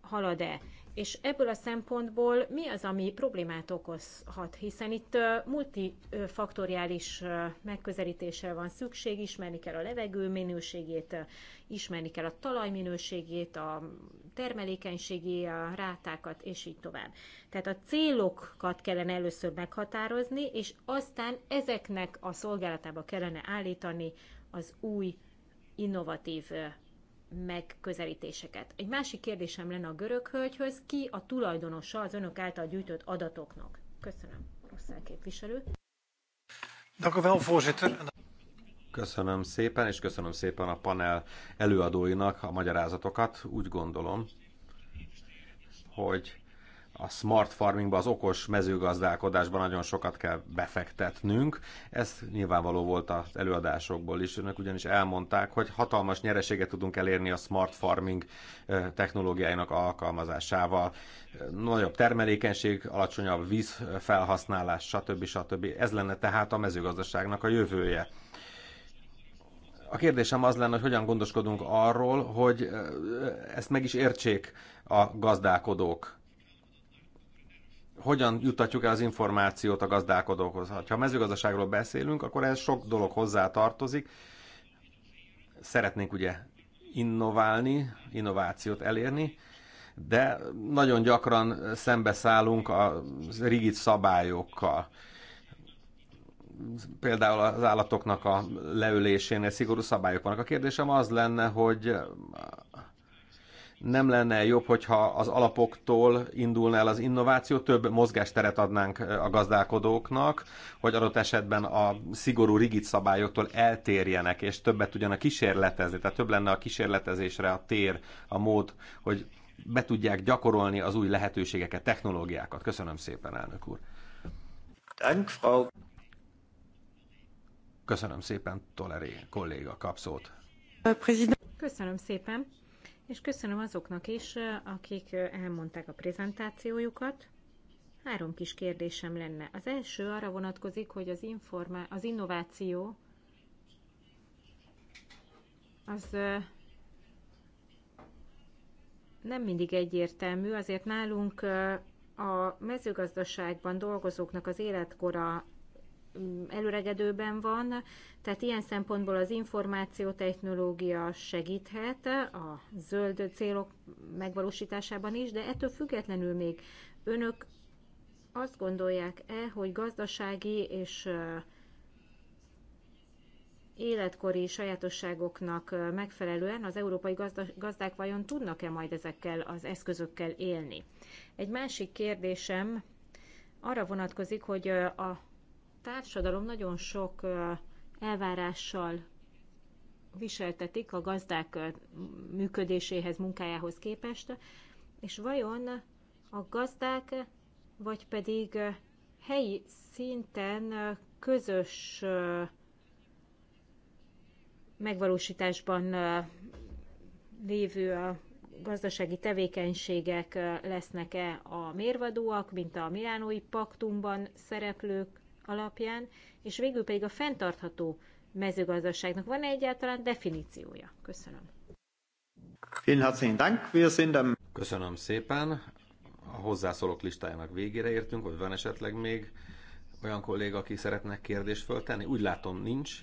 halad-e? És ebből a szempontból mi az, ami problémát okozhat? Hiszen itt multifaktoriális megközelítésre van szükség, ismerni kell a levegő minőségét, ismerni kell a talaj minőségét, a termelékenységi a rátákat, és így tovább. Tehát a célokat kellene először meghatározni, és aztán ezeknek a szolgálatába kellene állítani az új innovatív megközelítéseket. Egy másik kérdésem lenne a görög hölgyhöz, ki a tulajdonosa az önök által gyűjtött adatoknak? Köszönöm, Rosszán képviselő. Köszönöm szépen, és köszönöm szépen a panel előadóinak a magyarázatokat. Úgy gondolom, hogy a smart farmingba, az okos mezőgazdálkodásban nagyon sokat kell befektetnünk. Ez nyilvánvaló volt az előadásokból is. Önök ugyanis elmondták, hogy hatalmas nyereséget tudunk elérni a smart farming technológiáinak alkalmazásával. Nagyobb termelékenység, alacsonyabb vízfelhasználás, stb. stb. Ez lenne tehát a mezőgazdaságnak a jövője a kérdésem az lenne, hogy hogyan gondoskodunk arról, hogy ezt meg is értsék a gazdálkodók hogyan jutatjuk el az információt a gazdálkodókhoz. Ha a mezőgazdaságról beszélünk, akkor ez sok dolog hozzá tartozik. Szeretnénk ugye innoválni, innovációt elérni, de nagyon gyakran szembeszállunk a rigid szabályokkal. Például az állatoknak a leülésénél szigorú szabályok vannak. A kérdésem az lenne, hogy nem lenne jobb, hogyha az alapoktól indulna el az innováció, több mozgásteret adnánk a gazdálkodóknak, hogy adott esetben a szigorú, rigid szabályoktól eltérjenek, és többet tudjanak kísérletezni, tehát több lenne a kísérletezésre a tér, a mód, hogy be tudják gyakorolni az új lehetőségeket, technológiákat. Köszönöm szépen, elnök úr. Dank, Frau. Köszönöm szépen, Toleré kolléga kapszót. Köszönöm szépen és köszönöm azoknak is, akik elmondták a prezentációjukat. Három kis kérdésem lenne. Az első arra vonatkozik, hogy az, informá- az innováció az nem mindig egyértelmű, azért nálunk a mezőgazdaságban dolgozóknak az életkora előregedőben van, tehát ilyen szempontból az információtechnológia segíthet a zöld célok megvalósításában is, de ettől függetlenül még önök azt gondolják-e, hogy gazdasági és életkori sajátosságoknak megfelelően az európai gazdák vajon tudnak-e majd ezekkel az eszközökkel élni? Egy másik kérdésem arra vonatkozik, hogy a társadalom nagyon sok elvárással viseltetik a gazdák működéséhez, munkájához képest, és vajon a gazdák, vagy pedig helyi szinten közös megvalósításban lévő a gazdasági tevékenységek lesznek-e a mérvadóak, mint a Milánói Paktumban szereplők, alapján, és végül pedig a fenntartható mezőgazdaságnak van-e egyáltalán definíciója? Köszönöm. Köszönöm szépen. A hozzászólók listájának végére értünk, vagy van esetleg még olyan kolléga, aki szeretne kérdést föltenni? Úgy látom, nincs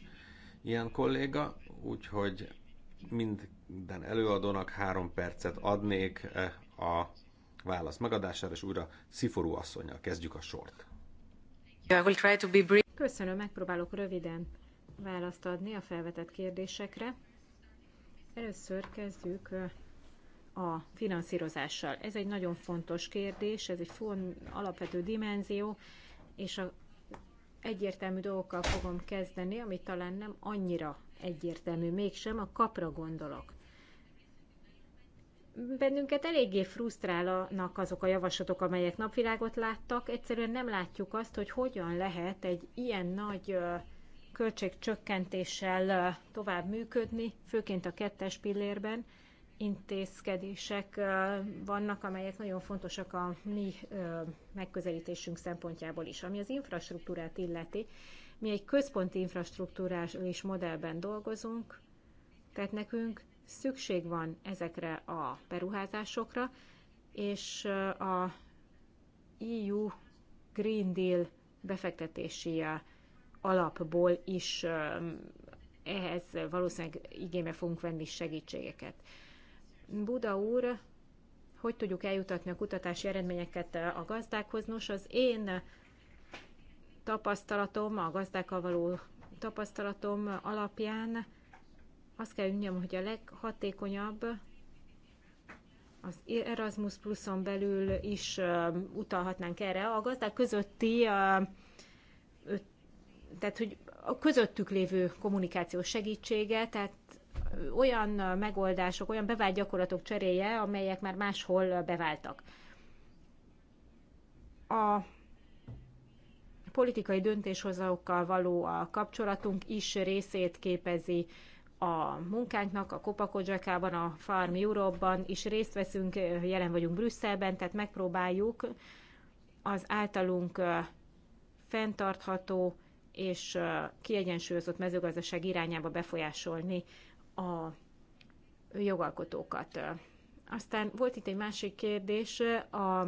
ilyen kolléga, úgyhogy minden előadónak három percet adnék eh, a válasz megadására, és újra Sziforú asszonynal kezdjük a sort. Köszönöm, megpróbálok röviden választ adni a felvetett kérdésekre. Először kezdjük a finanszírozással. Ez egy nagyon fontos kérdés, ez egy font, alapvető dimenzió, és a egyértelmű dolgokkal fogom kezdeni, ami talán nem annyira egyértelmű mégsem, a kapra gondolok bennünket eléggé frusztrálnak azok a javaslatok, amelyek napvilágot láttak. Egyszerűen nem látjuk azt, hogy hogyan lehet egy ilyen nagy költségcsökkentéssel tovább működni, főként a kettes pillérben intézkedések vannak, amelyek nagyon fontosak a mi megközelítésünk szempontjából is. Ami az infrastruktúrát illeti, mi egy központi infrastruktúrális modellben dolgozunk, tehát nekünk szükség van ezekre a beruházásokra, és a EU Green Deal befektetési alapból is ehhez valószínűleg igénybe fogunk venni segítségeket. Buda úr, hogy tudjuk eljutatni a kutatási eredményeket a gazdákhoz? Nos, az én tapasztalatom, a gazdákkal való tapasztalatom alapján azt kell mondjam, hogy a leghatékonyabb az Erasmus pluszon belül is utalhatnánk erre. A gazdák közötti, tehát hogy a közöttük lévő kommunikációs segítsége, tehát olyan megoldások, olyan bevált gyakorlatok cseréje, amelyek már máshol beváltak. A politikai döntéshozókkal való a kapcsolatunk is részét képezi a munkánknak, a Kopakodzsakában, a Farm Europe-ban is részt veszünk, jelen vagyunk Brüsszelben, tehát megpróbáljuk az általunk fenntartható és kiegyensúlyozott mezőgazdaság irányába befolyásolni a jogalkotókat. Aztán volt itt egy másik kérdés a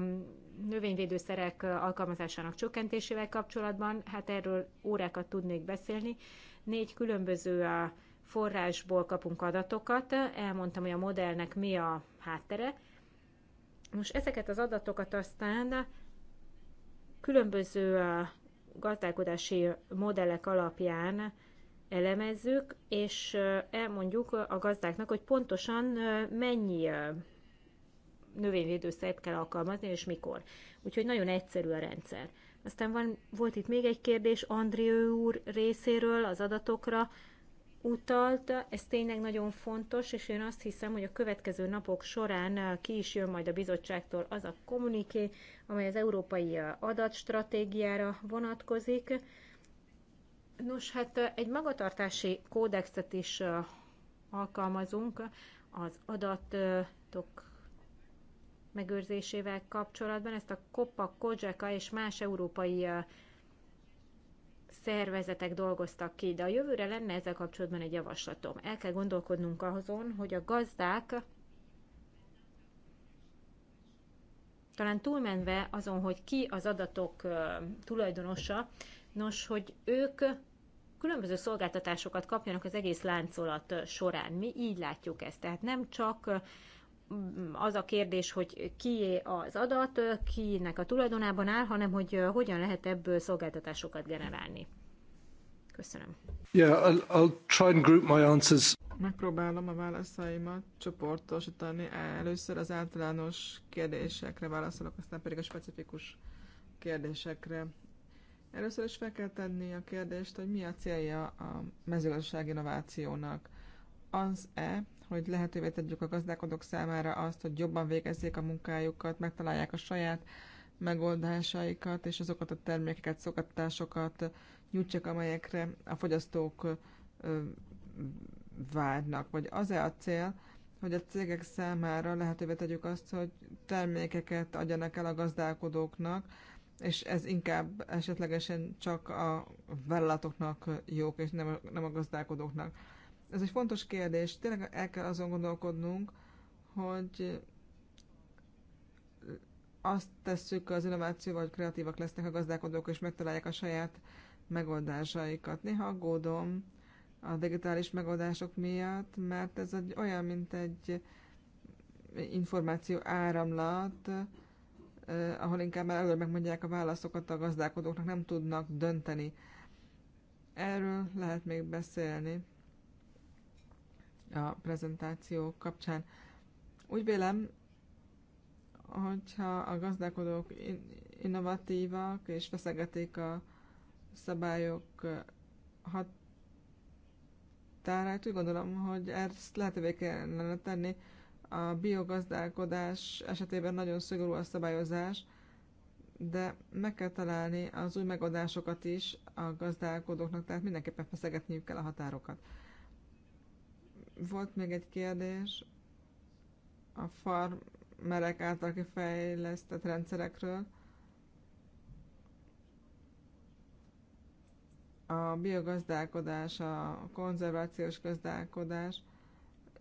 növényvédőszerek alkalmazásának csökkentésével kapcsolatban. Hát erről órákat tudnék beszélni. Négy különböző a forrásból kapunk adatokat, elmondtam, hogy a modellnek mi a háttere. Most ezeket az adatokat aztán különböző gazdálkodási modellek alapján elemezzük, és elmondjuk a gazdáknak, hogy pontosan mennyi növényvédőszert kell alkalmazni, és mikor. Úgyhogy nagyon egyszerű a rendszer. Aztán van, volt itt még egy kérdés Andrió úr részéről az adatokra utalt, ez tényleg nagyon fontos, és én azt hiszem, hogy a következő napok során eh, ki is jön majd a bizottságtól az a kommuniké, amely az európai eh, adatstratégiára vonatkozik. Nos, hát eh, egy magatartási kódexet is alkalmazunk az adatok megőrzésével kapcsolatban. Ezt a COPA, COGECA és más európai szervezetek dolgoztak ki, de a jövőre lenne ezzel kapcsolatban egy javaslatom. El kell gondolkodnunk azon, hogy a gazdák talán túlmenve azon, hogy ki az adatok tulajdonosa, nos, hogy ők különböző szolgáltatásokat kapjanak az egész láncolat során. Mi így látjuk ezt. Tehát nem csak az a kérdés, hogy kié az adat, kinek a tulajdonában áll, hanem hogy hogyan lehet ebből szolgáltatásokat generálni. Köszönöm. Yeah, I'll, I'll try and group my answers. Megpróbálom a válaszaimat csoportosítani. Először az általános kérdésekre válaszolok, aztán pedig a specifikus kérdésekre. Először is fel kell tenni a kérdést, hogy mi a célja a mezőgazdasági innovációnak. Az-e, hogy lehetővé tegyük a gazdálkodók számára azt, hogy jobban végezzék a munkájukat, megtalálják a saját megoldásaikat, és azokat a termékeket, szokatásokat nyújtsak, amelyekre a fogyasztók várnak. Vagy az-e a cél, hogy a cégek számára lehetővé tegyük azt, hogy termékeket adjanak el a gazdálkodóknak, és ez inkább esetlegesen csak a vállalatoknak jók, és nem a, nem a gazdálkodóknak. Ez egy fontos kérdés. Tényleg el kell azon gondolkodnunk, hogy azt tesszük, az innováció vagy kreatívak lesznek a gazdálkodók, és megtalálják a saját megoldásaikat. Néha aggódom a digitális megoldások miatt, mert ez egy olyan, mint egy információ áramlat, eh, ahol inkább már előre megmondják a válaszokat a gazdálkodóknak, nem tudnak dönteni. Erről lehet még beszélni a prezentáció kapcsán. Úgy vélem, hogyha a gazdálkodók innovatívak és feszegetik a szabályok határát, úgy gondolom, hogy ezt lehetővé kellene tenni. A biogazdálkodás esetében nagyon szigorú a szabályozás, de meg kell találni az új megoldásokat is a gazdálkodóknak, tehát mindenképpen feszegetniük kell a határokat. Volt még egy kérdés a farmerek által kifejlesztett rendszerekről. A biogazdálkodás, a konzervációs gazdálkodás,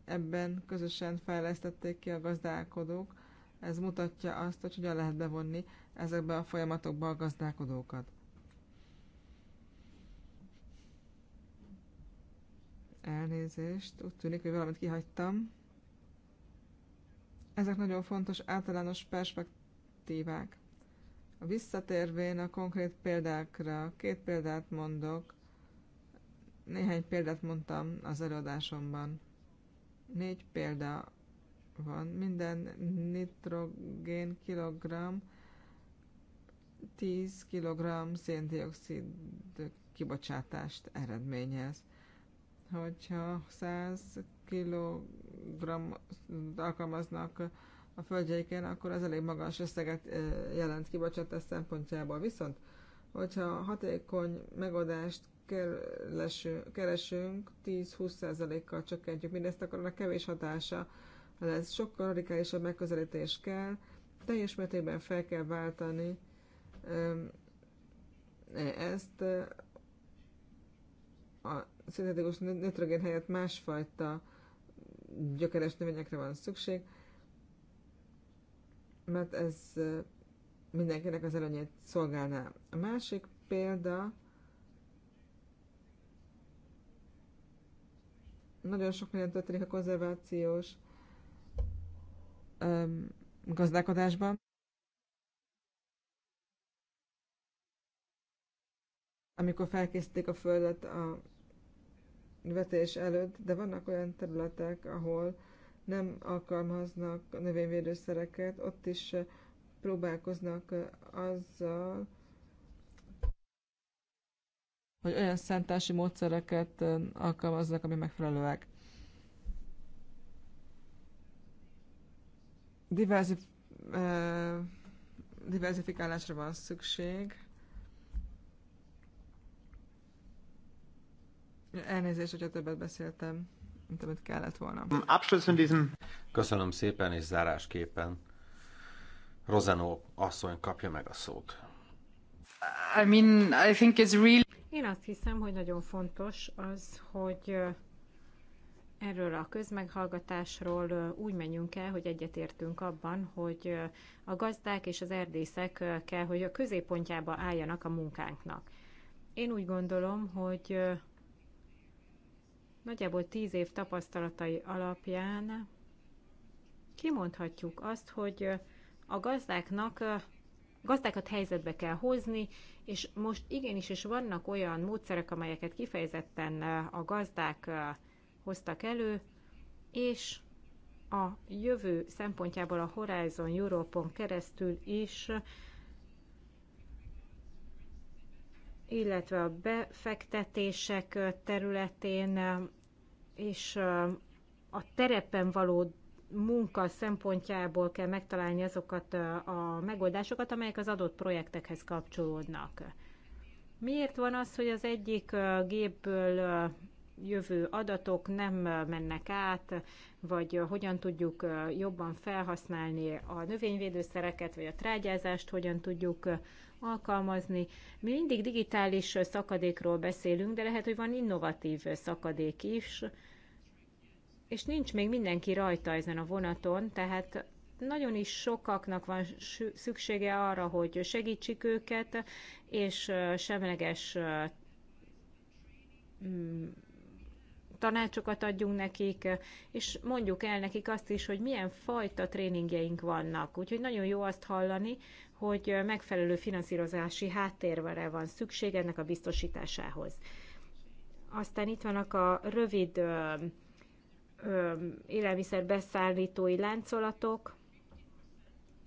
ebben közösen fejlesztették ki a gazdálkodók. Ez mutatja azt, hogy hogyan lehet bevonni ezekbe a folyamatokba a gazdálkodókat. Elnézést, úgy tűnik, hogy valamit kihagytam. Ezek nagyon fontos általános perspektívák. A visszatérvén a konkrét példákra, két példát mondok, néhány példát mondtam az előadásomban. Négy példa van. Minden nitrogén kilogramm 10 kg széndiokszid kibocsátást eredményez hogyha 100 kg alkalmaznak a földjeiken, akkor ez elég magas összeget jelent kibocsátás szempontjából. Viszont, hogyha hatékony megoldást keresünk, 10-20%-kal csökkentjük mindezt, akkor a kevés hatása lesz. Sokkal radikálisabb megközelítés kell, teljes mértékben fel kell váltani ezt a szintetikus nitrogén helyett másfajta gyökeres növényekre van szükség, mert ez mindenkinek az előnyét szolgálná. A másik példa, nagyon sok minden történik a konzervációs gazdálkodásban. Amikor felkészítik a földet a vetés előtt, de vannak olyan területek, ahol nem alkalmaznak növényvédőszereket, ott is eh, próbálkoznak eh, azzal, hogy olyan szentási módszereket eh, alkalmaznak, ami megfelelőek. Diverzi, eh, diversifikálásra van szükség. Elnézést, hogyha többet beszéltem, mint amit kellett volna. Mm, Köszönöm szépen, és zárásképpen Rozanó asszony kapja meg a szót. I mean, I think it's really... Én azt hiszem, hogy nagyon fontos az, hogy erről a közmeghallgatásról úgy menjünk el, hogy egyetértünk abban, hogy a gazdák és az erdészek kell, hogy a középpontjába álljanak a munkánknak. Én úgy gondolom, hogy nagyjából tíz év tapasztalatai alapján kimondhatjuk azt, hogy a gazdáknak gazdákat helyzetbe kell hozni, és most igenis is vannak olyan módszerek, amelyeket kifejezetten a gazdák hoztak elő, és a jövő szempontjából a Horizon Europe-on keresztül is illetve a befektetések területén és a terepen való munka szempontjából kell megtalálni azokat a megoldásokat, amelyek az adott projektekhez kapcsolódnak. Miért van az, hogy az egyik gépből jövő adatok nem mennek át, vagy hogyan tudjuk jobban felhasználni a növényvédőszereket, vagy a trágyázást, hogyan tudjuk alkalmazni. Mi mindig digitális szakadékról beszélünk, de lehet, hogy van innovatív szakadék is, és nincs még mindenki rajta ezen a vonaton, tehát nagyon is sokaknak van szüksége arra, hogy segítsük őket, és semleges tanácsokat adjunk nekik, és mondjuk el nekik azt is, hogy milyen fajta tréningjeink vannak. Úgyhogy nagyon jó azt hallani, hogy megfelelő finanszírozási háttérre van szükség ennek a biztosításához. Aztán itt vannak a rövid élelmiszerbeszállítói láncolatok.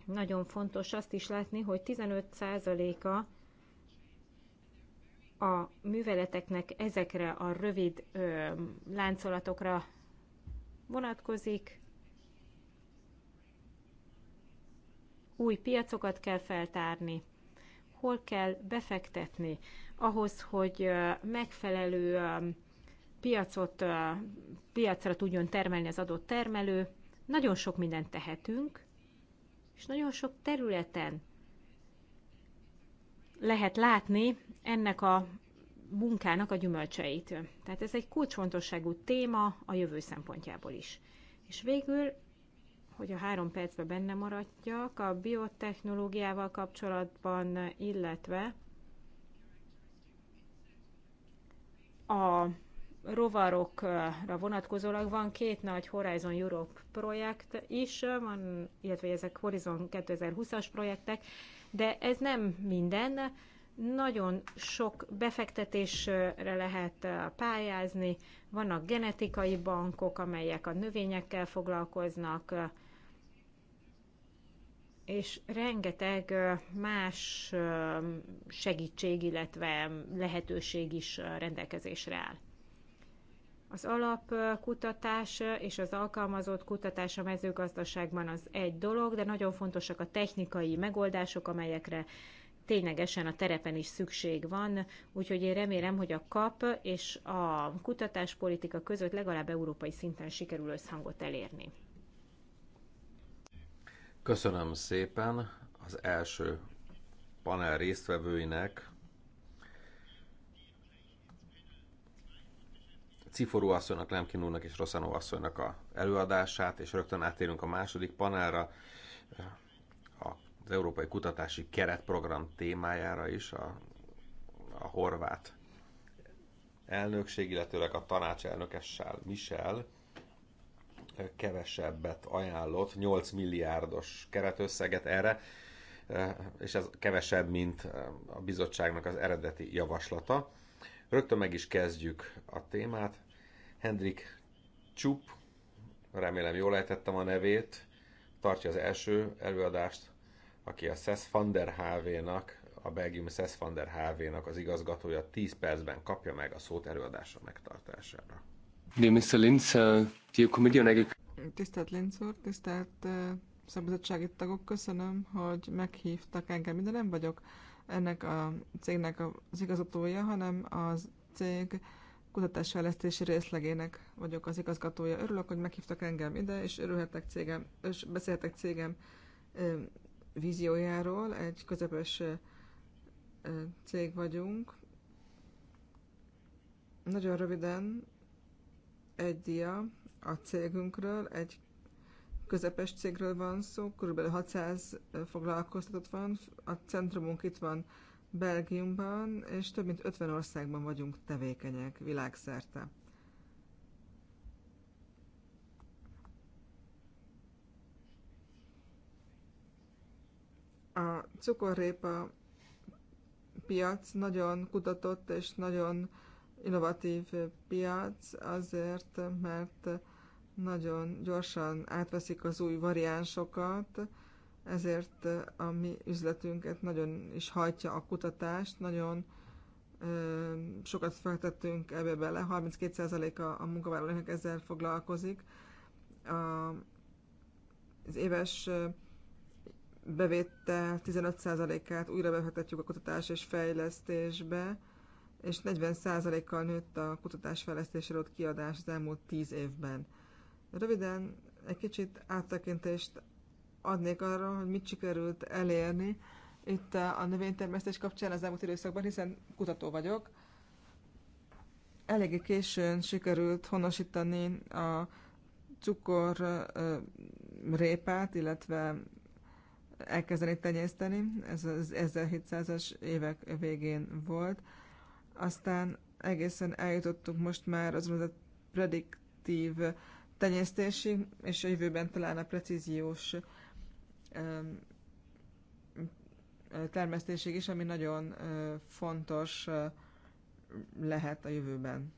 Nagyon fontos azt is látni, hogy 15%-a a műveleteknek ezekre a rövid ö, láncolatokra vonatkozik, új piacokat kell feltárni, hol kell befektetni ahhoz, hogy megfelelő piacot, piacra tudjon termelni az adott termelő. Nagyon sok mindent tehetünk, és nagyon sok területen lehet látni ennek a munkának a gyümölcseit. Tehát ez egy kulcsfontosságú téma a jövő szempontjából is. És végül hogy a három percbe benne maradjak, a biotechnológiával kapcsolatban, illetve a rovarokra vonatkozólag van két nagy Horizon Europe projekt is, van, illetve ezek Horizon 2020-as projektek, de ez nem minden. Nagyon sok befektetésre lehet eh, pályázni, vannak genetikai bankok, amelyek a növényekkel foglalkoznak, és rengeteg más segítség, illetve lehetőség is rendelkezésre áll. Az alapkutatás és az alkalmazott kutatás a mezőgazdaságban az egy dolog, de nagyon fontosak a technikai megoldások, amelyekre ténylegesen a terepen is szükség van, úgyhogy én remélem, hogy a KAP és a kutatáspolitika között legalább európai szinten sikerül összhangot elérni. Köszönöm szépen az első panel résztvevőinek, Ciforú asszonynak, Lemkin úrnak és Rosszanó asszonynak a előadását, és rögtön átérünk a második panelra, az Európai Kutatási Keretprogram témájára is, a, a horvát elnökség, illetőleg a tanácselnökessel Michel kevesebbet ajánlott, 8 milliárdos keretösszeget erre, e, és ez kevesebb, mint a bizottságnak az eredeti javaslata. Rögtön meg is kezdjük a témát. Hendrik Csup, remélem jól ejtettem a nevét, tartja az első előadást, aki a Sess van der HV-nak, a belgiumi Sess van der HV-nak az igazgatója 10 percben kapja meg a szót előadása megtartására. Dear Mr. Linz, uh, dear Tisztelt Linz úr, tisztelt uh, szabadsági tagok, köszönöm, hogy meghívtak engem. Minden nem vagyok ennek a cégnek az igazgatója, hanem az cég kutatásfejlesztési részlegének vagyok az igazgatója. Örülök, hogy meghívtak engem ide, és örülhetek cégem, és beszélhetek cégem ö, víziójáról. Egy közepes ö, cég vagyunk. Nagyon röviden egy dia a cégünkről, egy közepes cégről van szó, kb. 600 foglalkoztatott van, a centrumunk itt van Belgiumban, és több mint 50 országban vagyunk tevékenyek világszerte. A cukorrépa piac nagyon kutatott és nagyon innovatív piac, azért, mert nagyon gyorsan átveszik az új variánsokat, ezért a mi üzletünket nagyon is hajtja a kutatást, nagyon ö, sokat fektettünk ebbe bele, 32%-a a, a munkavállalóknak ezzel foglalkozik. A, az éves bevétel 15%-át újra befektetjük a kutatás és fejlesztésbe, és 40%-kal nőtt a kutatásfejlesztésre adott kiadás az elmúlt 10 évben. Röviden egy kicsit áttekintést adnék arra, hogy mit sikerült elérni itt a növénytermesztés kapcsán az elmúlt időszakban, hiszen kutató vagyok. Eléggé későn sikerült honosítani a cukorrépát, illetve elkezdeni tenyészteni. Ez az 1700-as évek végén volt aztán egészen eljutottunk most már az a prediktív tenyésztési, és a jövőben talán a precíziós termesztésig is, ami nagyon fontos lehet a jövőben,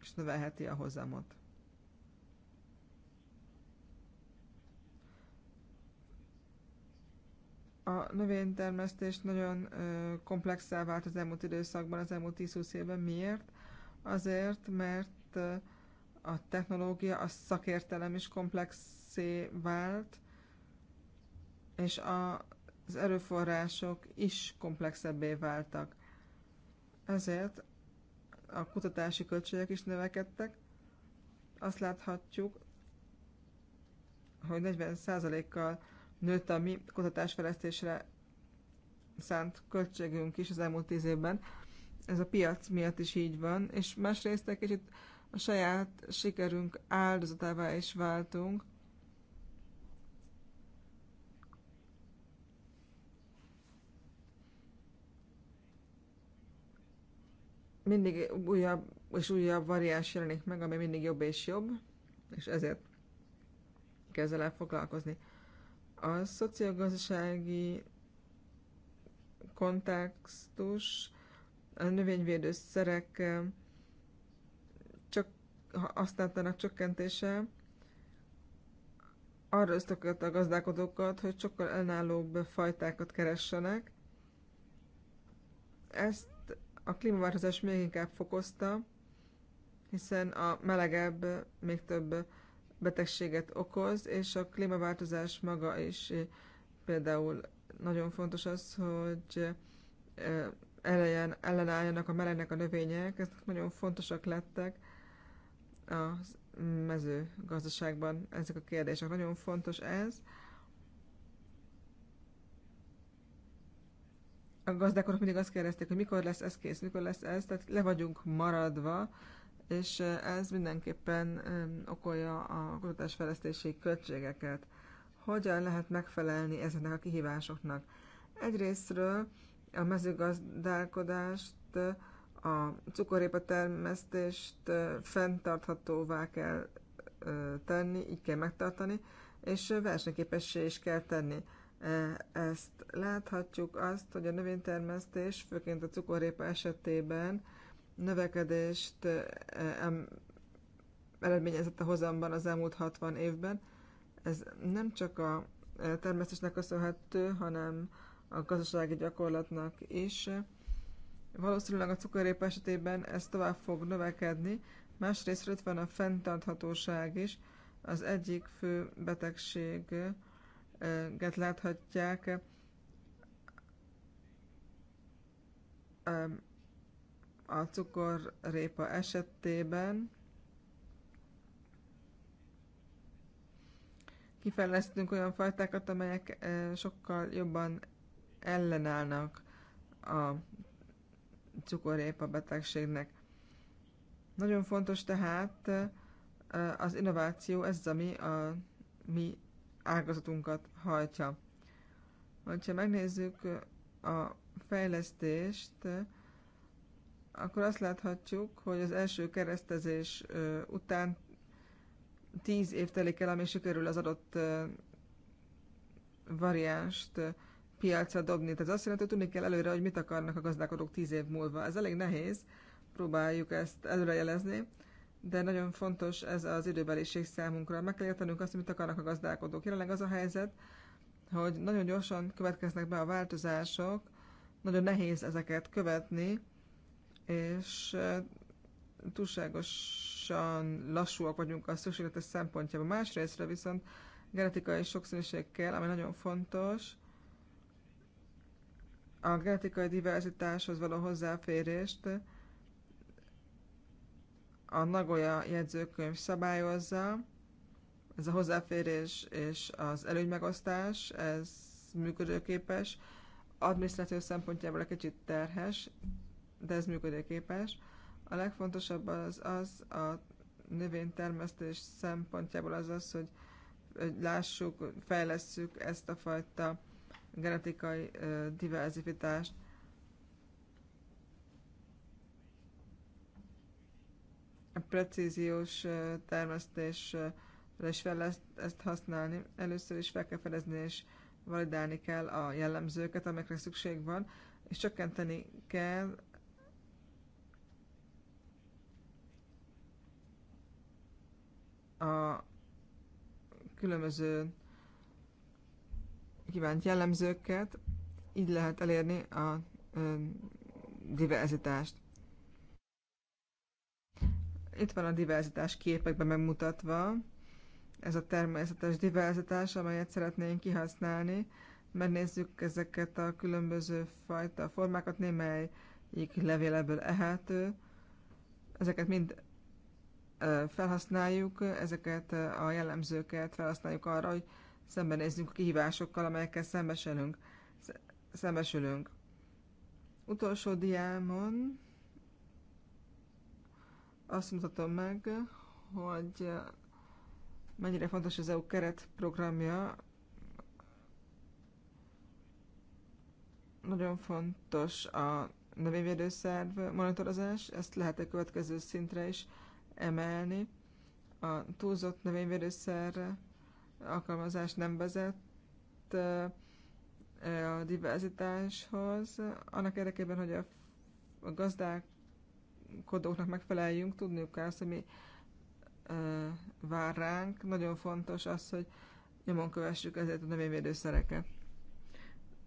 és növelheti a hozamot. a növénytermesztés nagyon komplexá vált az elmúlt időszakban, az elmúlt 10-20 évben. Miért? Azért, mert a technológia, a szakértelem is komplexé vált, és a, az erőforrások is komplexebbé váltak. Ezért a kutatási költségek is növekedtek. Azt láthatjuk, hogy 40%-kal nőtt a mi kutatásfejlesztésre szánt költségünk is az elmúlt tíz évben. Ez a piac miatt is így van, és másrészt egy kicsit a saját sikerünk áldozatává is váltunk. Mindig újabb és újabb variáns jelenik meg, ami mindig jobb és jobb, és ezért kezd el foglalkozni. A szociogazdasági kontextus, a növényvédőszerek eh, csak használatának csökkentése arra ösztökölte a gazdálkodókat, hogy sokkal önállóbb fajtákat keressenek. Ezt a klímaváltozás még inkább fokozta, hiszen a melegebb, még több betegséget okoz, és a klímaváltozás maga is eh, például nagyon fontos az, hogy eh, elején ellenálljanak a melegnek a növények, ezek nagyon fontosak lettek a mezőgazdaságban ezek a kérdések. Nagyon fontos ez. A gazdálkodók mindig azt kérdezték, hogy mikor lesz ez kész, mikor lesz ez, tehát le vagyunk maradva és ez mindenképpen okolja a kutatásfejlesztési költségeket. Hogyan lehet megfelelni ezeknek a kihívásoknak? Egyrésztről a mezőgazdálkodást, a cukorépa termesztést fenntarthatóvá kell tenni, így kell megtartani, és versenyképessé is kell tenni. E, ezt láthatjuk azt, hogy a növénytermesztés, főként a cukorépa esetében növekedést eh, eredményezett a hozamban az elmúlt 60 évben. Ez nem csak a eh, termesztésnek köszönhető, hanem a gazdasági gyakorlatnak is. Valószínűleg a cukorép esetében ez tovább fog növekedni, másrészt ott van a fenntarthatóság is, az egyik fő betegséget eh, láthatják a cukorrépa esetében kifejlesztünk olyan fajtákat, amelyek eh, sokkal jobban ellenállnak a cukorrépa betegségnek. Nagyon fontos tehát eh, az innováció, ez az, ami a mi ágazatunkat hajtja. Ha megnézzük a fejlesztést, akkor azt láthatjuk, hogy az első keresztezés után tíz év telik el, ami sikerül az adott variánst piacra dobni. Tehát azt jelenti, hogy tudni kell előre, hogy mit akarnak a gazdálkodók tíz év múlva. Ez elég nehéz, próbáljuk ezt előrejelezni, de nagyon fontos ez az időbeliség számunkra. Meg kell értenünk azt, hogy mit akarnak a gazdálkodók. Jelenleg az a helyzet, hogy nagyon gyorsan következnek be a változások, nagyon nehéz ezeket követni, és túlságosan lassúak vagyunk a szükségletes szempontjában. Másrésztre viszont genetikai sokszínűség kell, ami nagyon fontos, a genetikai diverzitáshoz való hozzáférést a Nagoya jegyzőkönyv szabályozza, ez a hozzáférés és az előnymegosztás, ez működőképes, adminisztráció szempontjából egy kicsit terhes, de ez működőképes. A legfontosabb az az a növénytermesztés szempontjából az az, hogy lássuk, fejlesszük ezt a fajta genetikai diverzifitást. A precíziós termesztésre is fel lesz ezt használni. Először is fel kell fedezni és validálni kell a jellemzőket, amikre szükség van, és csökkenteni kell a különböző kívánt jellemzőket, így lehet elérni a diverzitást. Itt van a diverzitás képekben megmutatva, ez a természetes diverzitás, amelyet szeretnénk kihasználni. Megnézzük ezeket a különböző fajta formákat, némelyik levéleből ehető. Ezeket mind felhasználjuk ezeket a jellemzőket, felhasználjuk arra, hogy szembenézzünk a kihívásokkal, amelyekkel szembesülünk. szembesülünk. Utolsó diámon azt mutatom meg, hogy mennyire fontos az EU keretprogramja. Nagyon fontos a növényvédőszerv monitorozás, ezt lehet a következő szintre is emelni. A túlzott növényvédőszer alkalmazás nem vezet a diverzitáshoz. Annak érdekében, hogy a gazdálkodóknak megfeleljünk, tudniuk kell azt, hogy mi vár ránk. Nagyon fontos az, hogy nyomon kövessük ezért a növényvédőszereket.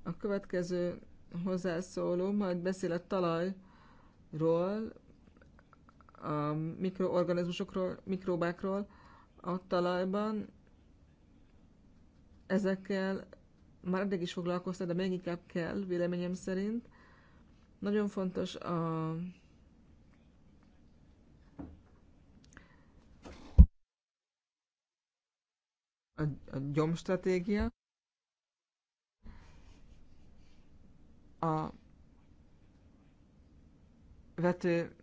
A következő hozzászóló majd beszél a talajról, a mikroorganizmusokról, mikróbákról a talajban. Ezekkel már eddig is foglalkoztak, de még inkább kell, véleményem szerint. Nagyon fontos a a, a gyomstratégia. A vető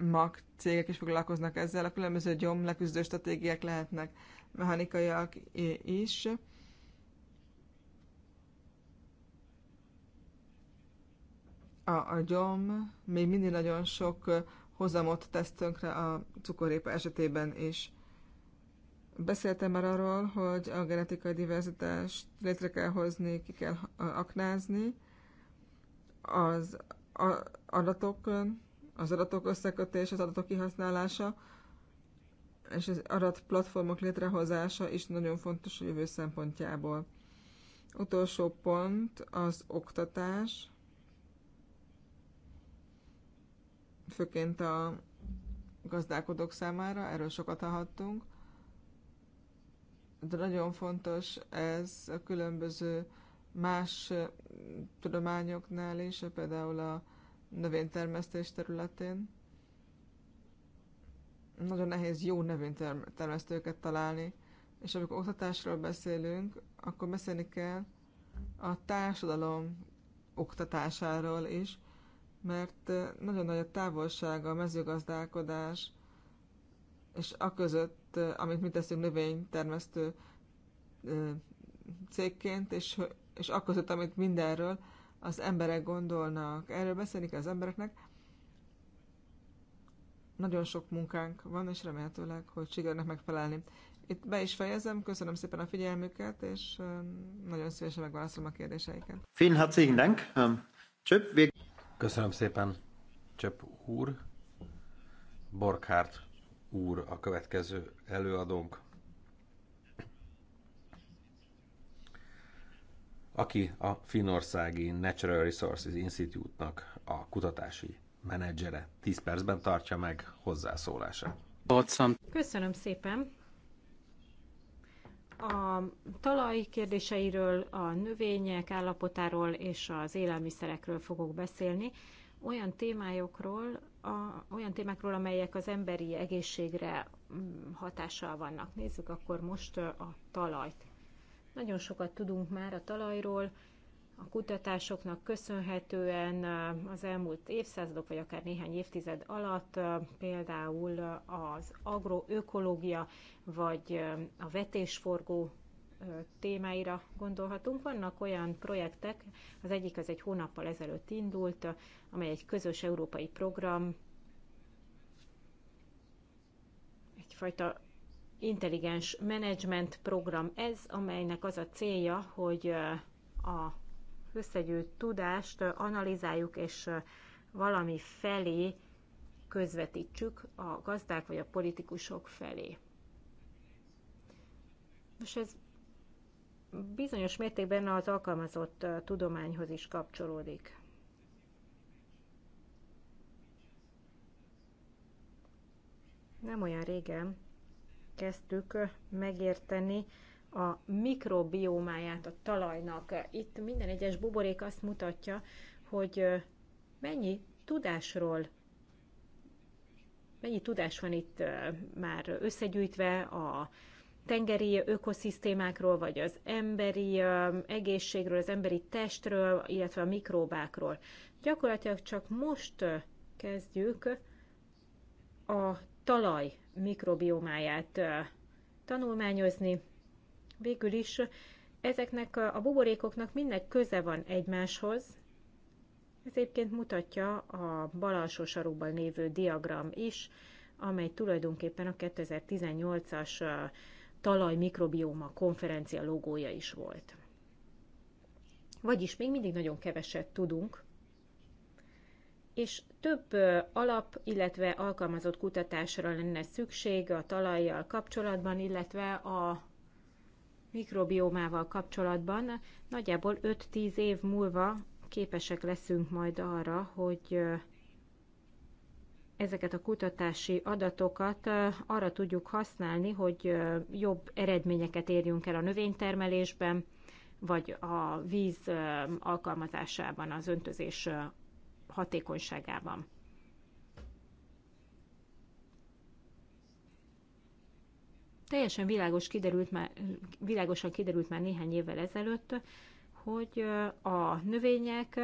mag cégek is foglalkoznak ezzel, a különböző gyom leküzdő stratégiák lehetnek mechanikaiak is. A, a gyom még mindig nagyon sok hozamot tesz tönkre a cukorépa esetében is. Beszéltem már arról, hogy a genetikai diverzitást létre kell hozni, ki kell aknázni. Az adatokon az adatok összekötés, az adatok kihasználása és az adatplatformok létrehozása is nagyon fontos a jövő szempontjából. Utolsó pont az oktatás, főként a gazdálkodók számára, erről sokat hallhattunk, de nagyon fontos ez a különböző más tudományoknál is, például a növénytermesztés területén. Nagyon nehéz jó növénytermesztőket találni, és amikor oktatásról beszélünk, akkor beszélni kell a társadalom oktatásáról is, mert eh, nagyon nagy a távolság a mezőgazdálkodás és a között, eh, amit mi teszünk növénytermesztő eh, cégként, és, és a között, amit mindenről az emberek gondolnak. Erről beszélni kell az embereknek. Nagyon sok munkánk van, és remélhetőleg, hogy sikerülnek megfelelni. Itt be is fejezem, köszönöm szépen a figyelmüket, és um, nagyon szívesen megválaszolom a kérdéseiket. Vielen herzlichen Dank. Ähm, Csöpp, Köszönöm szépen, Csöpp úr. Borkhárt úr a következő előadónk. aki a finnországi Natural Resources Institute-nak a kutatási menedzsere. 10 percben tartja meg hozzászólását. Köszönöm szépen! A talaj kérdéseiről, a növények állapotáról és az élelmiszerekről fogok beszélni. Olyan témájokról, a, olyan témákról, amelyek az emberi egészségre mm, hatással vannak. Nézzük akkor most a talajt. Nagyon sokat tudunk már a talajról, a kutatásoknak köszönhetően az elmúlt évszázadok, vagy akár néhány évtized alatt például az agroökológia, vagy a vetésforgó témáira gondolhatunk. Vannak olyan projektek, az egyik az egy hónappal ezelőtt indult, amely egy közös európai program, egyfajta intelligens menedzsment program ez, amelynek az a célja, hogy a összegyűjt tudást analizáljuk és valami felé közvetítsük a gazdák vagy a politikusok felé. És ez bizonyos mértékben az alkalmazott tudományhoz is kapcsolódik. Nem olyan régen kezdtük megérteni a mikrobiomáját a talajnak. Itt minden egyes buborék azt mutatja, hogy mennyi tudásról mennyi tudás van itt már összegyűjtve a tengeri ökoszisztémákról, vagy az emberi egészségről, az emberi testről, illetve a mikróbákról. Gyakorlatilag csak most kezdjük a talaj mikrobiomáját tanulmányozni. Végül is ezeknek a buborékoknak mindnek köze van egymáshoz. Ez egyébként mutatja a bal alsó sarokban lévő diagram is, amely tulajdonképpen a 2018-as talaj mikrobioma konferencia logója is volt. Vagyis még mindig nagyon keveset tudunk és több alap, illetve alkalmazott kutatásra lenne szükség a talajjal kapcsolatban, illetve a mikrobiomával kapcsolatban. Nagyjából 5-10 év múlva képesek leszünk majd arra, hogy ezeket a kutatási adatokat arra tudjuk használni, hogy jobb eredményeket érjünk el a növénytermelésben, vagy a víz alkalmazásában az öntözés hatékonyságában. Teljesen világos kiderült már, világosan kiderült már néhány évvel ezelőtt, hogy a növények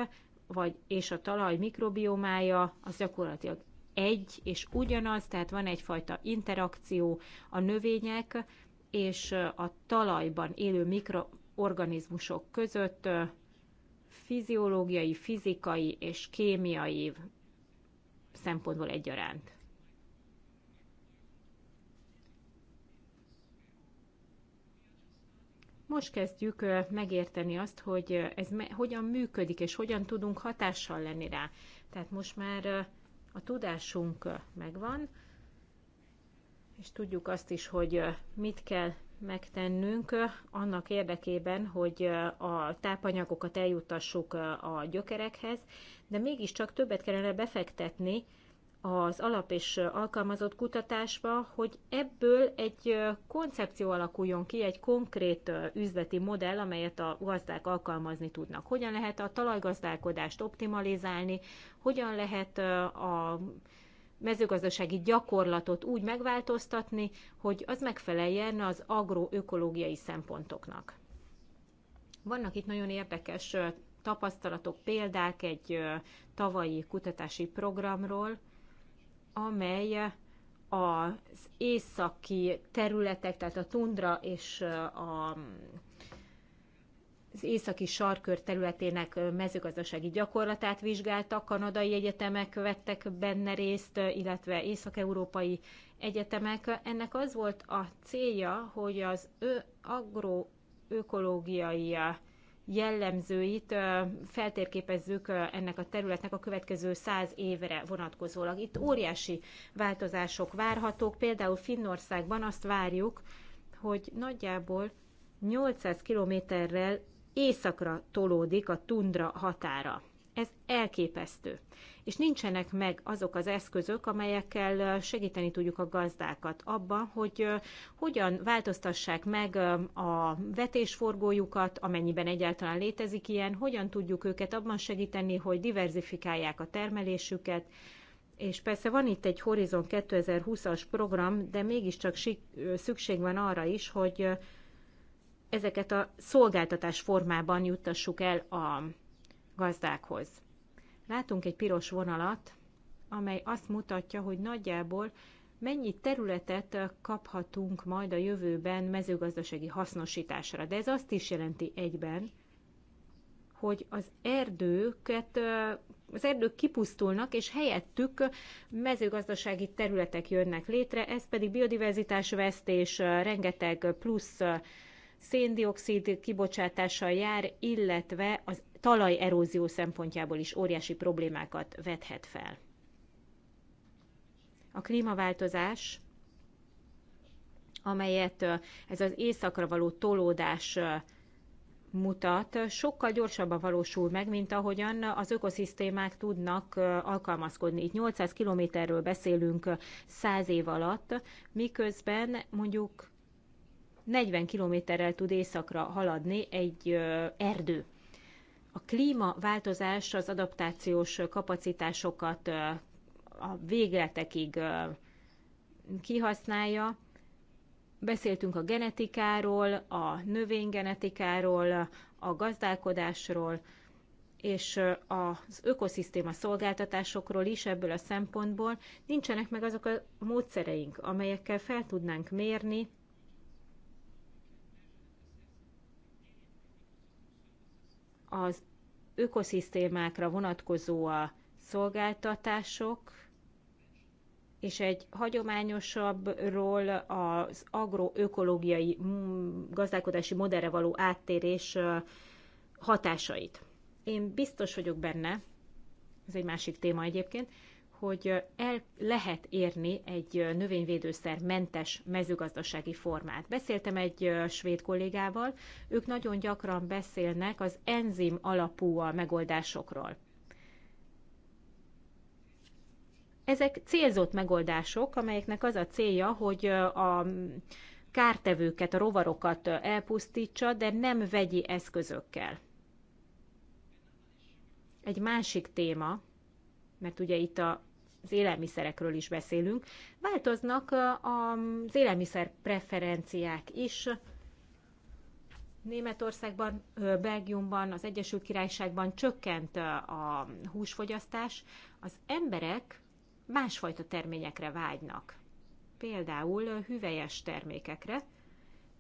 vagy, és a talaj mikrobiomája az gyakorlatilag egy és ugyanaz, tehát van egyfajta interakció a növények és a talajban élő mikroorganizmusok között fiziológiai, fizikai és kémiai szempontból egyaránt. Most kezdjük megérteni azt, hogy ez hogyan működik, és hogyan tudunk hatással lenni rá. Tehát most már a tudásunk megvan, és tudjuk azt is, hogy mit kell megtennünk annak érdekében, hogy a tápanyagokat eljutassuk a gyökerekhez, de mégiscsak többet kellene befektetni az alap és alkalmazott kutatásba, hogy ebből egy koncepció alakuljon ki, egy konkrét üzleti modell, amelyet a gazdák alkalmazni tudnak. Hogyan lehet a talajgazdálkodást optimalizálni, hogyan lehet a mezőgazdasági gyakorlatot úgy megváltoztatni, hogy az megfeleljen az agroökológiai szempontoknak. Vannak itt nagyon érdekes tapasztalatok, példák egy tavalyi kutatási programról, amely az északi területek, tehát a tundra és a az északi sarkör területének mezőgazdasági gyakorlatát vizsgáltak, kanadai egyetemek vettek benne részt, illetve észak-európai egyetemek. Ennek az volt a célja, hogy az ő agroökológiai jellemzőit feltérképezzük ennek a területnek a következő száz évre vonatkozólag. Itt óriási változások várhatók, például Finnországban azt várjuk, hogy nagyjából 800 kilométerrel északra tolódik a tundra határa. Ez elképesztő. És nincsenek meg azok az eszközök, amelyekkel segíteni tudjuk a gazdákat abban, hogy hogyan változtassák meg a vetésforgójukat, amennyiben egyáltalán létezik ilyen, hogyan tudjuk őket abban segíteni, hogy diverzifikálják a termelésüket, és persze van itt egy Horizon 2020-as program, de mégiscsak szükség van arra is, hogy ezeket a szolgáltatás formában juttassuk el a gazdákhoz. Látunk egy piros vonalat, amely azt mutatja, hogy nagyjából mennyi területet kaphatunk majd a jövőben mezőgazdasági hasznosításra. De ez azt is jelenti egyben, hogy az erdőket, az erdők kipusztulnak, és helyettük mezőgazdasági területek jönnek létre, ez pedig biodiverzitás vesztés, rengeteg plusz széndiokszid kibocsátással jár, illetve az talajerózió szempontjából is óriási problémákat vethet fel. A klímaváltozás, amelyet ez az éjszakra való tolódás mutat, sokkal gyorsabban valósul meg, mint ahogyan az ökoszisztémák tudnak alkalmazkodni. Itt 800 kilométerről beszélünk 100 év alatt, miközben mondjuk 40 kilométerrel tud északra haladni egy erdő. A klímaváltozás az adaptációs kapacitásokat a végletekig kihasználja. Beszéltünk a genetikáról, a növénygenetikáról, a gazdálkodásról, és az ökoszisztéma szolgáltatásokról is ebből a szempontból nincsenek meg azok a módszereink, amelyekkel fel tudnánk mérni az ökoszisztémákra vonatkozó a szolgáltatások, és egy hagyományosabbról az agroökológiai mm, gazdálkodási modellre való áttérés hatásait. Én biztos vagyok benne, ez egy másik téma egyébként, hogy el lehet érni egy növényvédőszer mentes mezőgazdasági formát. Beszéltem egy svéd kollégával, ők nagyon gyakran beszélnek az enzim alapú a megoldásokról. Ezek célzott megoldások, amelyeknek az a célja, hogy a kártevőket, a rovarokat elpusztítsa, de nem vegyi eszközökkel. Egy másik téma, mert ugye itt a az élelmiszerekről is beszélünk, változnak az élelmiszer preferenciák is. Németországban, Belgiumban, az Egyesült Királyságban csökkent a húsfogyasztás, az emberek másfajta terményekre vágynak. Például hüvelyes termékekre,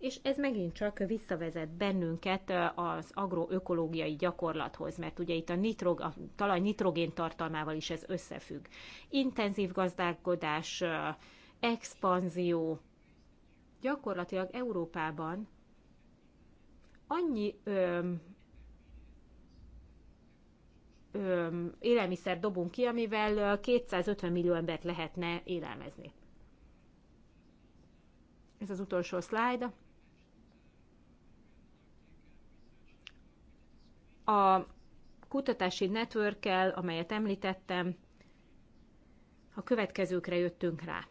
és ez megint csak visszavezet bennünket az agroökológiai gyakorlathoz, mert ugye itt a, nitrog, a talaj nitrogén tartalmával is ez összefügg. Intenzív gazdálkodás, expanzió, gyakorlatilag Európában annyi öm, öm, élelmiszer dobunk ki, amivel 250 millió embert lehetne élelmezni. Ez az utolsó szlájd. A kutatási networkkel, amelyet említettem, a következőkre jöttünk rá.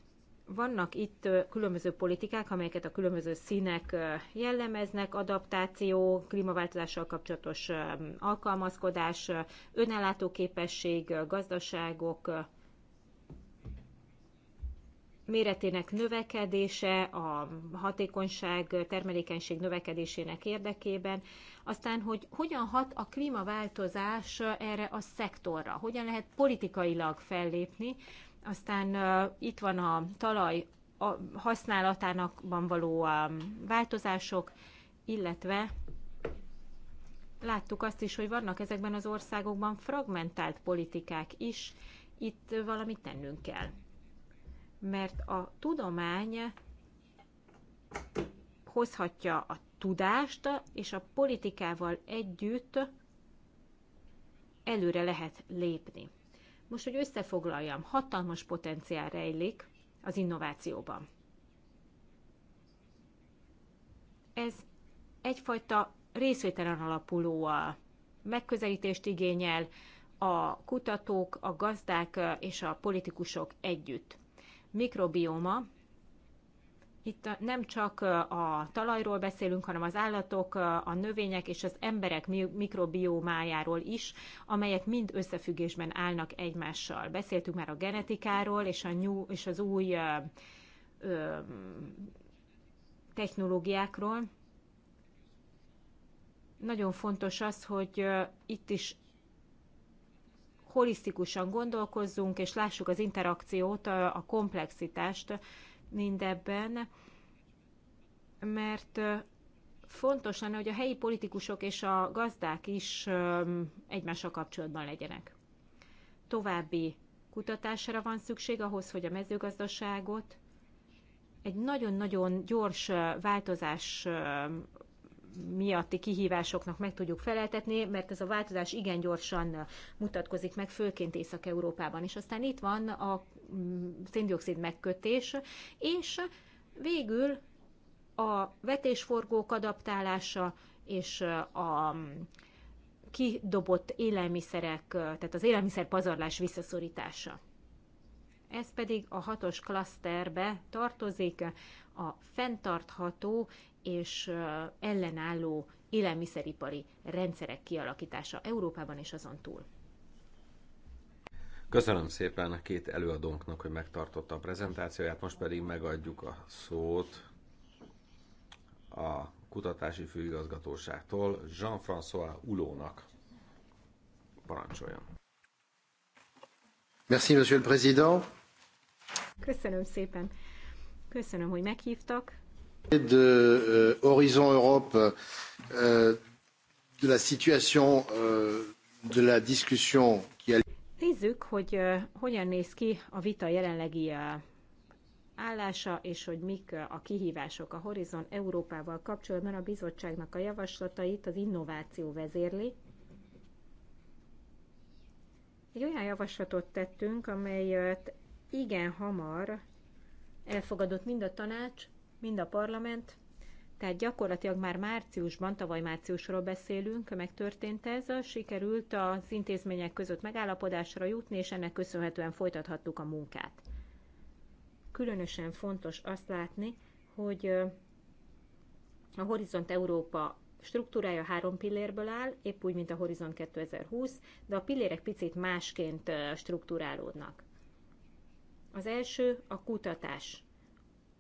Vannak itt különböző politikák, amelyeket a különböző színek jellemeznek, adaptáció, klímaváltozással kapcsolatos alkalmazkodás, önellátó képesség, gazdaságok, méretének növekedése, a hatékonyság, termelékenység növekedésének érdekében, aztán, hogy hogyan hat a klímaváltozás erre a szektorra, hogyan lehet politikailag fellépni, aztán uh, itt van a talaj a használatánakban való um, változások, illetve láttuk azt is, hogy vannak ezekben az országokban fragmentált politikák is, itt valamit tennünk kell mert a tudomány hozhatja a tudást, és a politikával együtt előre lehet lépni. Most, hogy összefoglaljam, hatalmas potenciál rejlik az innovációban. Ez egyfajta részvételen alapuló a megközelítést igényel a kutatók, a gazdák és a politikusok együtt mikrobioma, itt nem csak a talajról beszélünk, hanem az állatok, a növények és az emberek mikrobiomájáról is, amelyek mind összefüggésben állnak egymással. Beszéltünk már a genetikáról és, a new, és az új ö, technológiákról. Nagyon fontos az, hogy itt is holisztikusan gondolkozzunk, és lássuk az interakciót, a komplexitást mindebben, mert fontos lenne, hogy a helyi politikusok és a gazdák is egymással kapcsolatban legyenek. További kutatásra van szükség ahhoz, hogy a mezőgazdaságot egy nagyon-nagyon gyors változás miatti kihívásoknak meg tudjuk feleltetni, mert ez a változás igen gyorsan mutatkozik meg, főként Észak-Európában. És aztán itt van a mm, széndiokszid megkötés, és végül a vetésforgók adaptálása és a mm, kidobott élelmiszerek, tehát az élelmiszer pazarlás visszaszorítása. Ez pedig a hatos klaszterbe tartozik, a fenntartható és ellenálló élelmiszeripari rendszerek kialakítása Európában és azon túl. Köszönöm szépen a két előadónknak, hogy megtartotta a prezentációját, most pedig megadjuk a szót a kutatási főigazgatóságtól Jean-François Ulónak. Parancsoljon. Merci, Monsieur le Président. Köszönöm szépen. Köszönöm, hogy meghívtak de euh, Horizon Europe, euh, de la situation euh, de la discussion qui a... Nézzük, hogy hogyan néz ki a vita jelenlegi állása, és hogy mik a kihívások a Horizon Európával kapcsolatban. A bizottságnak a javaslatait az innováció vezérli. Egy olyan javaslatot tettünk, amelyet igen hamar elfogadott mind a tanács, mind a parlament. Tehát gyakorlatilag már márciusban, tavaly márciusról beszélünk, megtörtént ez, sikerült az intézmények között megállapodásra jutni, és ennek köszönhetően folytathattuk a munkát. Különösen fontos azt látni, hogy a Horizont Európa struktúrája három pillérből áll, épp úgy, mint a Horizont 2020, de a pillérek picit másként struktúrálódnak. Az első a kutatás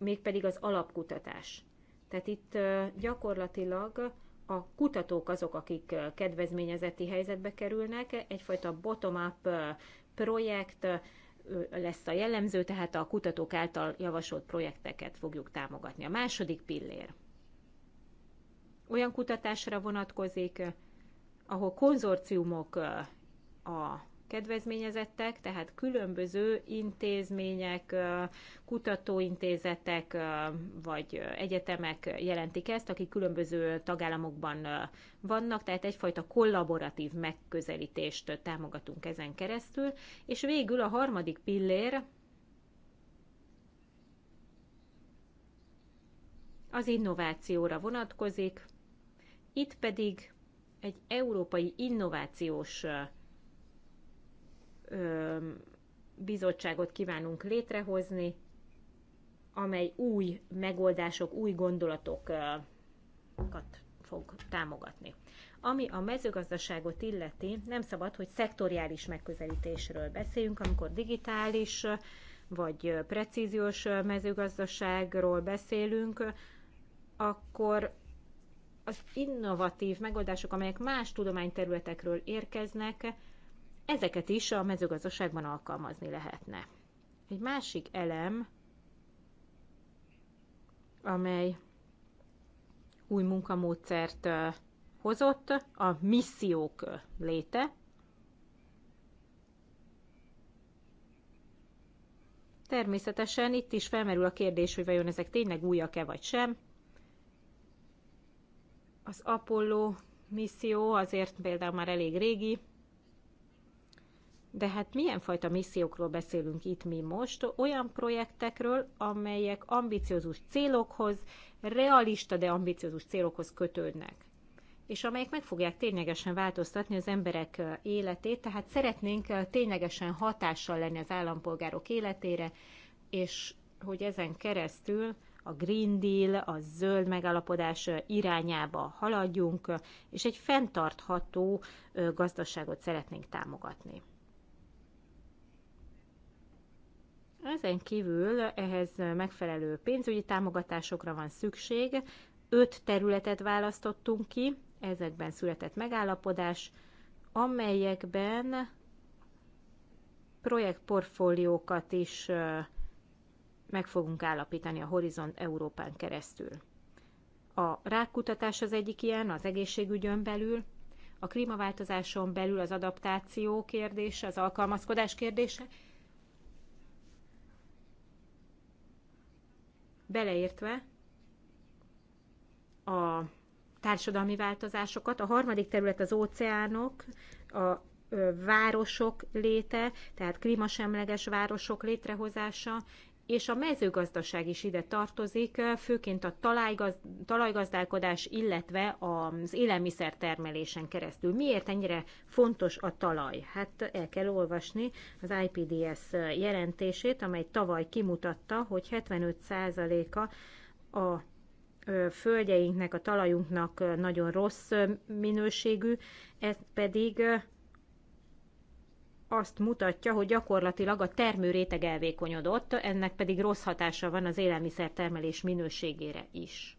mégpedig az alapkutatás. Tehát itt gyakorlatilag a kutatók azok, akik kedvezményezeti helyzetbe kerülnek, egyfajta bottom-up projekt lesz a jellemző, tehát a kutatók által javasolt projekteket fogjuk támogatni. A második pillér olyan kutatásra vonatkozik, ahol konzorciumok a kedvezményezettek, tehát különböző intézmények, kutatóintézetek vagy egyetemek jelentik ezt, akik különböző tagállamokban vannak, tehát egyfajta kollaboratív megközelítést támogatunk ezen keresztül. És végül a harmadik pillér, az innovációra vonatkozik, itt pedig egy európai innovációs bizottságot kívánunk létrehozni, amely új megoldások, új gondolatokat fog támogatni. Ami a mezőgazdaságot illeti, nem szabad, hogy szektoriális megközelítésről beszéljünk, amikor digitális vagy precíziós mezőgazdaságról beszélünk, akkor az innovatív megoldások, amelyek más tudományterületekről érkeznek, ezeket is a mezőgazdaságban alkalmazni lehetne. Egy másik elem, amely új munkamódszert hozott, a missziók léte. Természetesen itt is felmerül a kérdés, hogy vajon ezek tényleg újak-e vagy sem. Az Apollo misszió azért például már elég régi, de hát milyen fajta missziókról beszélünk itt mi most? Olyan projektekről, amelyek ambiciózus célokhoz, realista, de ambiciózus célokhoz kötődnek és amelyek meg fogják ténylegesen változtatni az emberek életét, tehát szeretnénk ténylegesen hatással lenni az állampolgárok életére, és hogy ezen keresztül a Green Deal, a zöld megalapodás irányába haladjunk, és egy fenntartható gazdaságot szeretnénk támogatni. Ezen kívül ehhez megfelelő pénzügyi támogatásokra van szükség. Öt területet választottunk ki, ezekben született megállapodás, amelyekben projektportfóliókat is meg fogunk állapítani a Horizont Európán keresztül. A rákutatás az egyik ilyen, az egészségügyön belül, a klímaváltozáson belül az adaptáció kérdése, az alkalmazkodás kérdése, beleértve a társadalmi változásokat. A harmadik terület az óceánok, a városok léte, tehát klímasemleges városok létrehozása, és a mezőgazdaság is ide tartozik, főként a talajgaz, talajgazdálkodás, illetve az élelmiszertermelésen keresztül. Miért ennyire fontos a talaj? Hát el kell olvasni az IPDS jelentését, amely tavaly kimutatta, hogy 75%-a a földjeinknek, a talajunknak nagyon rossz minőségű, ez pedig azt mutatja, hogy gyakorlatilag a termőréteg elvékonyodott, ennek pedig rossz hatása van az élelmiszertermelés minőségére is.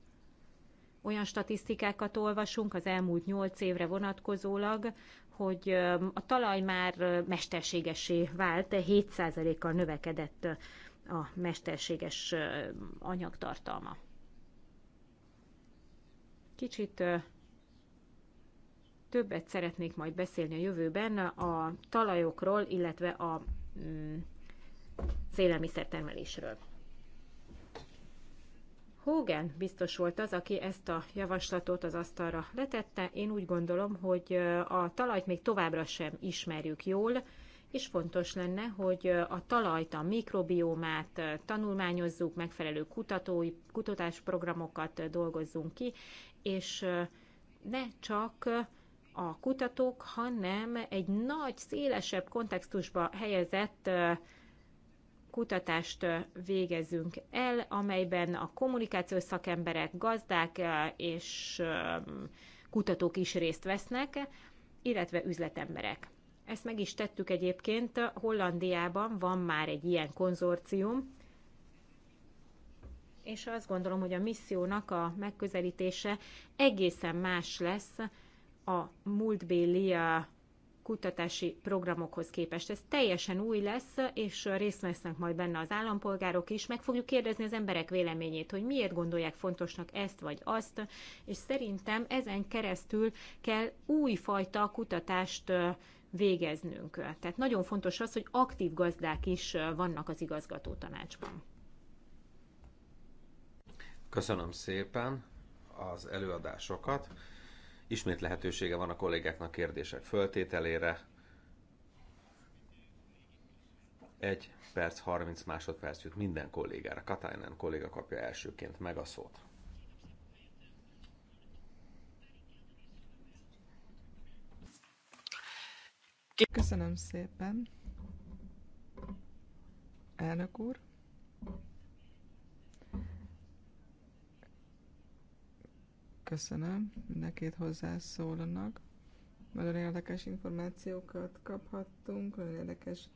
Olyan statisztikákat olvasunk az elmúlt nyolc évre vonatkozólag, hogy a talaj már mesterségesé vált, 7%-kal növekedett a mesterséges anyagtartalma. Kicsit Többet szeretnék majd beszélni a jövőben a talajokról, illetve a mm, élelmiszertermelésről. Hogan biztos volt az, aki ezt a javaslatot az asztalra letette. Én úgy gondolom, hogy a talajt még továbbra sem ismerjük jól, és fontos lenne, hogy a talajt, a mikrobiómát tanulmányozzuk, megfelelő kutatói, kutatásprogramokat dolgozzunk ki, és ne csak a kutatók, hanem egy nagy, szélesebb kontextusba helyezett kutatást végezünk el, amelyben a kommunikációs szakemberek, gazdák és kutatók is részt vesznek, illetve üzletemberek. Ezt meg is tettük egyébként, Hollandiában van már egy ilyen konzorcium, és azt gondolom, hogy a missziónak a megközelítése egészen más lesz, a múltbéli kutatási programokhoz képest. Ez teljesen új lesz, és részt vesznek majd benne az állampolgárok is. Meg fogjuk kérdezni az emberek véleményét, hogy miért gondolják fontosnak ezt vagy azt, és szerintem ezen keresztül kell újfajta kutatást végeznünk. Tehát nagyon fontos az, hogy aktív gazdák is vannak az igazgató tanácsban. Köszönöm szépen az előadásokat. Ismét lehetősége van a kollégáknak kérdések föltételére. Egy perc, 30 másodperc jut minden kollégára. Katainen kolléga kapja elsőként meg a szót. Köszönöm szépen. Elnök úr. Köszönöm mindenkit a hozzászólónak. Nagyon érdekes információkat kaphattunk, nagyon érdekes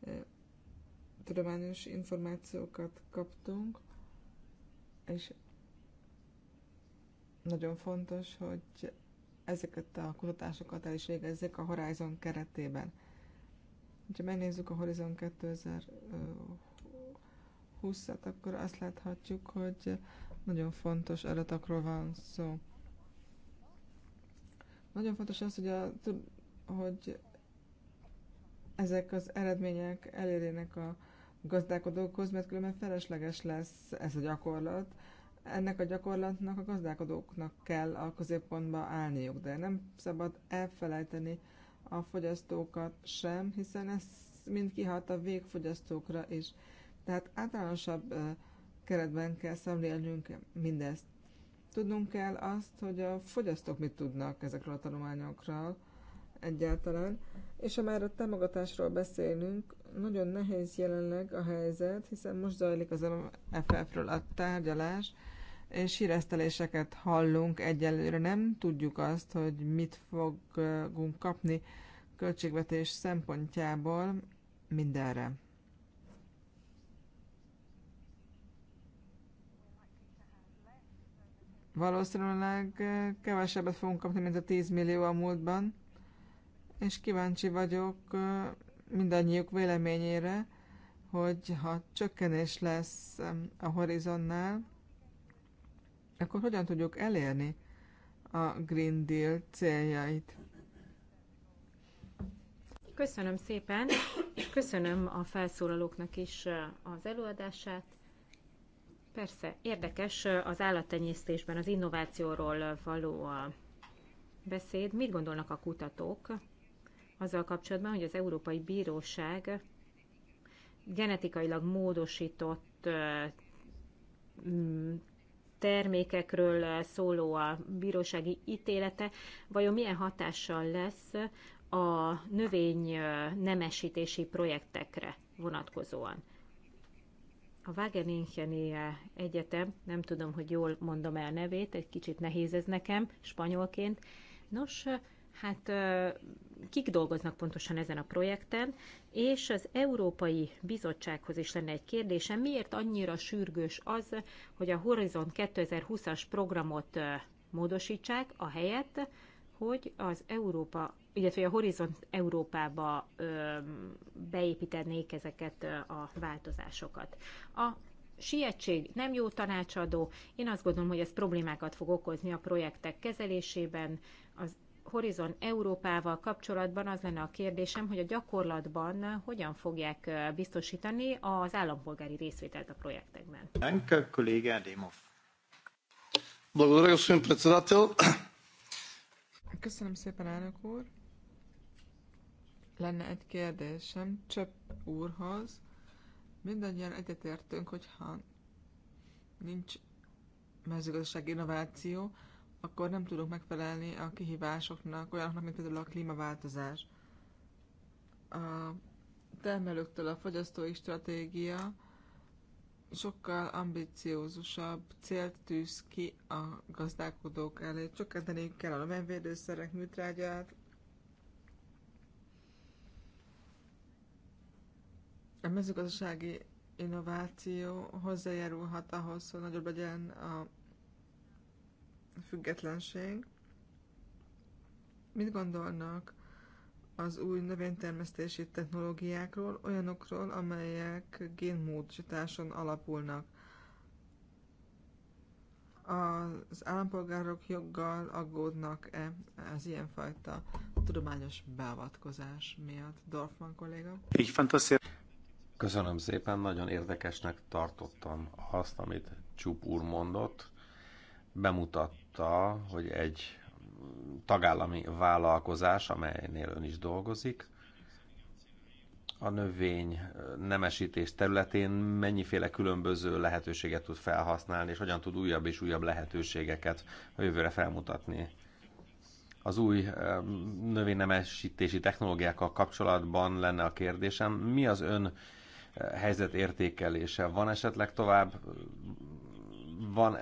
eh, tudományos információkat kaptunk, és nagyon fontos, hogy ezeket a kutatásokat el is végezzék a Horizon keretében. Ha megnézzük a Horizon 2020-at, eh, akkor azt láthatjuk, hogy nagyon fontos adatokról van szó. Nagyon fontos az, hogy, a, hogy ezek az eredmények elérjenek a gazdálkodókhoz, mert különben felesleges lesz ez a gyakorlat. Ennek a gyakorlatnak a gazdálkodóknak kell a középpontba állniuk, de nem szabad elfelejteni a fogyasztókat sem, hiszen ez mind kihat a végfogyasztókra is. Tehát általánosabb keretben kell szemlélnünk mindezt. Tudnunk kell azt, hogy a fogyasztók mit tudnak ezekről a tanulmányokról egyáltalán, és ha már a támogatásról beszélünk, nagyon nehéz jelenleg a helyzet, hiszen most zajlik az MFF-ről a tárgyalás, és híreszteléseket hallunk egyelőre. Nem tudjuk azt, hogy mit fogunk kapni költségvetés szempontjából mindenre. Valószínűleg kevesebbet fogunk kapni, mint a 10 millió a múltban, és kíváncsi vagyok mindannyiuk véleményére, hogy ha csökkenés lesz a horizonnál, akkor hogyan tudjuk elérni a Green Deal céljait? Köszönöm szépen, és köszönöm a felszólalóknak is az előadását. Persze, érdekes az állattenyésztésben az innovációról való a beszéd. Mit gondolnak a kutatók azzal kapcsolatban, hogy az Európai Bíróság genetikailag módosított termékekről szóló a bírósági ítélete vajon milyen hatással lesz a növény nemesítési projektekre vonatkozóan? a Wageningeni Egyetem, nem tudom, hogy jól mondom el nevét, egy kicsit nehéz ez nekem, spanyolként. Nos, hát kik dolgoznak pontosan ezen a projekten, és az Európai Bizottsághoz is lenne egy kérdésem, miért annyira sürgős az, hogy a Horizon 2020-as programot módosítsák, a helyet, hogy az Európa, illetve a Horizont Európába ö, beépítenék ezeket a változásokat. A sietség nem jó tanácsadó. Én azt gondolom, hogy ez problémákat fog okozni a projektek kezelésében. Az Horizon Európával kapcsolatban az lenne a kérdésem, hogy a gyakorlatban hogyan fogják biztosítani az állampolgári részvételt a projektekben. Köszönöm, kollégám. Köszönöm, Köszönöm szépen, elnök úr. Lenne egy kérdésem Csöpp úrhoz. Mindannyian egyetértünk, hogyha nincs mezőgazdasági innováció, akkor nem tudunk megfelelni a kihívásoknak, olyanoknak, mint például a klímaváltozás. A termelőktől a fogyasztói stratégia sokkal ambiciózusabb célt tűz ki a gazdálkodók elé. Csökkenteni kell a növényvédőszerek műtrágyát, a mezőgazdasági innováció hozzájárulhat ahhoz, hogy nagyobb legyen a függetlenség. Mit gondolnak az új növénytermesztési technológiákról, olyanokról, amelyek génmódosításon alapulnak. Az állampolgárok joggal aggódnak-e az ilyenfajta tudományos beavatkozás miatt? Dorfman kolléga? Köszönöm szépen, nagyon érdekesnek tartottam azt, amit Csup úr mondott. Bemutatta, hogy egy tagállami vállalkozás, amelynél ön is dolgozik, a növény eh, nemesítés területén mennyiféle különböző lehetőséget tud felhasználni, és hogyan tud újabb és újabb lehetőségeket a jövőre felmutatni. Az új eh, növénynemesítési technológiákkal kapcsolatban lenne a kérdésem, mi az ön eh, helyzet értékelése? Van esetleg tovább, van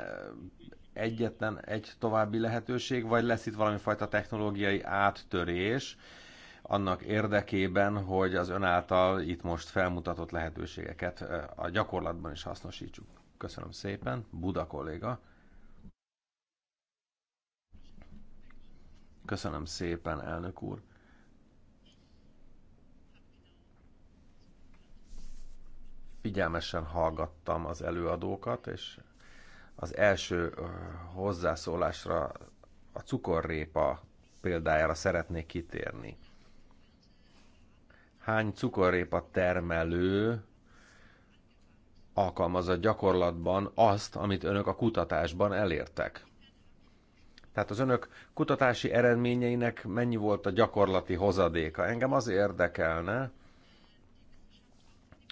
egyetlen egy további lehetőség, vagy lesz itt valami fajta technológiai áttörés annak érdekében, hogy az ön által itt most felmutatott lehetőségeket a gyakorlatban is hasznosítsuk. Köszönöm szépen, Buda kolléga. Köszönöm szépen, elnök úr. Figyelmesen hallgattam az előadókat, és az első hozzászólásra a cukorrépa példájára szeretnék kitérni. Hány cukorrépa termelő alkalmazza gyakorlatban azt, amit önök a kutatásban elértek? Tehát az önök kutatási eredményeinek mennyi volt a gyakorlati hozadéka? Engem az érdekelne,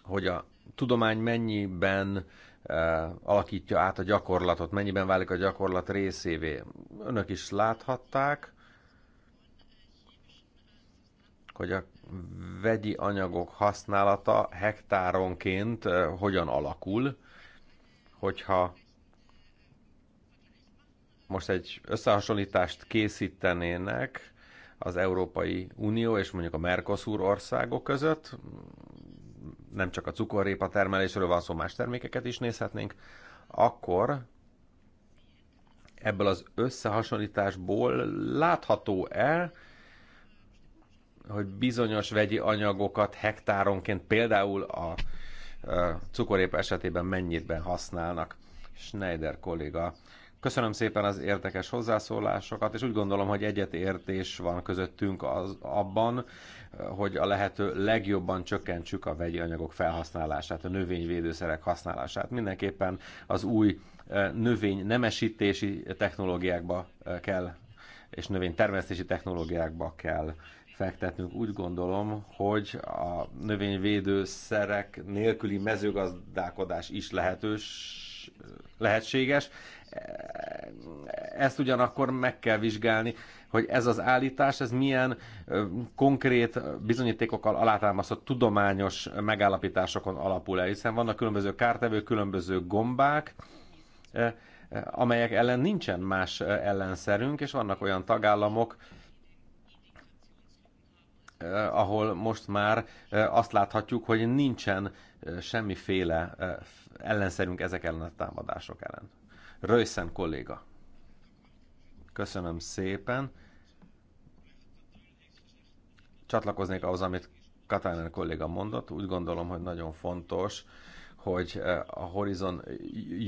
hogy a tudomány mennyiben Eh, alakítja át a gyakorlatot, mennyiben válik a gyakorlat részévé. Önök is láthatták, hogy a vegyi anyagok használata hektáronként eh, hogyan alakul, hogyha most egy összehasonlítást készítenének az Európai Unió és mondjuk a Mercosur országok között, nem csak a cukorrépa termelésről van szó, más termékeket is nézhetnénk, akkor ebből az összehasonlításból látható-e, hogy bizonyos vegyi anyagokat hektáronként például a cukorép esetében mennyitben használnak. Schneider kolléga Köszönöm szépen az érdekes hozzászólásokat, és úgy gondolom, hogy egyetértés van közöttünk az, abban, hogy a lehető legjobban csökkentsük a vegyi anyagok felhasználását, a növényvédőszerek használását. Mindenképpen az új eh, növény nemesítési technológiákba eh, kell, és növénytermesztési technológiákba kell fektetnünk. Úgy gondolom, hogy a növényvédőszerek nélküli mezőgazdálkodás is lehetős, eh, lehetséges, ezt ugyanakkor meg kell vizsgálni, hogy ez az állítás, ez milyen konkrét bizonyítékokkal alátámasztott tudományos megállapításokon alapul el, hiszen vannak különböző kártevők, különböző gombák, amelyek ellen nincsen más ellenszerünk, és vannak olyan tagállamok, ahol most már azt láthatjuk, hogy nincsen semmiféle ellenszerünk ezek ellen a támadások ellen. Röjszem kolléga. Köszönöm szépen. Csatlakoznék ahhoz, amit Katalin kolléga mondott. Úgy gondolom, hogy nagyon fontos, hogy eh, a Horizon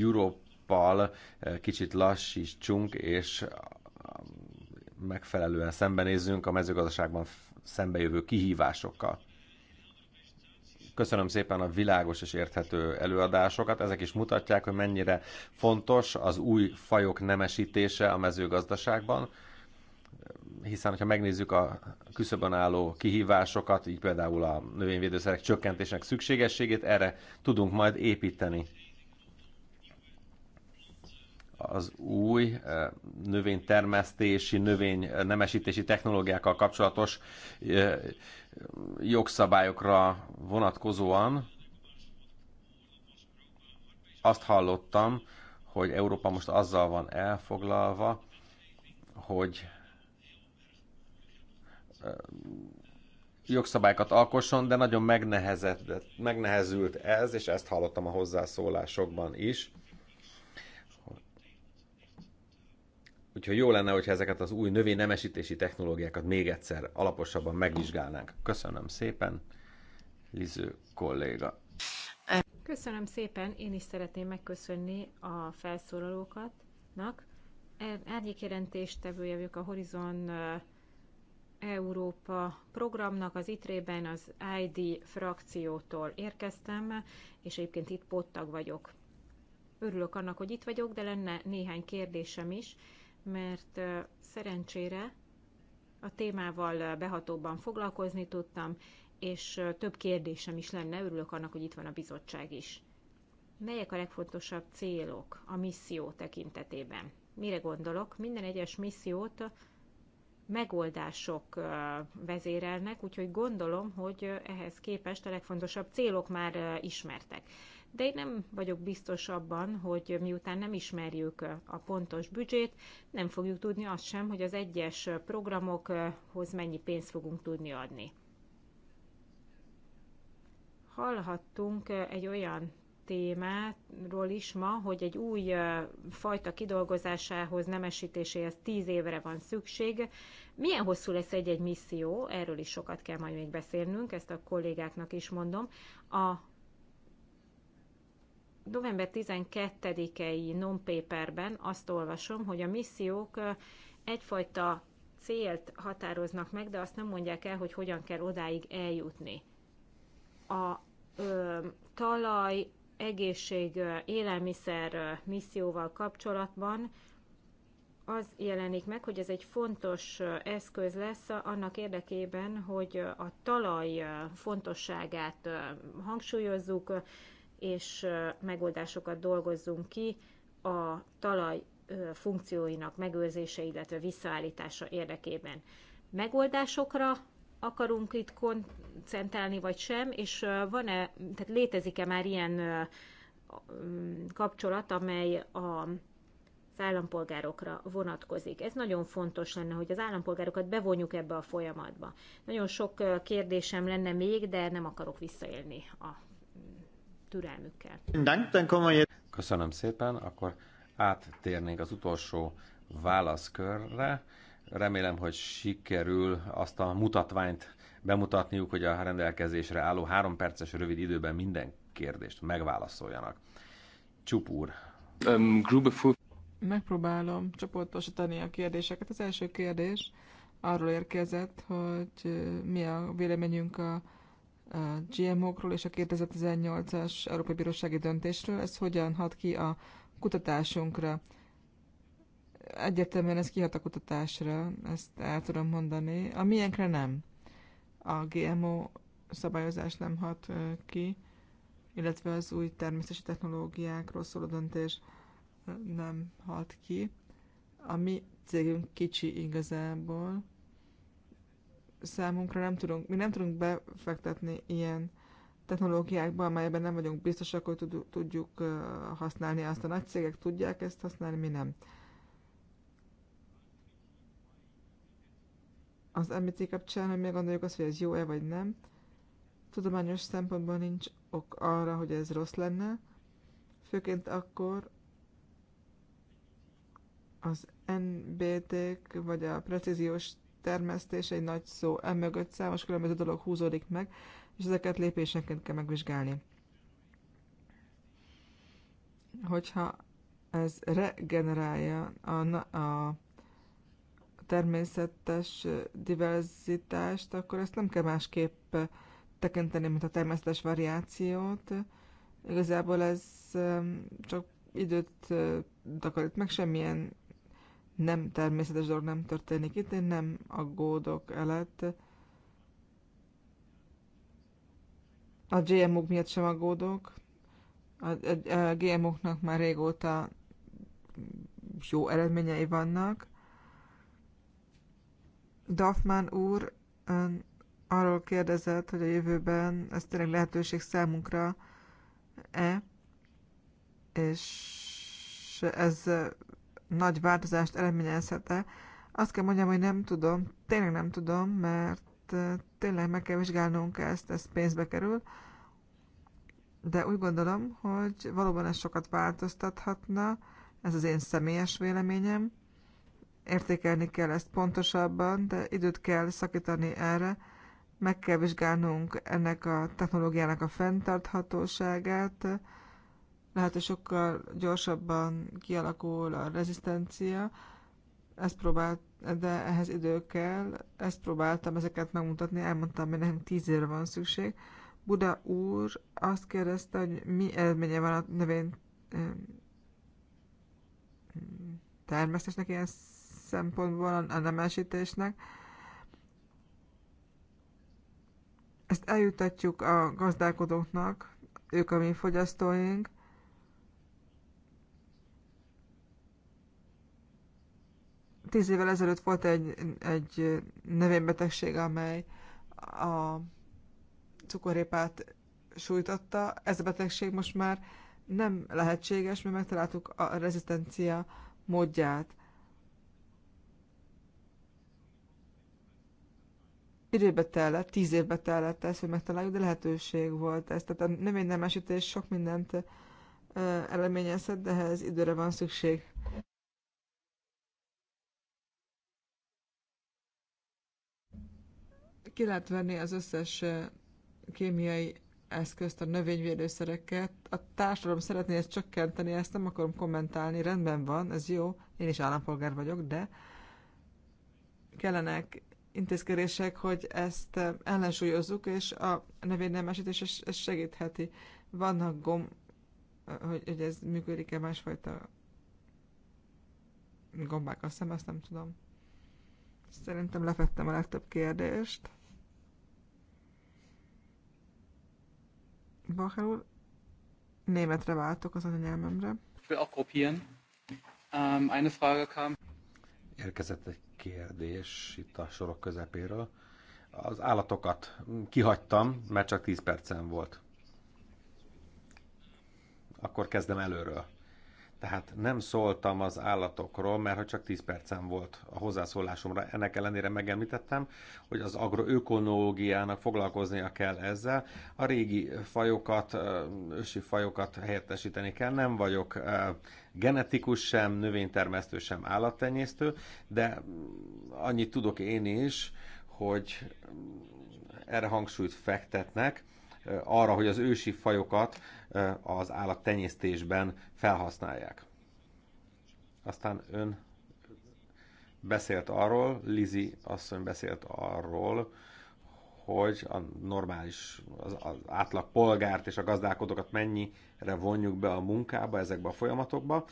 Európal eh, kicsit lassítsunk, és eh, megfelelően szembenézzünk a mezőgazdaságban szembejövő kihívásokkal. Köszönöm szépen a világos és érthető előadásokat. Ezek is mutatják, hogy mennyire fontos az új fajok nemesítése a mezőgazdaságban hiszen ha megnézzük a küszöbön álló kihívásokat, így például a növényvédőszerek csökkentésének szükségességét, erre tudunk majd építeni. Az új eh, növénytermesztési, növénynemesítési technológiákkal kapcsolatos eh, jogszabályokra vonatkozóan azt hallottam, hogy Európa most azzal van elfoglalva, hogy jogszabályokat alkosson, de nagyon megnehezült ez, és ezt hallottam a hozzászólásokban is. Úgyhogy jó lenne, hogyha ezeket az új növénynemesítési technológiákat még egyszer alaposabban megvizsgálnánk. Köszönöm szépen, Liző kolléga. Köszönöm szépen, én is szeretném megköszönni a felszólalókatnak. Árnyékjelentéstevője vagyok a Horizon Európa programnak, az ITRE-ben az ID frakciótól érkeztem, és egyébként itt pottag vagyok. Örülök annak, hogy itt vagyok, de lenne néhány kérdésem is mert szerencsére a témával behatóbban foglalkozni tudtam, és több kérdésem is lenne, örülök annak, hogy itt van a bizottság is. Melyek a legfontosabb célok a misszió tekintetében? Mire gondolok? Minden egyes missziót megoldások vezérelnek, úgyhogy gondolom, hogy ehhez képest a legfontosabb célok már ismertek de én nem vagyok biztos abban, hogy miután nem ismerjük a pontos büdzsét, nem fogjuk tudni azt sem, hogy az egyes programokhoz mennyi pénzt fogunk tudni adni. Hallhattunk egy olyan témáról is ma, hogy egy új fajta kidolgozásához, nemesítéséhez tíz évre van szükség. Milyen hosszú lesz egy-egy misszió? Erről is sokat kell majd még beszélnünk, ezt a kollégáknak is mondom. A november 12-i non-paperben azt olvasom, hogy a missziók egyfajta célt határoznak meg, de azt nem mondják el, hogy hogyan kell odáig eljutni. A ö, talaj, egészség, élelmiszer misszióval kapcsolatban az jelenik meg, hogy ez egy fontos eszköz lesz annak érdekében, hogy a talaj fontosságát hangsúlyozzuk, és megoldásokat dolgozzunk ki a talaj funkcióinak megőrzése, illetve visszaállítása érdekében. Megoldásokra akarunk itt koncentrálni, vagy sem, és van-e, tehát létezik-e már ilyen kapcsolat, amely a állampolgárokra vonatkozik. Ez nagyon fontos lenne, hogy az állampolgárokat bevonjuk ebbe a folyamatba. Nagyon sok kérdésem lenne még, de nem akarok visszaélni a türelmükkel. Köszönöm szépen, akkor áttérnénk az utolsó válaszkörre. Remélem, hogy sikerül azt a mutatványt bemutatniuk, hogy a rendelkezésre álló három perces rövid időben minden kérdést megválaszoljanak. Csup úr. Um, Megpróbálom csoportosítani a kérdéseket. Az első kérdés arról érkezett, hogy uh, mi a véleményünk a GMO-król és a 2018-as Európai Bírósági Döntésről. Ez hogyan hat ki a kutatásunkra? Egyértelműen ez kihat a kutatásra, ezt el tudom mondani. A miénkre nem. A GMO szabályozás nem hat ki, illetve az új természetes technológiákról szóló döntés nem hat ki. A mi cégünk kicsi igazából, számunkra nem tudunk, mi nem tudunk befektetni ilyen technológiákba, amelyben nem vagyunk biztosak, hogy tud, tudjuk használni azt. A nagy cégek tudják ezt használni, mi nem. Az MIT kapcsán, hogy miért gondoljuk azt, hogy ez jó-e vagy nem, tudományos szempontból nincs ok arra, hogy ez rossz lenne, főként akkor az NBT-k vagy a precíziós termesztés egy nagy szó, emögött számos különböző dolog húzódik meg, és ezeket lépésenként kell megvizsgálni. Hogyha ez regenerálja a, a természetes diverzitást, akkor ezt nem kell másképp tekinteni, mint a természetes variációt. Igazából ez um, csak időt uh, takarít meg, semmilyen nem természetes dolog nem történik itt, én nem aggódok elett. A GMO-k miatt sem aggódok. A, a, a GMO-knak már régóta jó eredményei vannak. Dafman úr ön arról kérdezett, hogy a jövőben ez tényleg lehetőség számunkra-e, és ez nagy változást eredményezhet-e. Azt kell mondjam, hogy nem tudom, tényleg nem tudom, mert eh, tényleg meg kell vizsgálnunk ezt, ez pénzbe kerül, de úgy gondolom, hogy valóban ez sokat változtathatna, ez az én személyes véleményem. Értékelni kell ezt pontosabban, de időt kell szakítani erre, meg kell vizsgálnunk ennek a technológiának a fenntarthatóságát, lehet, hogy sokkal gyorsabban kialakul a rezisztencia, ezt próbált, de ehhez idő kell, ezt próbáltam ezeket megmutatni, elmondtam, hogy nekem tíz évre van szükség. Buda úr azt kérdezte, hogy mi eredménye van a növény termesztésnek ilyen szempontból, a nemesítésnek. Ezt eljutatjuk a gazdálkodóknak, ők a mi fogyasztóink, Tíz évvel ezelőtt volt egy, egy növénybetegség, amely a cukorrépát sújtotta. Ez a betegség most már nem lehetséges, mert megtaláltuk a rezisztencia módját. időbe tellett, tíz évbe tellett ez, hogy megtaláljuk, de lehetőség volt ez. Tehát a növénynemesítés sok mindent eleményezhet, de ehhez időre van szükség. ki lehet venni az összes kémiai eszközt, a növényvédőszereket. A társadalom szeretné ezt csökkenteni, ezt nem akarom kommentálni, rendben van, ez jó, én is állampolgár vagyok, de kellenek intézkedések, hogy ezt ellensúlyozzuk, és a növénynemesítés ez segítheti. Vannak gomb, hogy, hogy ez működik-e másfajta gombákkal szemben, azt nem tudom. Szerintem lefettem a legtöbb kérdést. Bacher németre váltok az anyanyelmemre. Um, ähm, eine Frage kam. Érkezett egy kérdés itt a sorok közepéről. Az állatokat kihagytam, mert csak 10 percen volt. Akkor kezdem előről. Tehát nem szóltam az állatokról, mert hogy csak 10 percem volt a hozzászólásomra. Ennek ellenére megemlítettem, hogy az agroökonológiának foglalkoznia kell ezzel. A régi fajokat, ősi fajokat helyettesíteni kell. Nem vagyok genetikus sem, növénytermesztő sem, állattenyésztő, de annyit tudok én is, hogy erre hangsúlyt fektetnek, arra, hogy az ősi fajokat az állattenyésztésben felhasználják. Aztán ön beszélt arról, Lizi asszony beszélt arról, hogy a normális, az, az átlag polgárt és a gazdálkodókat mennyire vonjuk be a munkába, ezekbe a folyamatokba.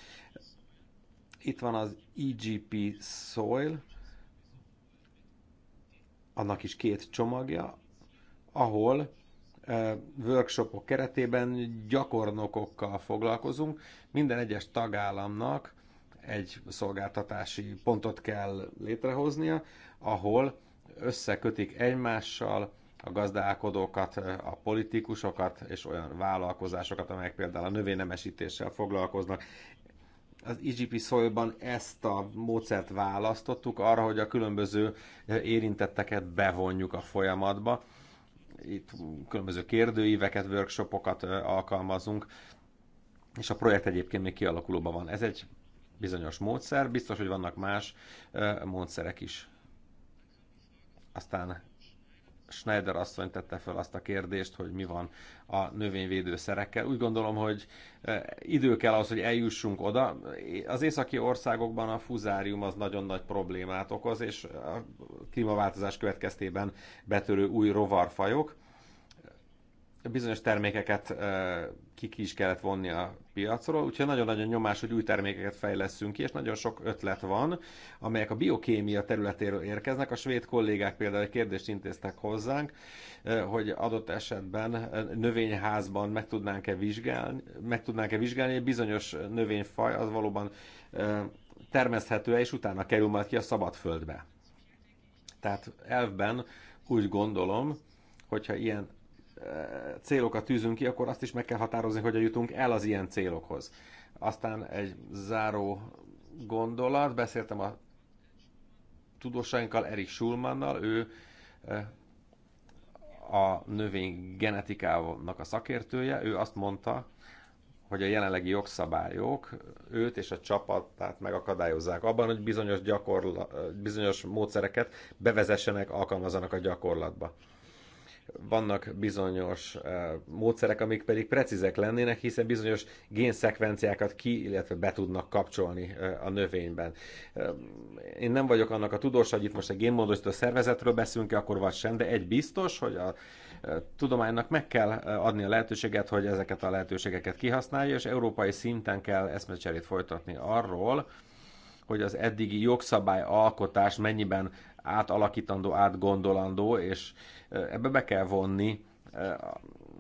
Itt van az EGP Soil, annak is két csomagja, ahol workshopok keretében gyakornokokkal foglalkozunk. Minden egyes tagállamnak egy szolgáltatási pontot kell létrehoznia, ahol összekötik egymással a gazdálkodókat, a politikusokat és olyan vállalkozásokat, amelyek például a növénynemesítéssel foglalkoznak. Az IGP szóban ezt a módszert választottuk arra, hogy a különböző érintetteket bevonjuk a folyamatba, itt különböző kérdőíveket, workshopokat alkalmazunk, és a projekt egyébként még kialakulóban van. Ez egy bizonyos módszer, biztos, hogy vannak más módszerek is. Aztán Schneider asszony tette fel azt a kérdést, hogy mi van a növényvédőszerekkel. Úgy gondolom, hogy e, idő kell ahhoz, hogy eljussunk oda. Az északi országokban a fuzárium az nagyon nagy problémát okoz, és a klímaváltozás következtében betörő új rovarfajok bizonyos termékeket ki, is kellett vonni a piacról, úgyhogy nagyon-nagyon nyomás, hogy új termékeket fejleszünk ki, és nagyon sok ötlet van, amelyek a biokémia területéről érkeznek. A svéd kollégák például egy kérdést intéztek hozzánk, hogy adott esetben növényházban meg tudnánk-e vizsgálni, meg tudnánk-e vizsgálni, egy bizonyos növényfaj az valóban termeszthető-e, és utána kerül majd ki a szabadföldbe. Tehát elvben úgy gondolom, hogyha ilyen célokat tűzünk ki, akkor azt is meg kell határozni, hogy jutunk el az ilyen célokhoz. Aztán egy záró gondolat, beszéltem a tudósainkkal, Erik Schulmannal, ő a növény genetikának a szakértője, ő azt mondta, hogy a jelenlegi jogszabályok őt és a csapatát megakadályozzák abban, hogy bizonyos, gyakorla, bizonyos módszereket bevezessenek, alkalmazzanak a gyakorlatba vannak bizonyos eh, módszerek, amik pedig precízek lennének, hiszen bizonyos génszekvenciákat ki, illetve be tudnak kapcsolni eh, a növényben. Eh, én nem vagyok annak a tudós, hogy itt most egy génmódosító szervezetről beszélünk, akkor vagy sem, de egy biztos, hogy a tudománynak meg kell adni a lehetőséget, hogy ezeket a lehetőségeket kihasználja, és európai szinten kell eszmecserét folytatni arról, hogy az eddigi jogszabály alkotás mennyiben átalakítandó, átgondolandó, és Ebbe be kell vonni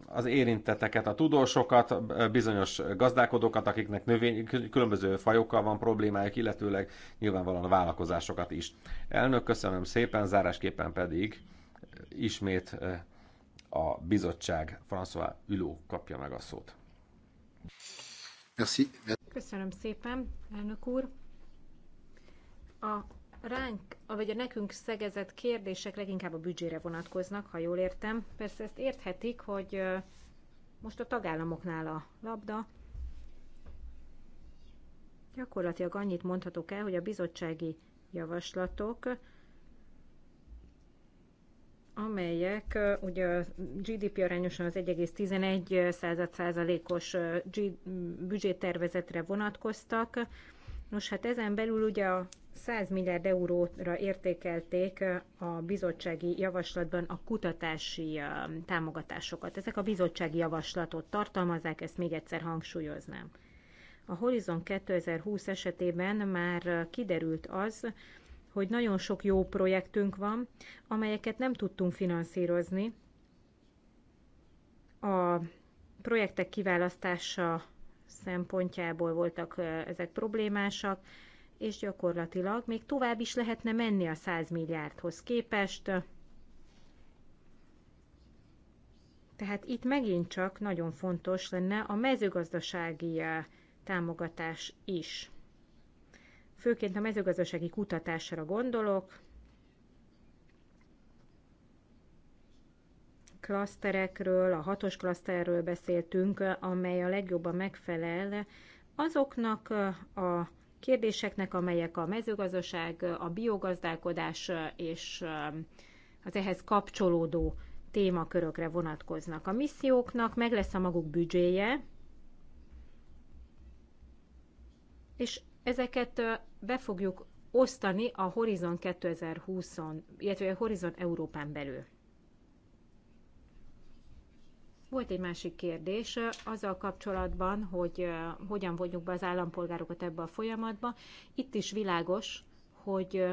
az érinteteket, a tudósokat, bizonyos gazdálkodókat, akiknek növény, különböző fajokkal van problémájuk, illetőleg nyilvánvalóan a vállalkozásokat is. Elnök, köszönöm szépen, zárásképpen pedig ismét a bizottság François ülő kapja meg a szót. Köszönöm szépen, elnök úr. A ránk, vagy a nekünk szegezett kérdések leginkább a büdzsére vonatkoznak, ha jól értem. Persze ezt érthetik, hogy most a tagállamoknál a labda. Gyakorlatilag annyit mondhatok el, hogy a bizottsági javaslatok, amelyek ugye a GDP arányosan az 1,11 százalékos büdzsétervezetre vonatkoztak. Nos, hát ezen belül ugye a 100 milliárd euróra értékelték a bizottsági javaslatban a kutatási támogatásokat. Ezek a bizottsági javaslatot tartalmazzák, ezt még egyszer hangsúlyoznám. A Horizon 2020 esetében már kiderült az, hogy nagyon sok jó projektünk van, amelyeket nem tudtunk finanszírozni. A projektek kiválasztása szempontjából voltak ezek problémásak, és gyakorlatilag még tovább is lehetne menni a 100 milliárdhoz képest. Tehát itt megint csak nagyon fontos lenne a mezőgazdasági eh, támogatás is. Főként a mezőgazdasági kutatásra gondolok, klaszterekről, a hatos klaszterről beszéltünk, eh, amely a legjobban megfelel azoknak eh, a kérdéseknek, amelyek a mezőgazdaság, a biogazdálkodás és um, az ehhez kapcsolódó témakörökre vonatkoznak. A misszióknak meg lesz a maguk büdzséje, és ezeket uh, be fogjuk osztani a Horizon 2020-on, illetve a Horizon Európán belül. Volt egy másik kérdés azzal kapcsolatban, hogy hogyan vonjuk be az állampolgárokat ebbe a folyamatba. Itt is világos, hogy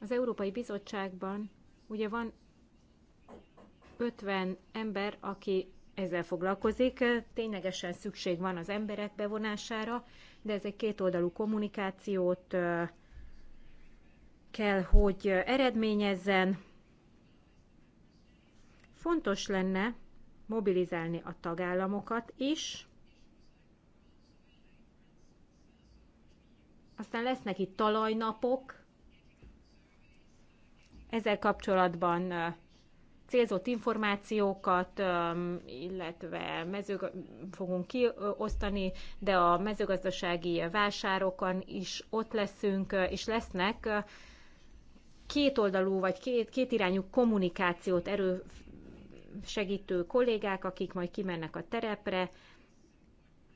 az Európai Bizottságban ugye van 50 ember, aki ezzel foglalkozik. Ténylegesen szükség van az emberek bevonására, de ez egy kétoldalú kommunikációt kell, hogy eredményezzen. Fontos lenne mobilizálni a tagállamokat is. Aztán lesznek itt talajnapok. Ezzel kapcsolatban célzott információkat, illetve mezőg fogunk kiosztani, de a mezőgazdasági vásárokon is ott leszünk, és lesznek kétoldalú vagy két, kétirányú kommunikációt erő, segítő kollégák, akik majd kimennek a terepre,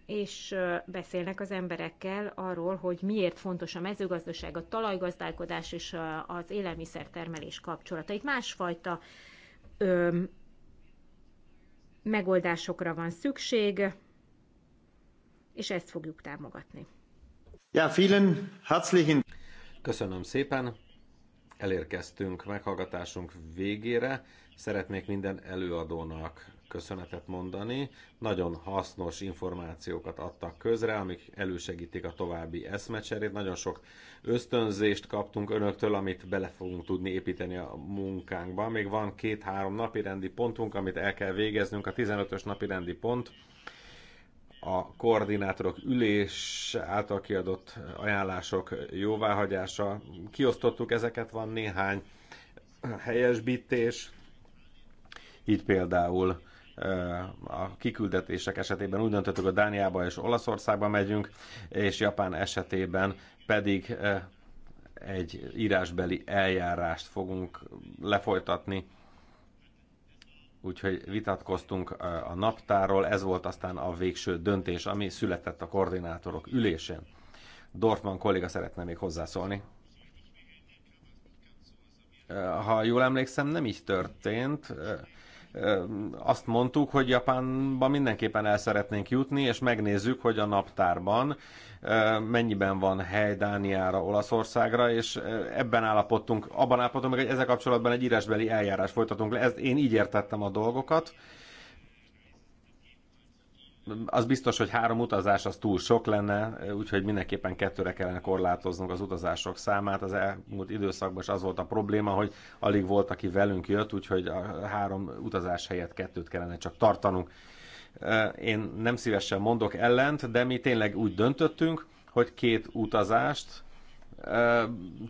és beszélnek az emberekkel arról, hogy miért fontos a mezőgazdaság, a talajgazdálkodás és az élelmiszertermelés kapcsolata. Itt másfajta ö, megoldásokra van szükség, és ezt fogjuk támogatni. Ja, vielen herzlichen. Köszönöm szépen. Elérkeztünk meghallgatásunk végére. Szeretnék minden előadónak köszönetet mondani. Nagyon hasznos információkat adtak közre, amik elősegítik a további eszmecserét. Nagyon sok ösztönzést kaptunk önöktől, amit bele fogunk tudni építeni a munkánkba. Még van két-három napi rendi pontunk, amit el kell végeznünk. A 15-ös rendi pont a koordinátorok ülés által kiadott ajánlások jóváhagyása. Kiosztottuk ezeket, van néhány helyesbítés, így például eh, a kiküldetések esetében úgy döntöttük, hogy Dániába és Olaszországba megyünk, és Japán esetében pedig eh, egy írásbeli eljárást fogunk lefolytatni. Úgyhogy vitatkoztunk eh, a naptárról, ez volt aztán a végső döntés, ami született a koordinátorok ülésén. Dorfman kolléga szeretne még hozzászólni. Ha jól emlékszem, nem így történt azt mondtuk, hogy Japánban mindenképpen el szeretnénk jutni, és megnézzük, hogy a naptárban mennyiben van hely Dániára, Olaszországra, és ebben állapodtunk, abban állapodtunk meg, hogy ezzel kapcsolatban egy írásbeli eljárás folytatunk le. Ezt én így értettem a dolgokat az biztos, hogy három utazás az túl sok lenne, úgyhogy mindenképpen kettőre kellene korlátoznunk az utazások számát. Az elmúlt időszakban is az volt a probléma, hogy alig volt, aki velünk jött, úgyhogy a három utazás helyett kettőt kellene csak tartanunk. Én nem szívesen mondok ellent, de mi tényleg úgy döntöttünk, hogy két utazást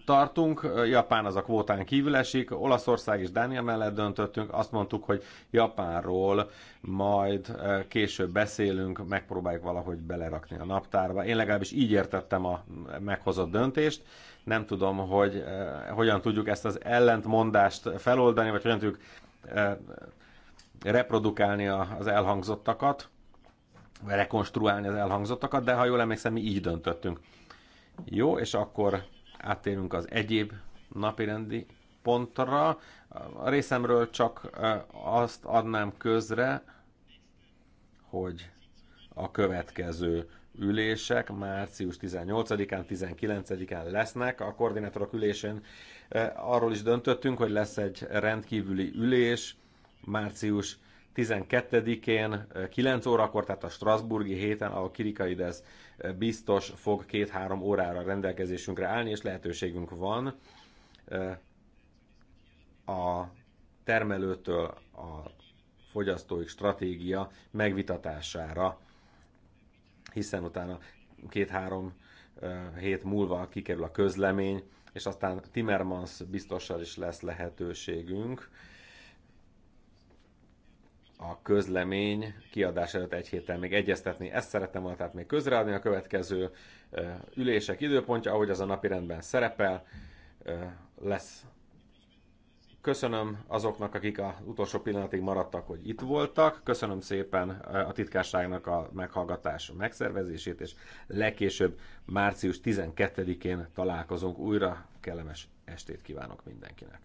tartunk, Japán az a kvótán kívül esik, Olaszország és Dánia mellett döntöttünk, azt mondtuk, hogy Japánról majd később beszélünk, megpróbáljuk valahogy belerakni a naptárba. Én legalábbis így értettem a meghozott döntést, nem tudom, hogy hogyan tudjuk ezt az ellentmondást feloldani, vagy hogyan tudjuk reprodukálni az elhangzottakat, rekonstruálni az elhangzottakat, de ha jól emlékszem, mi így döntöttünk. Jó, és akkor áttérünk az egyéb napirendi pontra. A részemről csak eh, azt adnám közre, hogy a következő ülések március 18-án, 19-án lesznek. A koordinátorok ülésén eh, arról is döntöttünk, hogy lesz egy rendkívüli ülés március 12-én 9 eh, órakor, tehát a Strasburgi héten, ahol Kirikaides biztos fog két-három órára rendelkezésünkre állni, és lehetőségünk van a termelőtől a fogyasztói stratégia megvitatására, hiszen utána két-három hét múlva kikerül a közlemény, és aztán Timmermans biztossal is lesz lehetőségünk a közlemény kiadás előtt egy héttel még egyeztetni. Ezt szeretem volna tehát még közreadni a következő ülések időpontja, ahogy az a napi rendben szerepel, lesz. Köszönöm azoknak, akik az utolsó pillanatig maradtak, hogy itt voltak. Köszönöm szépen a titkárságnak a meghallgatás megszervezését, és legkésőbb március 12-én találkozunk újra. Kellemes estét kívánok mindenkinek!